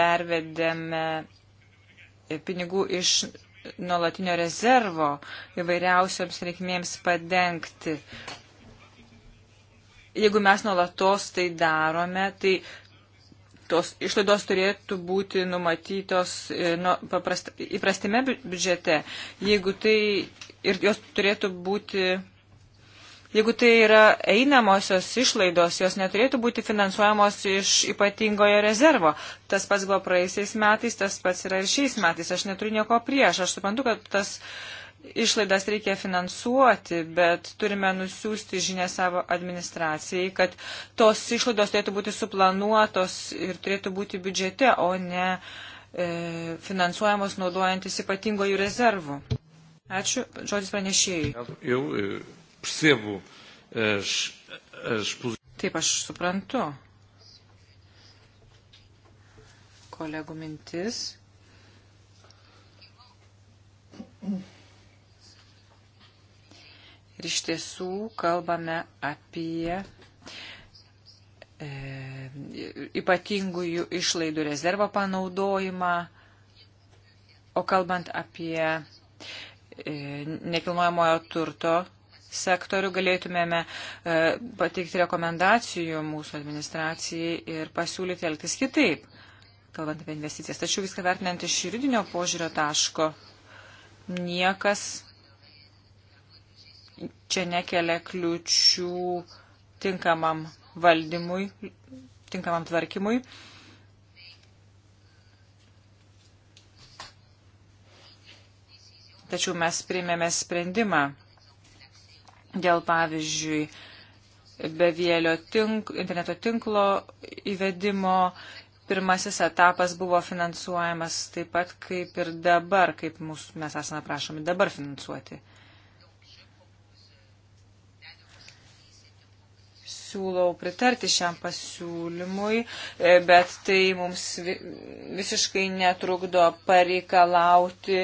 pervedėme pinigų iš nuolatinio rezervo įvairiausiams reikmėms padengti. Jeigu mes nuolatos tai darome, tai tos išlaidos turėtų būti numatytos e, nu, paprast, įprastime biudžete. Jeigu tai ir jos turėtų būti Jeigu tai yra einamosios išlaidos, jos neturėtų būti finansuojamos iš ypatingojo rezervo. Tas pats buvo praeisiais metais, tas pats yra ir šiais metais. Aš neturiu nieko prieš. Aš suprantu, kad tas išlaidas reikia finansuoti, bet turime nusiųsti žinę savo administracijai, kad tos išlaidos turėtų būti suplanuotos ir turėtų būti biudžete, o ne e, finansuojamos naudojantis ypatingojų rezervų. Ačiū, žodis pranešėjai. Jau, jau, percebo as, as Taip, aš suprantu kolegų mintis. Ir iš tiesų kalbame apie e, ypatingųjų išlaidų rezervo panaudojimą, o kalbant apie e, nekilnojamojo turto sektorių galėtumėme e, pateikti rekomendacijų mūsų administracijai ir pasiūlyti elgtis kitaip, kalbant apie investicijas. Tačiau viską vertinant iš juridinio požiūrio taško, niekas čia nekelia kliučių tinkamam valdymui, tinkamam tvarkymui. Tačiau mes priimėme sprendimą dėl pavyzdžiui bevėlio tink, interneto tinklo įvedimo. Pirmasis etapas buvo finansuojamas taip pat kaip ir dabar, kaip mūs, mes esame prašomi dabar finansuoti. Siūlau pritarti šiam pasiūlymui, e, bet tai mums visiškai netrukdo pareikalauti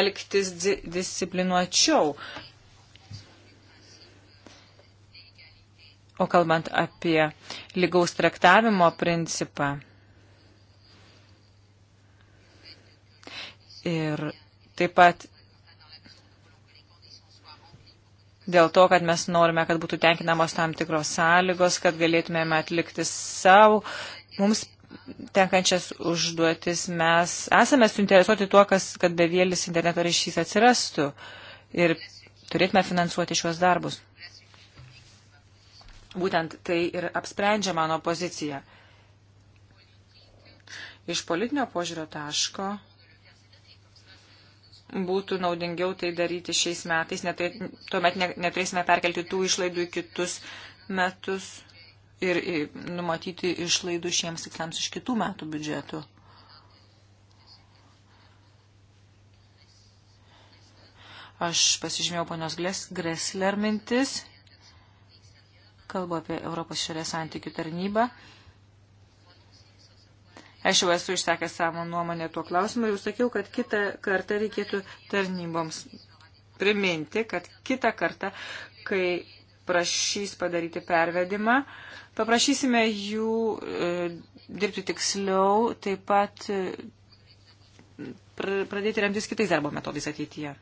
elgtis disciplinuočiau O kalbant apie lygaus traktavimo principą ir taip pat dėl to, kad mes norime, kad būtų tenkinamos tam tikros sąlygos, kad galėtumėme atlikti savo, mums tenkančias užduotis, mes esame suinteresuoti tuo, kas, kad bevėlis interneto ryšys atsirastų ir turėtume finansuoti šiuos darbus. Būtent tai ir apsprendžia mano poziciją. Iš politinio požiūrio taško būtų naudingiau tai daryti šiais metais, netai, tuomet neturėsime perkelti tų išlaidų į kitus metus ir numatyti išlaidų šiems tikslams iš kitų metų biudžetų. Aš pasižymėjau ponios Gressler mintis Kalbu apie Europos šalies santykių tarnybą. Aš jau esu išsakęs savo nuomonę tuo klausimu ir sakiau, kad kitą kartą reikėtų tarnyboms priminti, kad kitą kartą, kai prašys padaryti pervedimą, paprašysime jų e, dirbti tiksliau, taip pat e, pradėti remtis kitais darbo metodais ateityje.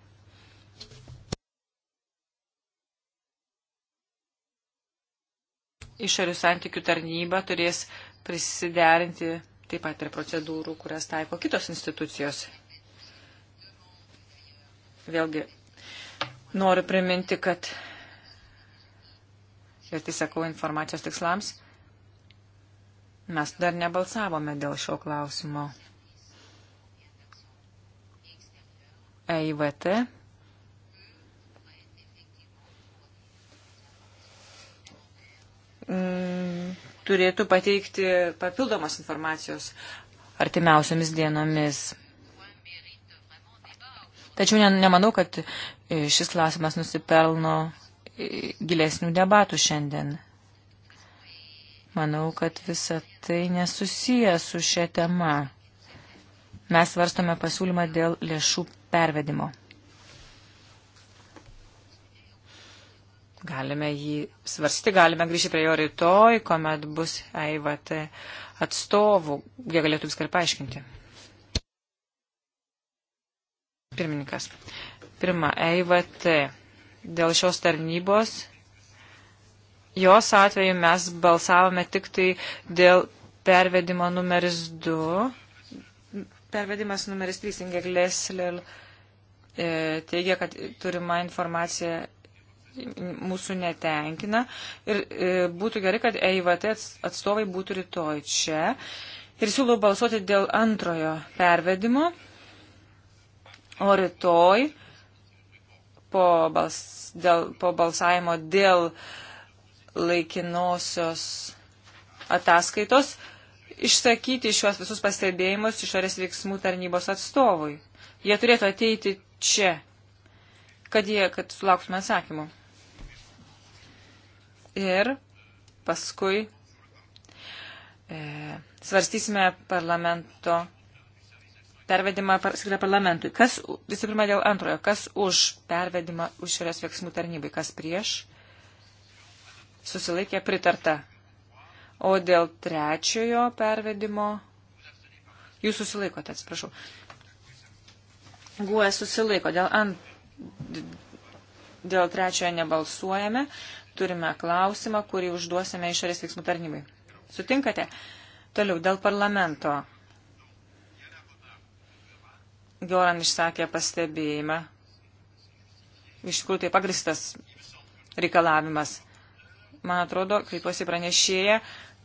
išorių santykių tarnyba turės prisiderinti taip pat ir procedūrų, kurias taiko kitos institucijos. Vėlgi, noriu priminti, kad ir tai sakau informacijos tikslams, mes dar nebalsavome dėl šio klausimo. EIVT turėtų pateikti papildomos informacijos artimiausiamis dienomis. Tačiau ne, nemanau, kad e, šis klausimas nusipelno e, gilesnių debatų šiandien. Manau, kad visa tai nesusiję su šia tema. Mes svarstome pasiūlymą dėl lėšų pervedimo. Galime jį svarsti, galime grįžti prie jo rytoj, kuomet bus EIVT atstovų. Jie galėtų viską ir paaiškinti. Pirmininkas. Pirma, EIVT. Dėl šios tarnybos, jos atveju mes balsavome tik tai dėl pervedimo numeris 2. Pervedimas numeris 3, Ingeglėslėl e, teigia, kad turima informacija mūsų netenkina ir e, būtų gerai, kad EIVT atstovai būtų rytoj čia. Ir siūlau balsuoti dėl antrojo pervedimo, o rytoj po, bals, dėl, po balsavimo dėl laikinosios ataskaitos išsakyti šiuos visus pastebėjimus išorės veiksmų tarnybos atstovui. Jie turėtų ateiti čia, kad, jie, kad sulauktume atsakymų ir paskui e, svarstysime parlamento pervedimą skirtą parlamentui. Kas, visų pirma, dėl antrojo, kas už pervedimą už šios veiksmų tarnybai, kas prieš, susilaikė pritarta. O dėl trečiojo pervedimo, jūs susilaikote, atsiprašau. Guoja susilaiko, dėl, ant, dėl trečiojo nebalsuojame, Turime klausimą, kurį užduosime išorės veiksmų tarnybai. Sutinkate? Toliau, dėl parlamento. Goran išsakė pastebėjimą. Iš tikrųjų, tai pagristas reikalavimas. Man atrodo, kreipiuosi pranešėję,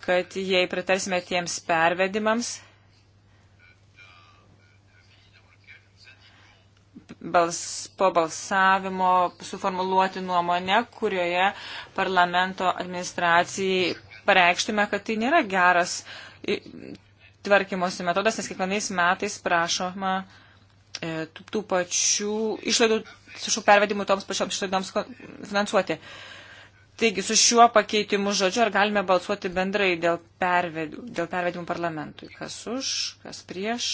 kad jei pritarsime tiems pervedimams, bals, po balsavimo suformuluoti nuomonę, kurioje parlamento administracijai pareikštume, kad tai nėra geras tvarkymosi metodas, nes kiekvienais metais prašoma e, tų, tų pačių išlaidų, šių pervedimų toms pačioms išlaidoms finansuoti. Taigi, su šiuo pakeitimu žodžiu, ar galime balsuoti bendrai dėl, perved, dėl pervedimų parlamentui? Kas už, kas prieš,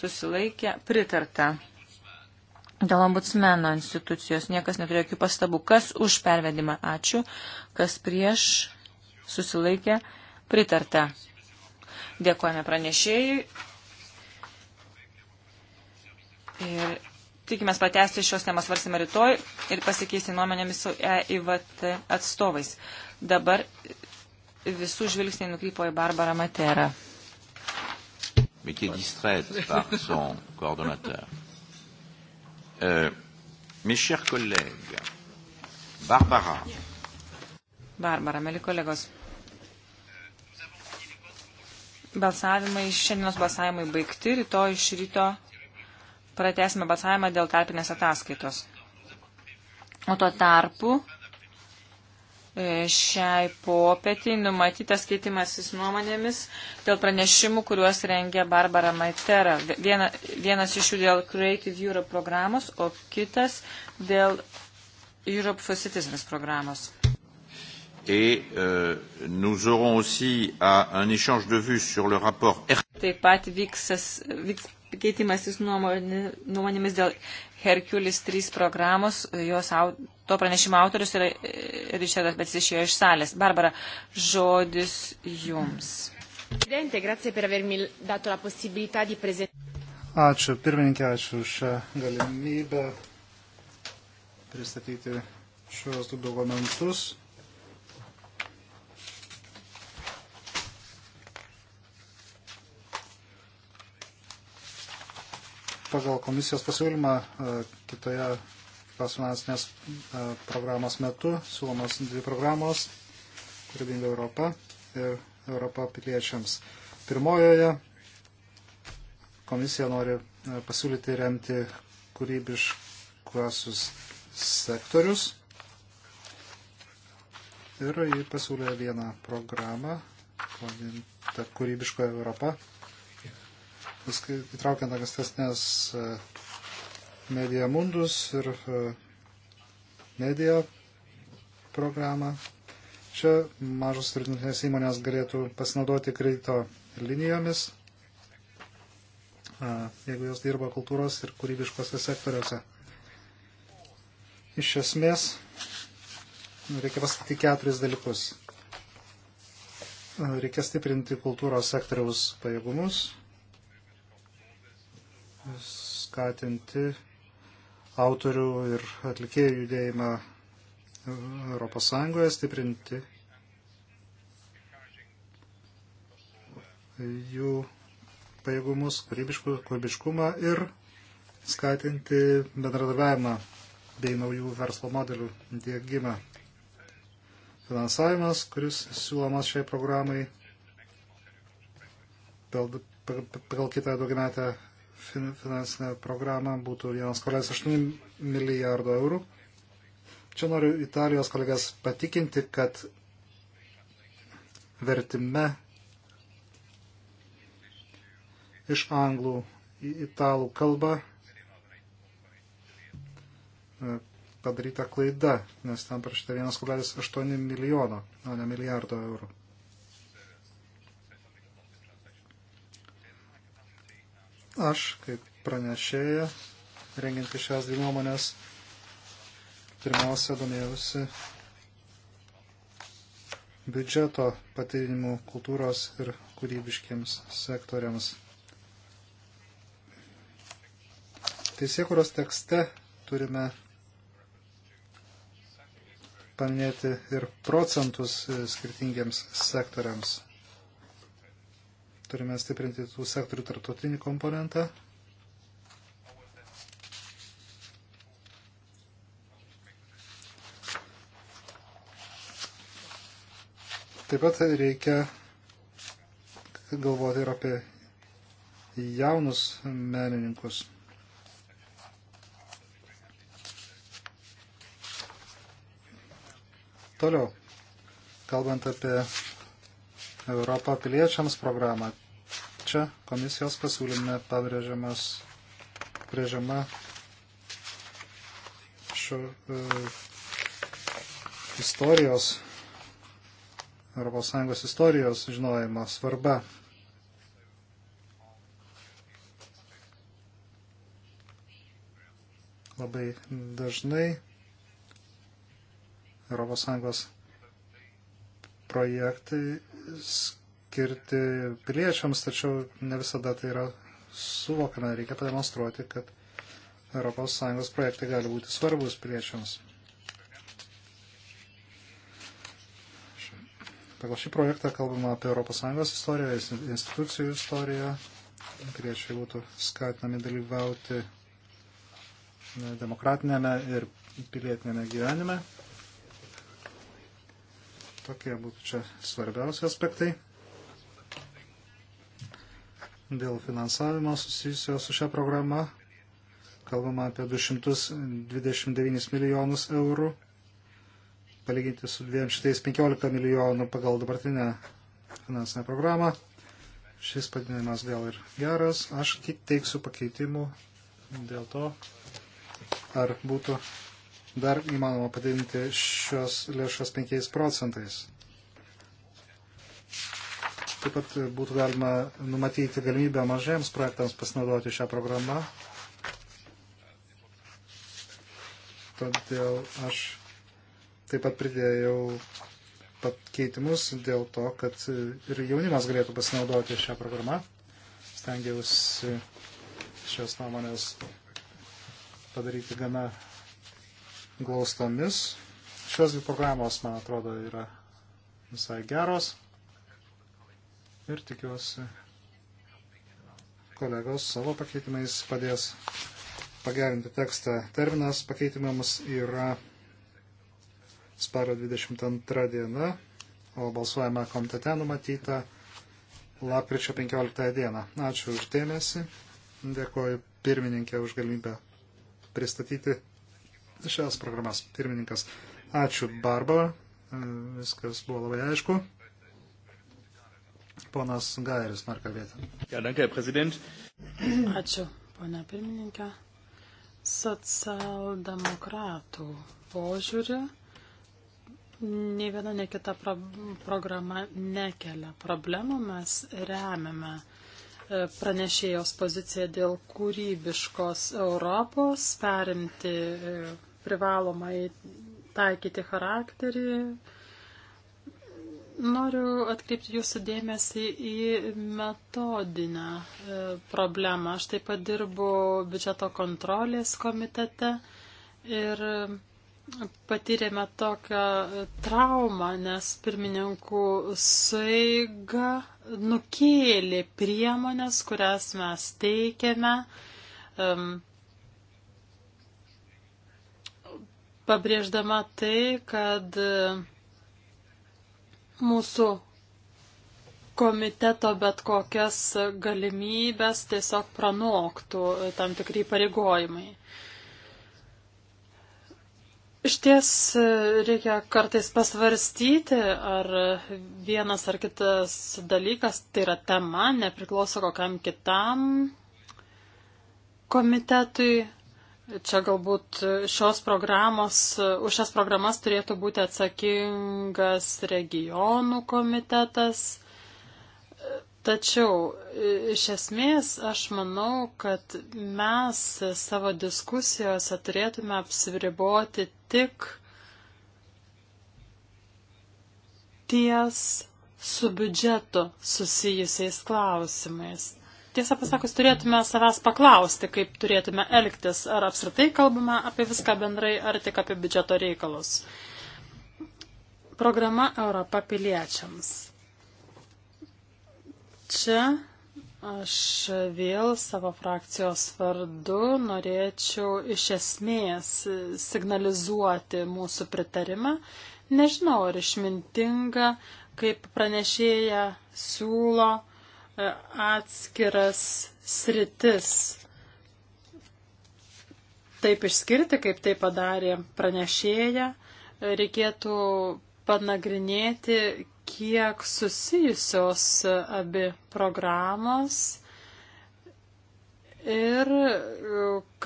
susilaikė, pritarta. Dėl ombudsmeno institucijos niekas neturėjo jokių pastabų. Kas už pervedimą? Ačiū. Kas prieš? Susilaikė. Pritarta. Dėkojame pranešėjai. Ir tikimės pratesti šios temos varsimą rytoj ir pasikeisti nuomenėmis su EIVT atstovais. Dabar visų žvilgsniai nukrypo į Barbarą Materą. Mais qui est distraite par son coordonnateur. Euh, mes chers collègues, Barbara. Barbara, mėly kolegos. Balsavimai, šiandienos balsavimai baigti, rytoj iš ryto pratesime balsavimą dėl tarpinės ataskaitos. O tuo tarpu E, šiai popietį numatytas keitimasis nuomonėmis dėl pranešimų, kuriuos rengia Barbara Maitera. Viena, vienas iš jų dėl Creative Europe programos, o kitas dėl Europe for Citizens programos. Et euh, nous aurons aussi à un échange de vues sur le rapport R. Taip pat vyksas, vyks keitimasis nuomonėmis dėl Hercules 3 programos, jos aut to pranešimo autorius yra e, Ričardas, bet jis išėjo iš salės. Barbara, žodis jums. Ačiū, pirmininkė, ačiū už galimybę pristatyti šios du dokumentus. Pagal komisijos pasiūlymą e, kitoje šios finansinės e, programos metu siūlomos dvi programos - Kūrybinga Europa ir Europa piliečiams. Pirmojoje komisija nori e, pasiūlyti remti kūrybiškuosius sektorius ir jį pasiūlė vieną programą, vadintą Kūrybiškoje Europa, įtraukiant ankstesnės e, Media Mundus ir e, Media programą. Čia mažos ir vidutinės įmonės galėtų pasinaudoti kredito linijomis, jeigu jos dirba kultūros ir kūrybiškose sektoriuose. Iš esmės, reikia pasakyti keturis dalykus. Reikia stiprinti kultūros sektoriaus pajėgumus, skatinti autorių ir atlikėjų judėjimą Europos Sąjungoje stiprinti jų pajėgumus, kūrybiškumą ir skatinti bendradarbiavimą bei naujų verslo modelių dėgymą. Finansavimas, kuris siūlomas šiai programai pagal kitą daugiametę finansinę programą būtų 1,8 milijardo eurų. Čia noriu Italijos kolegas patikinti, kad vertime iš anglų į italų kalbą e, padaryta klaida, nes ten parašyta 1,8 milijono, o ne milijardo eurų. Aš, kaip pranešėja, rengiant šias dvi nuomonės, pirmiausia domėjausi biudžeto pateirimų kultūros ir kūrybiškiams sektoriams. Teisėkuros tekste turime paminėti ir procentus skirtingiems sektoriams turime stiprinti tų sektorių tarptautinį komponentą. Taip pat reikia galvoti ir apie jaunus menininkus. Toliau, kalbant apie Europą piliečiams programą. Čia komisijos pasiūlyme pabrėžiamas pabrėžiama šio, e, istorijos, ES istorijos žinojimo svarba. Labai dažnai ES projektai skirti piliečiams, tačiau ne visada tai yra suvokiama. Reikia pademonstruoti, kad ES projektai gali būti svarbus piliečiams. Pagal šį projektą kalbama apie ES istoriją, institucijų istoriją. Piliečiai būtų skatinami dalyvauti demokratinėme ir pilietinėme gyvenime. Tokie būtų čia svarbiausi aspektai. Dėl finansavimo susijusio su šia programa kalbama apie 229 milijonus eurų, palyginti su 215 milijonų pagal dabartinę finansinę programą. Šis padidinimas gal ir geras. Aš teiksiu pakeitimų dėl to, ar būtų dar įmanoma padidinti šios lėšas 5 procentais. Taip pat būtų galima numatyti galimybę mažiems projektams pasinaudoti šią programą. Todėl aš taip pat pridėjau pakeitimus dėl to, kad ir jaunimas galėtų pasinaudoti šią programą. Stengiausi šios nuomonės padaryti gana glaustomis. Šios dvi programos, man atrodo, yra visai geros. Ir tikiuosi, kolegos savo pakeitimais padės pagerinti tekstą. Terminas pakeitimams yra spalio 22 diena, o balsuojame komitete numatyta lapkričio 15 diena. Ačiū uždėmesi. Dėkoju pirmininkė už galimybę pristatyti šias programas. Pirmininkas, ačiū Barbara, e, viskas buvo labai aišku. Ponas Gairis nori kalbėti. Ja, danke, prezident. Ačiū, ponia pirmininkė. Socialdemokratų požiūrį nei viena, nei kita pro programa nekelia problemų, mes remiame e, pranešėjos poziciją dėl kūrybiškos Europos, perimti e, privalomai taikyti charakterį. Noriu atkreipti jūsų dėmesį į metodinę e, problemą. Aš taip pat dirbu biudžeto kontrolės komitete ir e, patyrėme tokią e, traumą, nes pirmininkų suiga nukėlė priemonės, kurias mes teikėme. Um, pabrėždama tai, kad e, mūsų komiteto bet kokias galimybės tiesiog pranoktų e, tam tikrai pareigojimai. Iš ties e, reikia kartais pasvarstyti, ar vienas ar kitas dalykas, tai yra tema, nepriklauso kokiam kitam komitetui, Čia galbūt šios programos, už šias programas turėtų būti atsakingas regionų komitetas. Tačiau iš esmės aš manau, kad mes savo diskusijose turėtume apsiriboti tik ties su biudžetu susijusiais klausimais tiesą pasakus, turėtume savęs paklausti, kaip turėtume elgtis, ar apskritai kalbame apie viską bendrai, ar tik apie biudžeto reikalus. Programa Europa piliečiams. Čia aš vėl savo frakcijos vardu norėčiau iš esmės signalizuoti mūsų pritarimą. Nežinau, ar išmintinga, kaip pranešėja siūlo atskiras sritis taip išskirti, kaip tai padarė pranešėja, reikėtų panagrinėti, kiek susijusios abi programos ir e,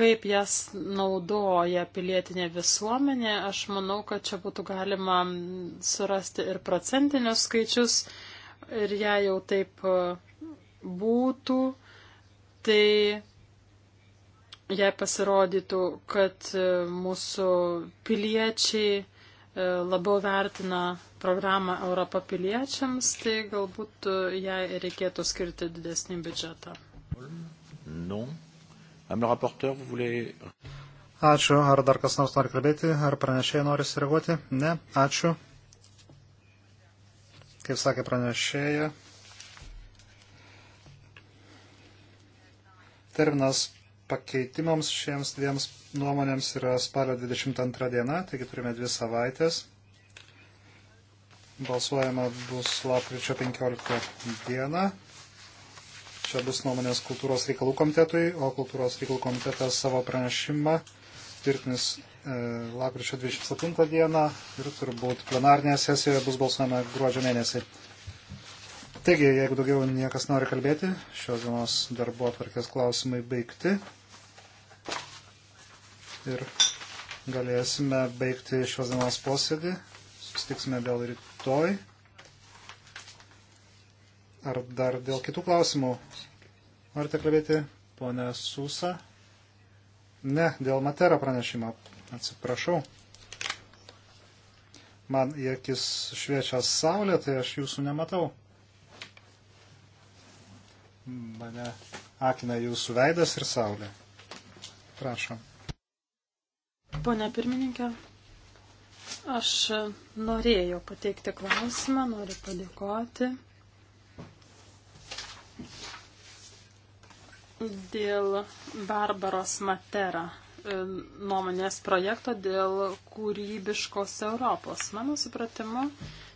kaip jas naudoja pilietinė visuomenė. Aš manau, kad čia būtų galima surasti ir procentinius skaičius ir ją jau taip e, būtų, tai jei pasirodytų, kad e, mūsų piliečiai e, labiau vertina programą Europą piliečiams, tai galbūt e, jai reikėtų skirti didesnį biudžetą. Non. Nu. Am rapporteur, vous voulez... Ačiū. Ar dar kas nors nori kalbėti? Ar pranešėjai nori sureaguoti? Ne. Ačiū. Kaip sakė pranešėja, Terminas pakeitimams šiems dviems nuomonėms yra spalio 22 diena, taigi turime dvi savaitės. Balsuojama bus lapkričio 15 diena. Čia bus nuomonės kultūros reikalų komitetui, o kultūros reikalų komitetas savo pranešimą tvirtinis e, lapkričio 27 dieną ir turbūt plenarnėje sesijoje bus balsuojama gruodžio mėnesį. Taigi, jeigu daugiau niekas nori kalbėti, šios dienos darbo atvarkės klausimai baigti. Ir galėsime baigti šios dienos posėdį. Sustiksime vėl rytoj. Ar dar dėl kitų klausimų? Norite kalbėti, ponė Susa? Ne, dėl Matera pranešimo. Atsiprašau man į akis šviečia saulė, tai aš jūsų nematau mane akina jūsų veidas ir saulė. Prašom. Pone pirmininkė, aš norėjau pateikti klausimą, noriu padėkoti dėl Barbaros Matera e, nuomonės projekto dėl kūrybiškos Europos. Mano supratimu,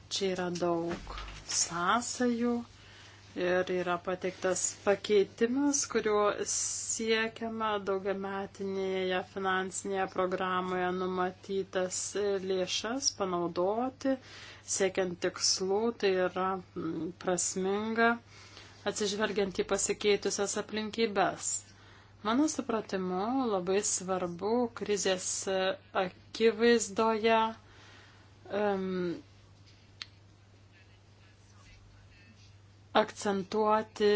čia yra daug sąsajų ir yra pateiktas pakeitimas, kuriuo siekiama daugiametinėje finansinėje programoje numatytas lėšas panaudoti, siekiant tikslų, tai yra mm, prasminga, atsižvelgiant į pasikeitusias aplinkybės. Mano supratimu, labai svarbu krizės akivaizdoje um, akcentuoti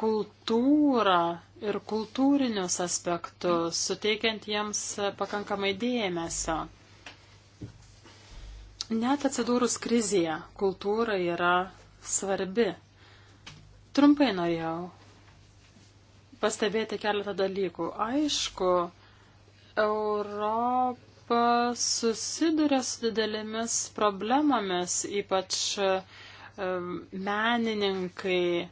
kultūrą ir kultūrinius aspektus, suteikiant jiems pakankamai dėmesio. Net atsidūrus krizėje kultūra yra svarbi. Trumpai norėjau pastebėti keletą dalykų. Aišku, Europa susiduria su didelėmis problemomis, ypač uh, menininkai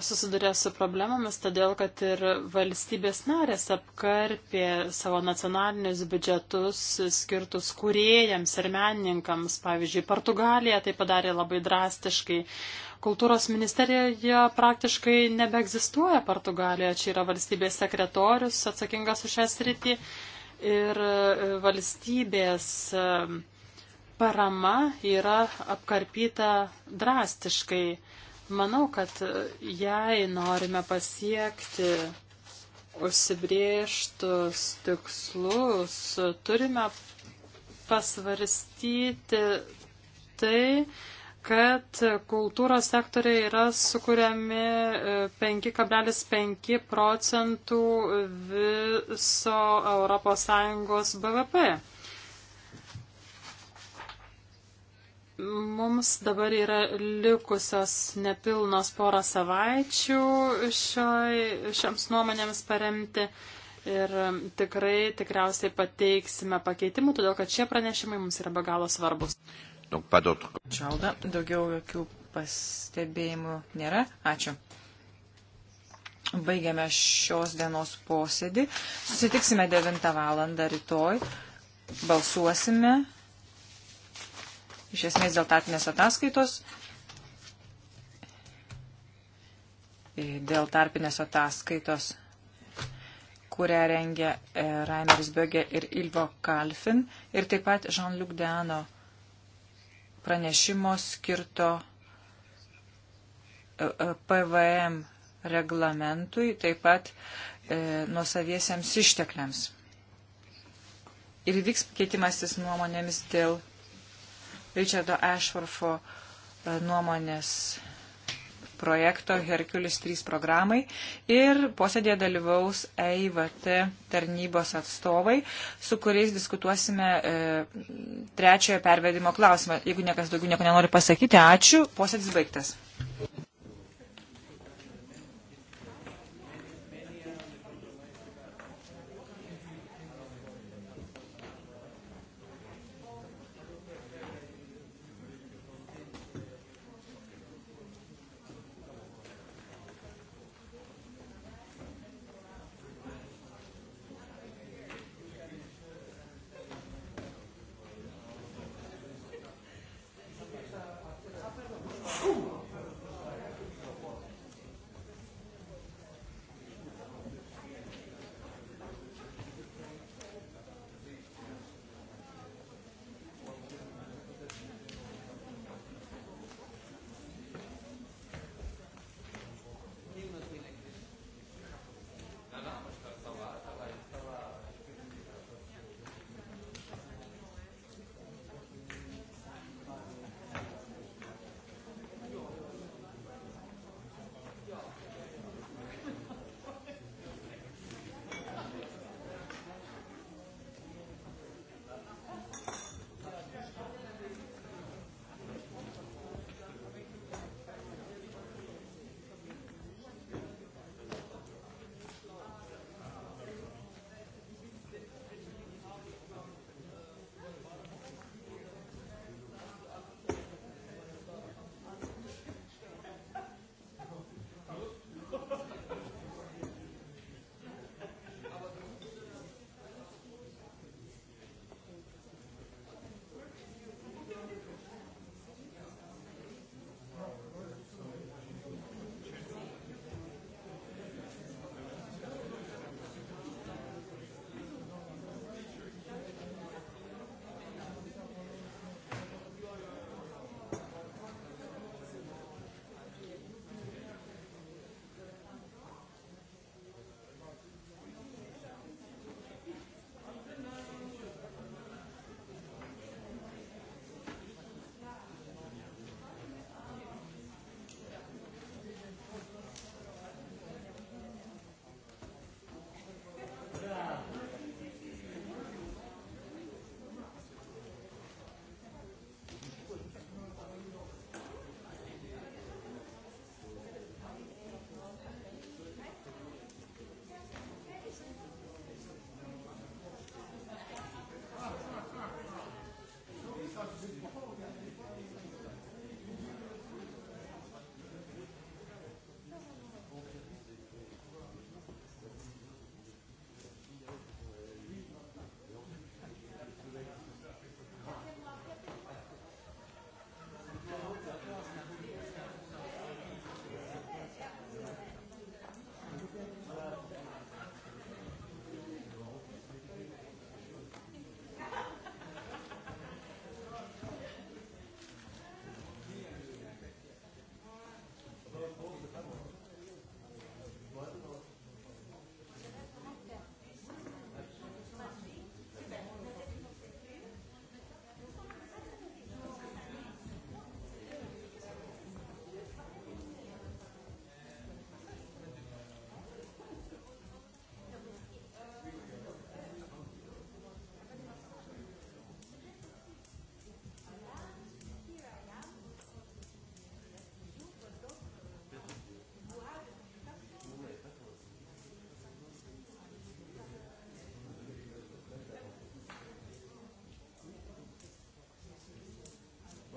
susiduria su problemomis, todėl kad ir valstybės narės apkarpė savo nacionalinius biudžetus skirtus kūrėjams ir menininkams. Pavyzdžiui, Portugalija tai padarė labai drastiškai. Kultūros ministerija praktiškai nebeegzistuoja Portugalijoje. Čia yra valstybės sekretorius atsakingas už šią sritį ir e, valstybės parama yra apkarpyta drastiškai. Manau, kad jei norime pasiekti užsibrieštus tikslus, turime pasvarstyti tai, kad kultūros sektoriai yra sukūriami 5,5 e, procentų viso ES BVP. Mums dabar yra likusios nepilnos porą savaičių šioj, šioms nuomonėms paremti ir tikrai tikriausiai pateiksime pakeitimų, todėl kad šie pranešimai mums yra be galo svarbus. Čiauda, daugiau jokių pastebėjimų nėra. Ačiū. Baigiame šios dienos posėdį. Susitiksime 9 val. rytoj. Balsuosime iš esmės dėl tarpinės ataskaitos. E, dėl tarpinės ataskaitos, kurią rengia e, Raineris Bögė ir Ilvo Kalfin ir taip pat Jean-Luc Deano pranešimo skirto e, PVM reglamentui, taip pat e, nuosaviesiams ištekliams. Ir vyks keitimasis nuomonėmis dėl Richardo Ashworfo e, nuomonės projekto Herkulis 3 programai ir posėdėje dalyvaus EIVT tarnybos atstovai, su kuriais diskutuosime e, trečiojo pervedimo klausimą. Jeigu niekas daugiau nieko nenori pasakyti, ačiū, posėdis baigtas.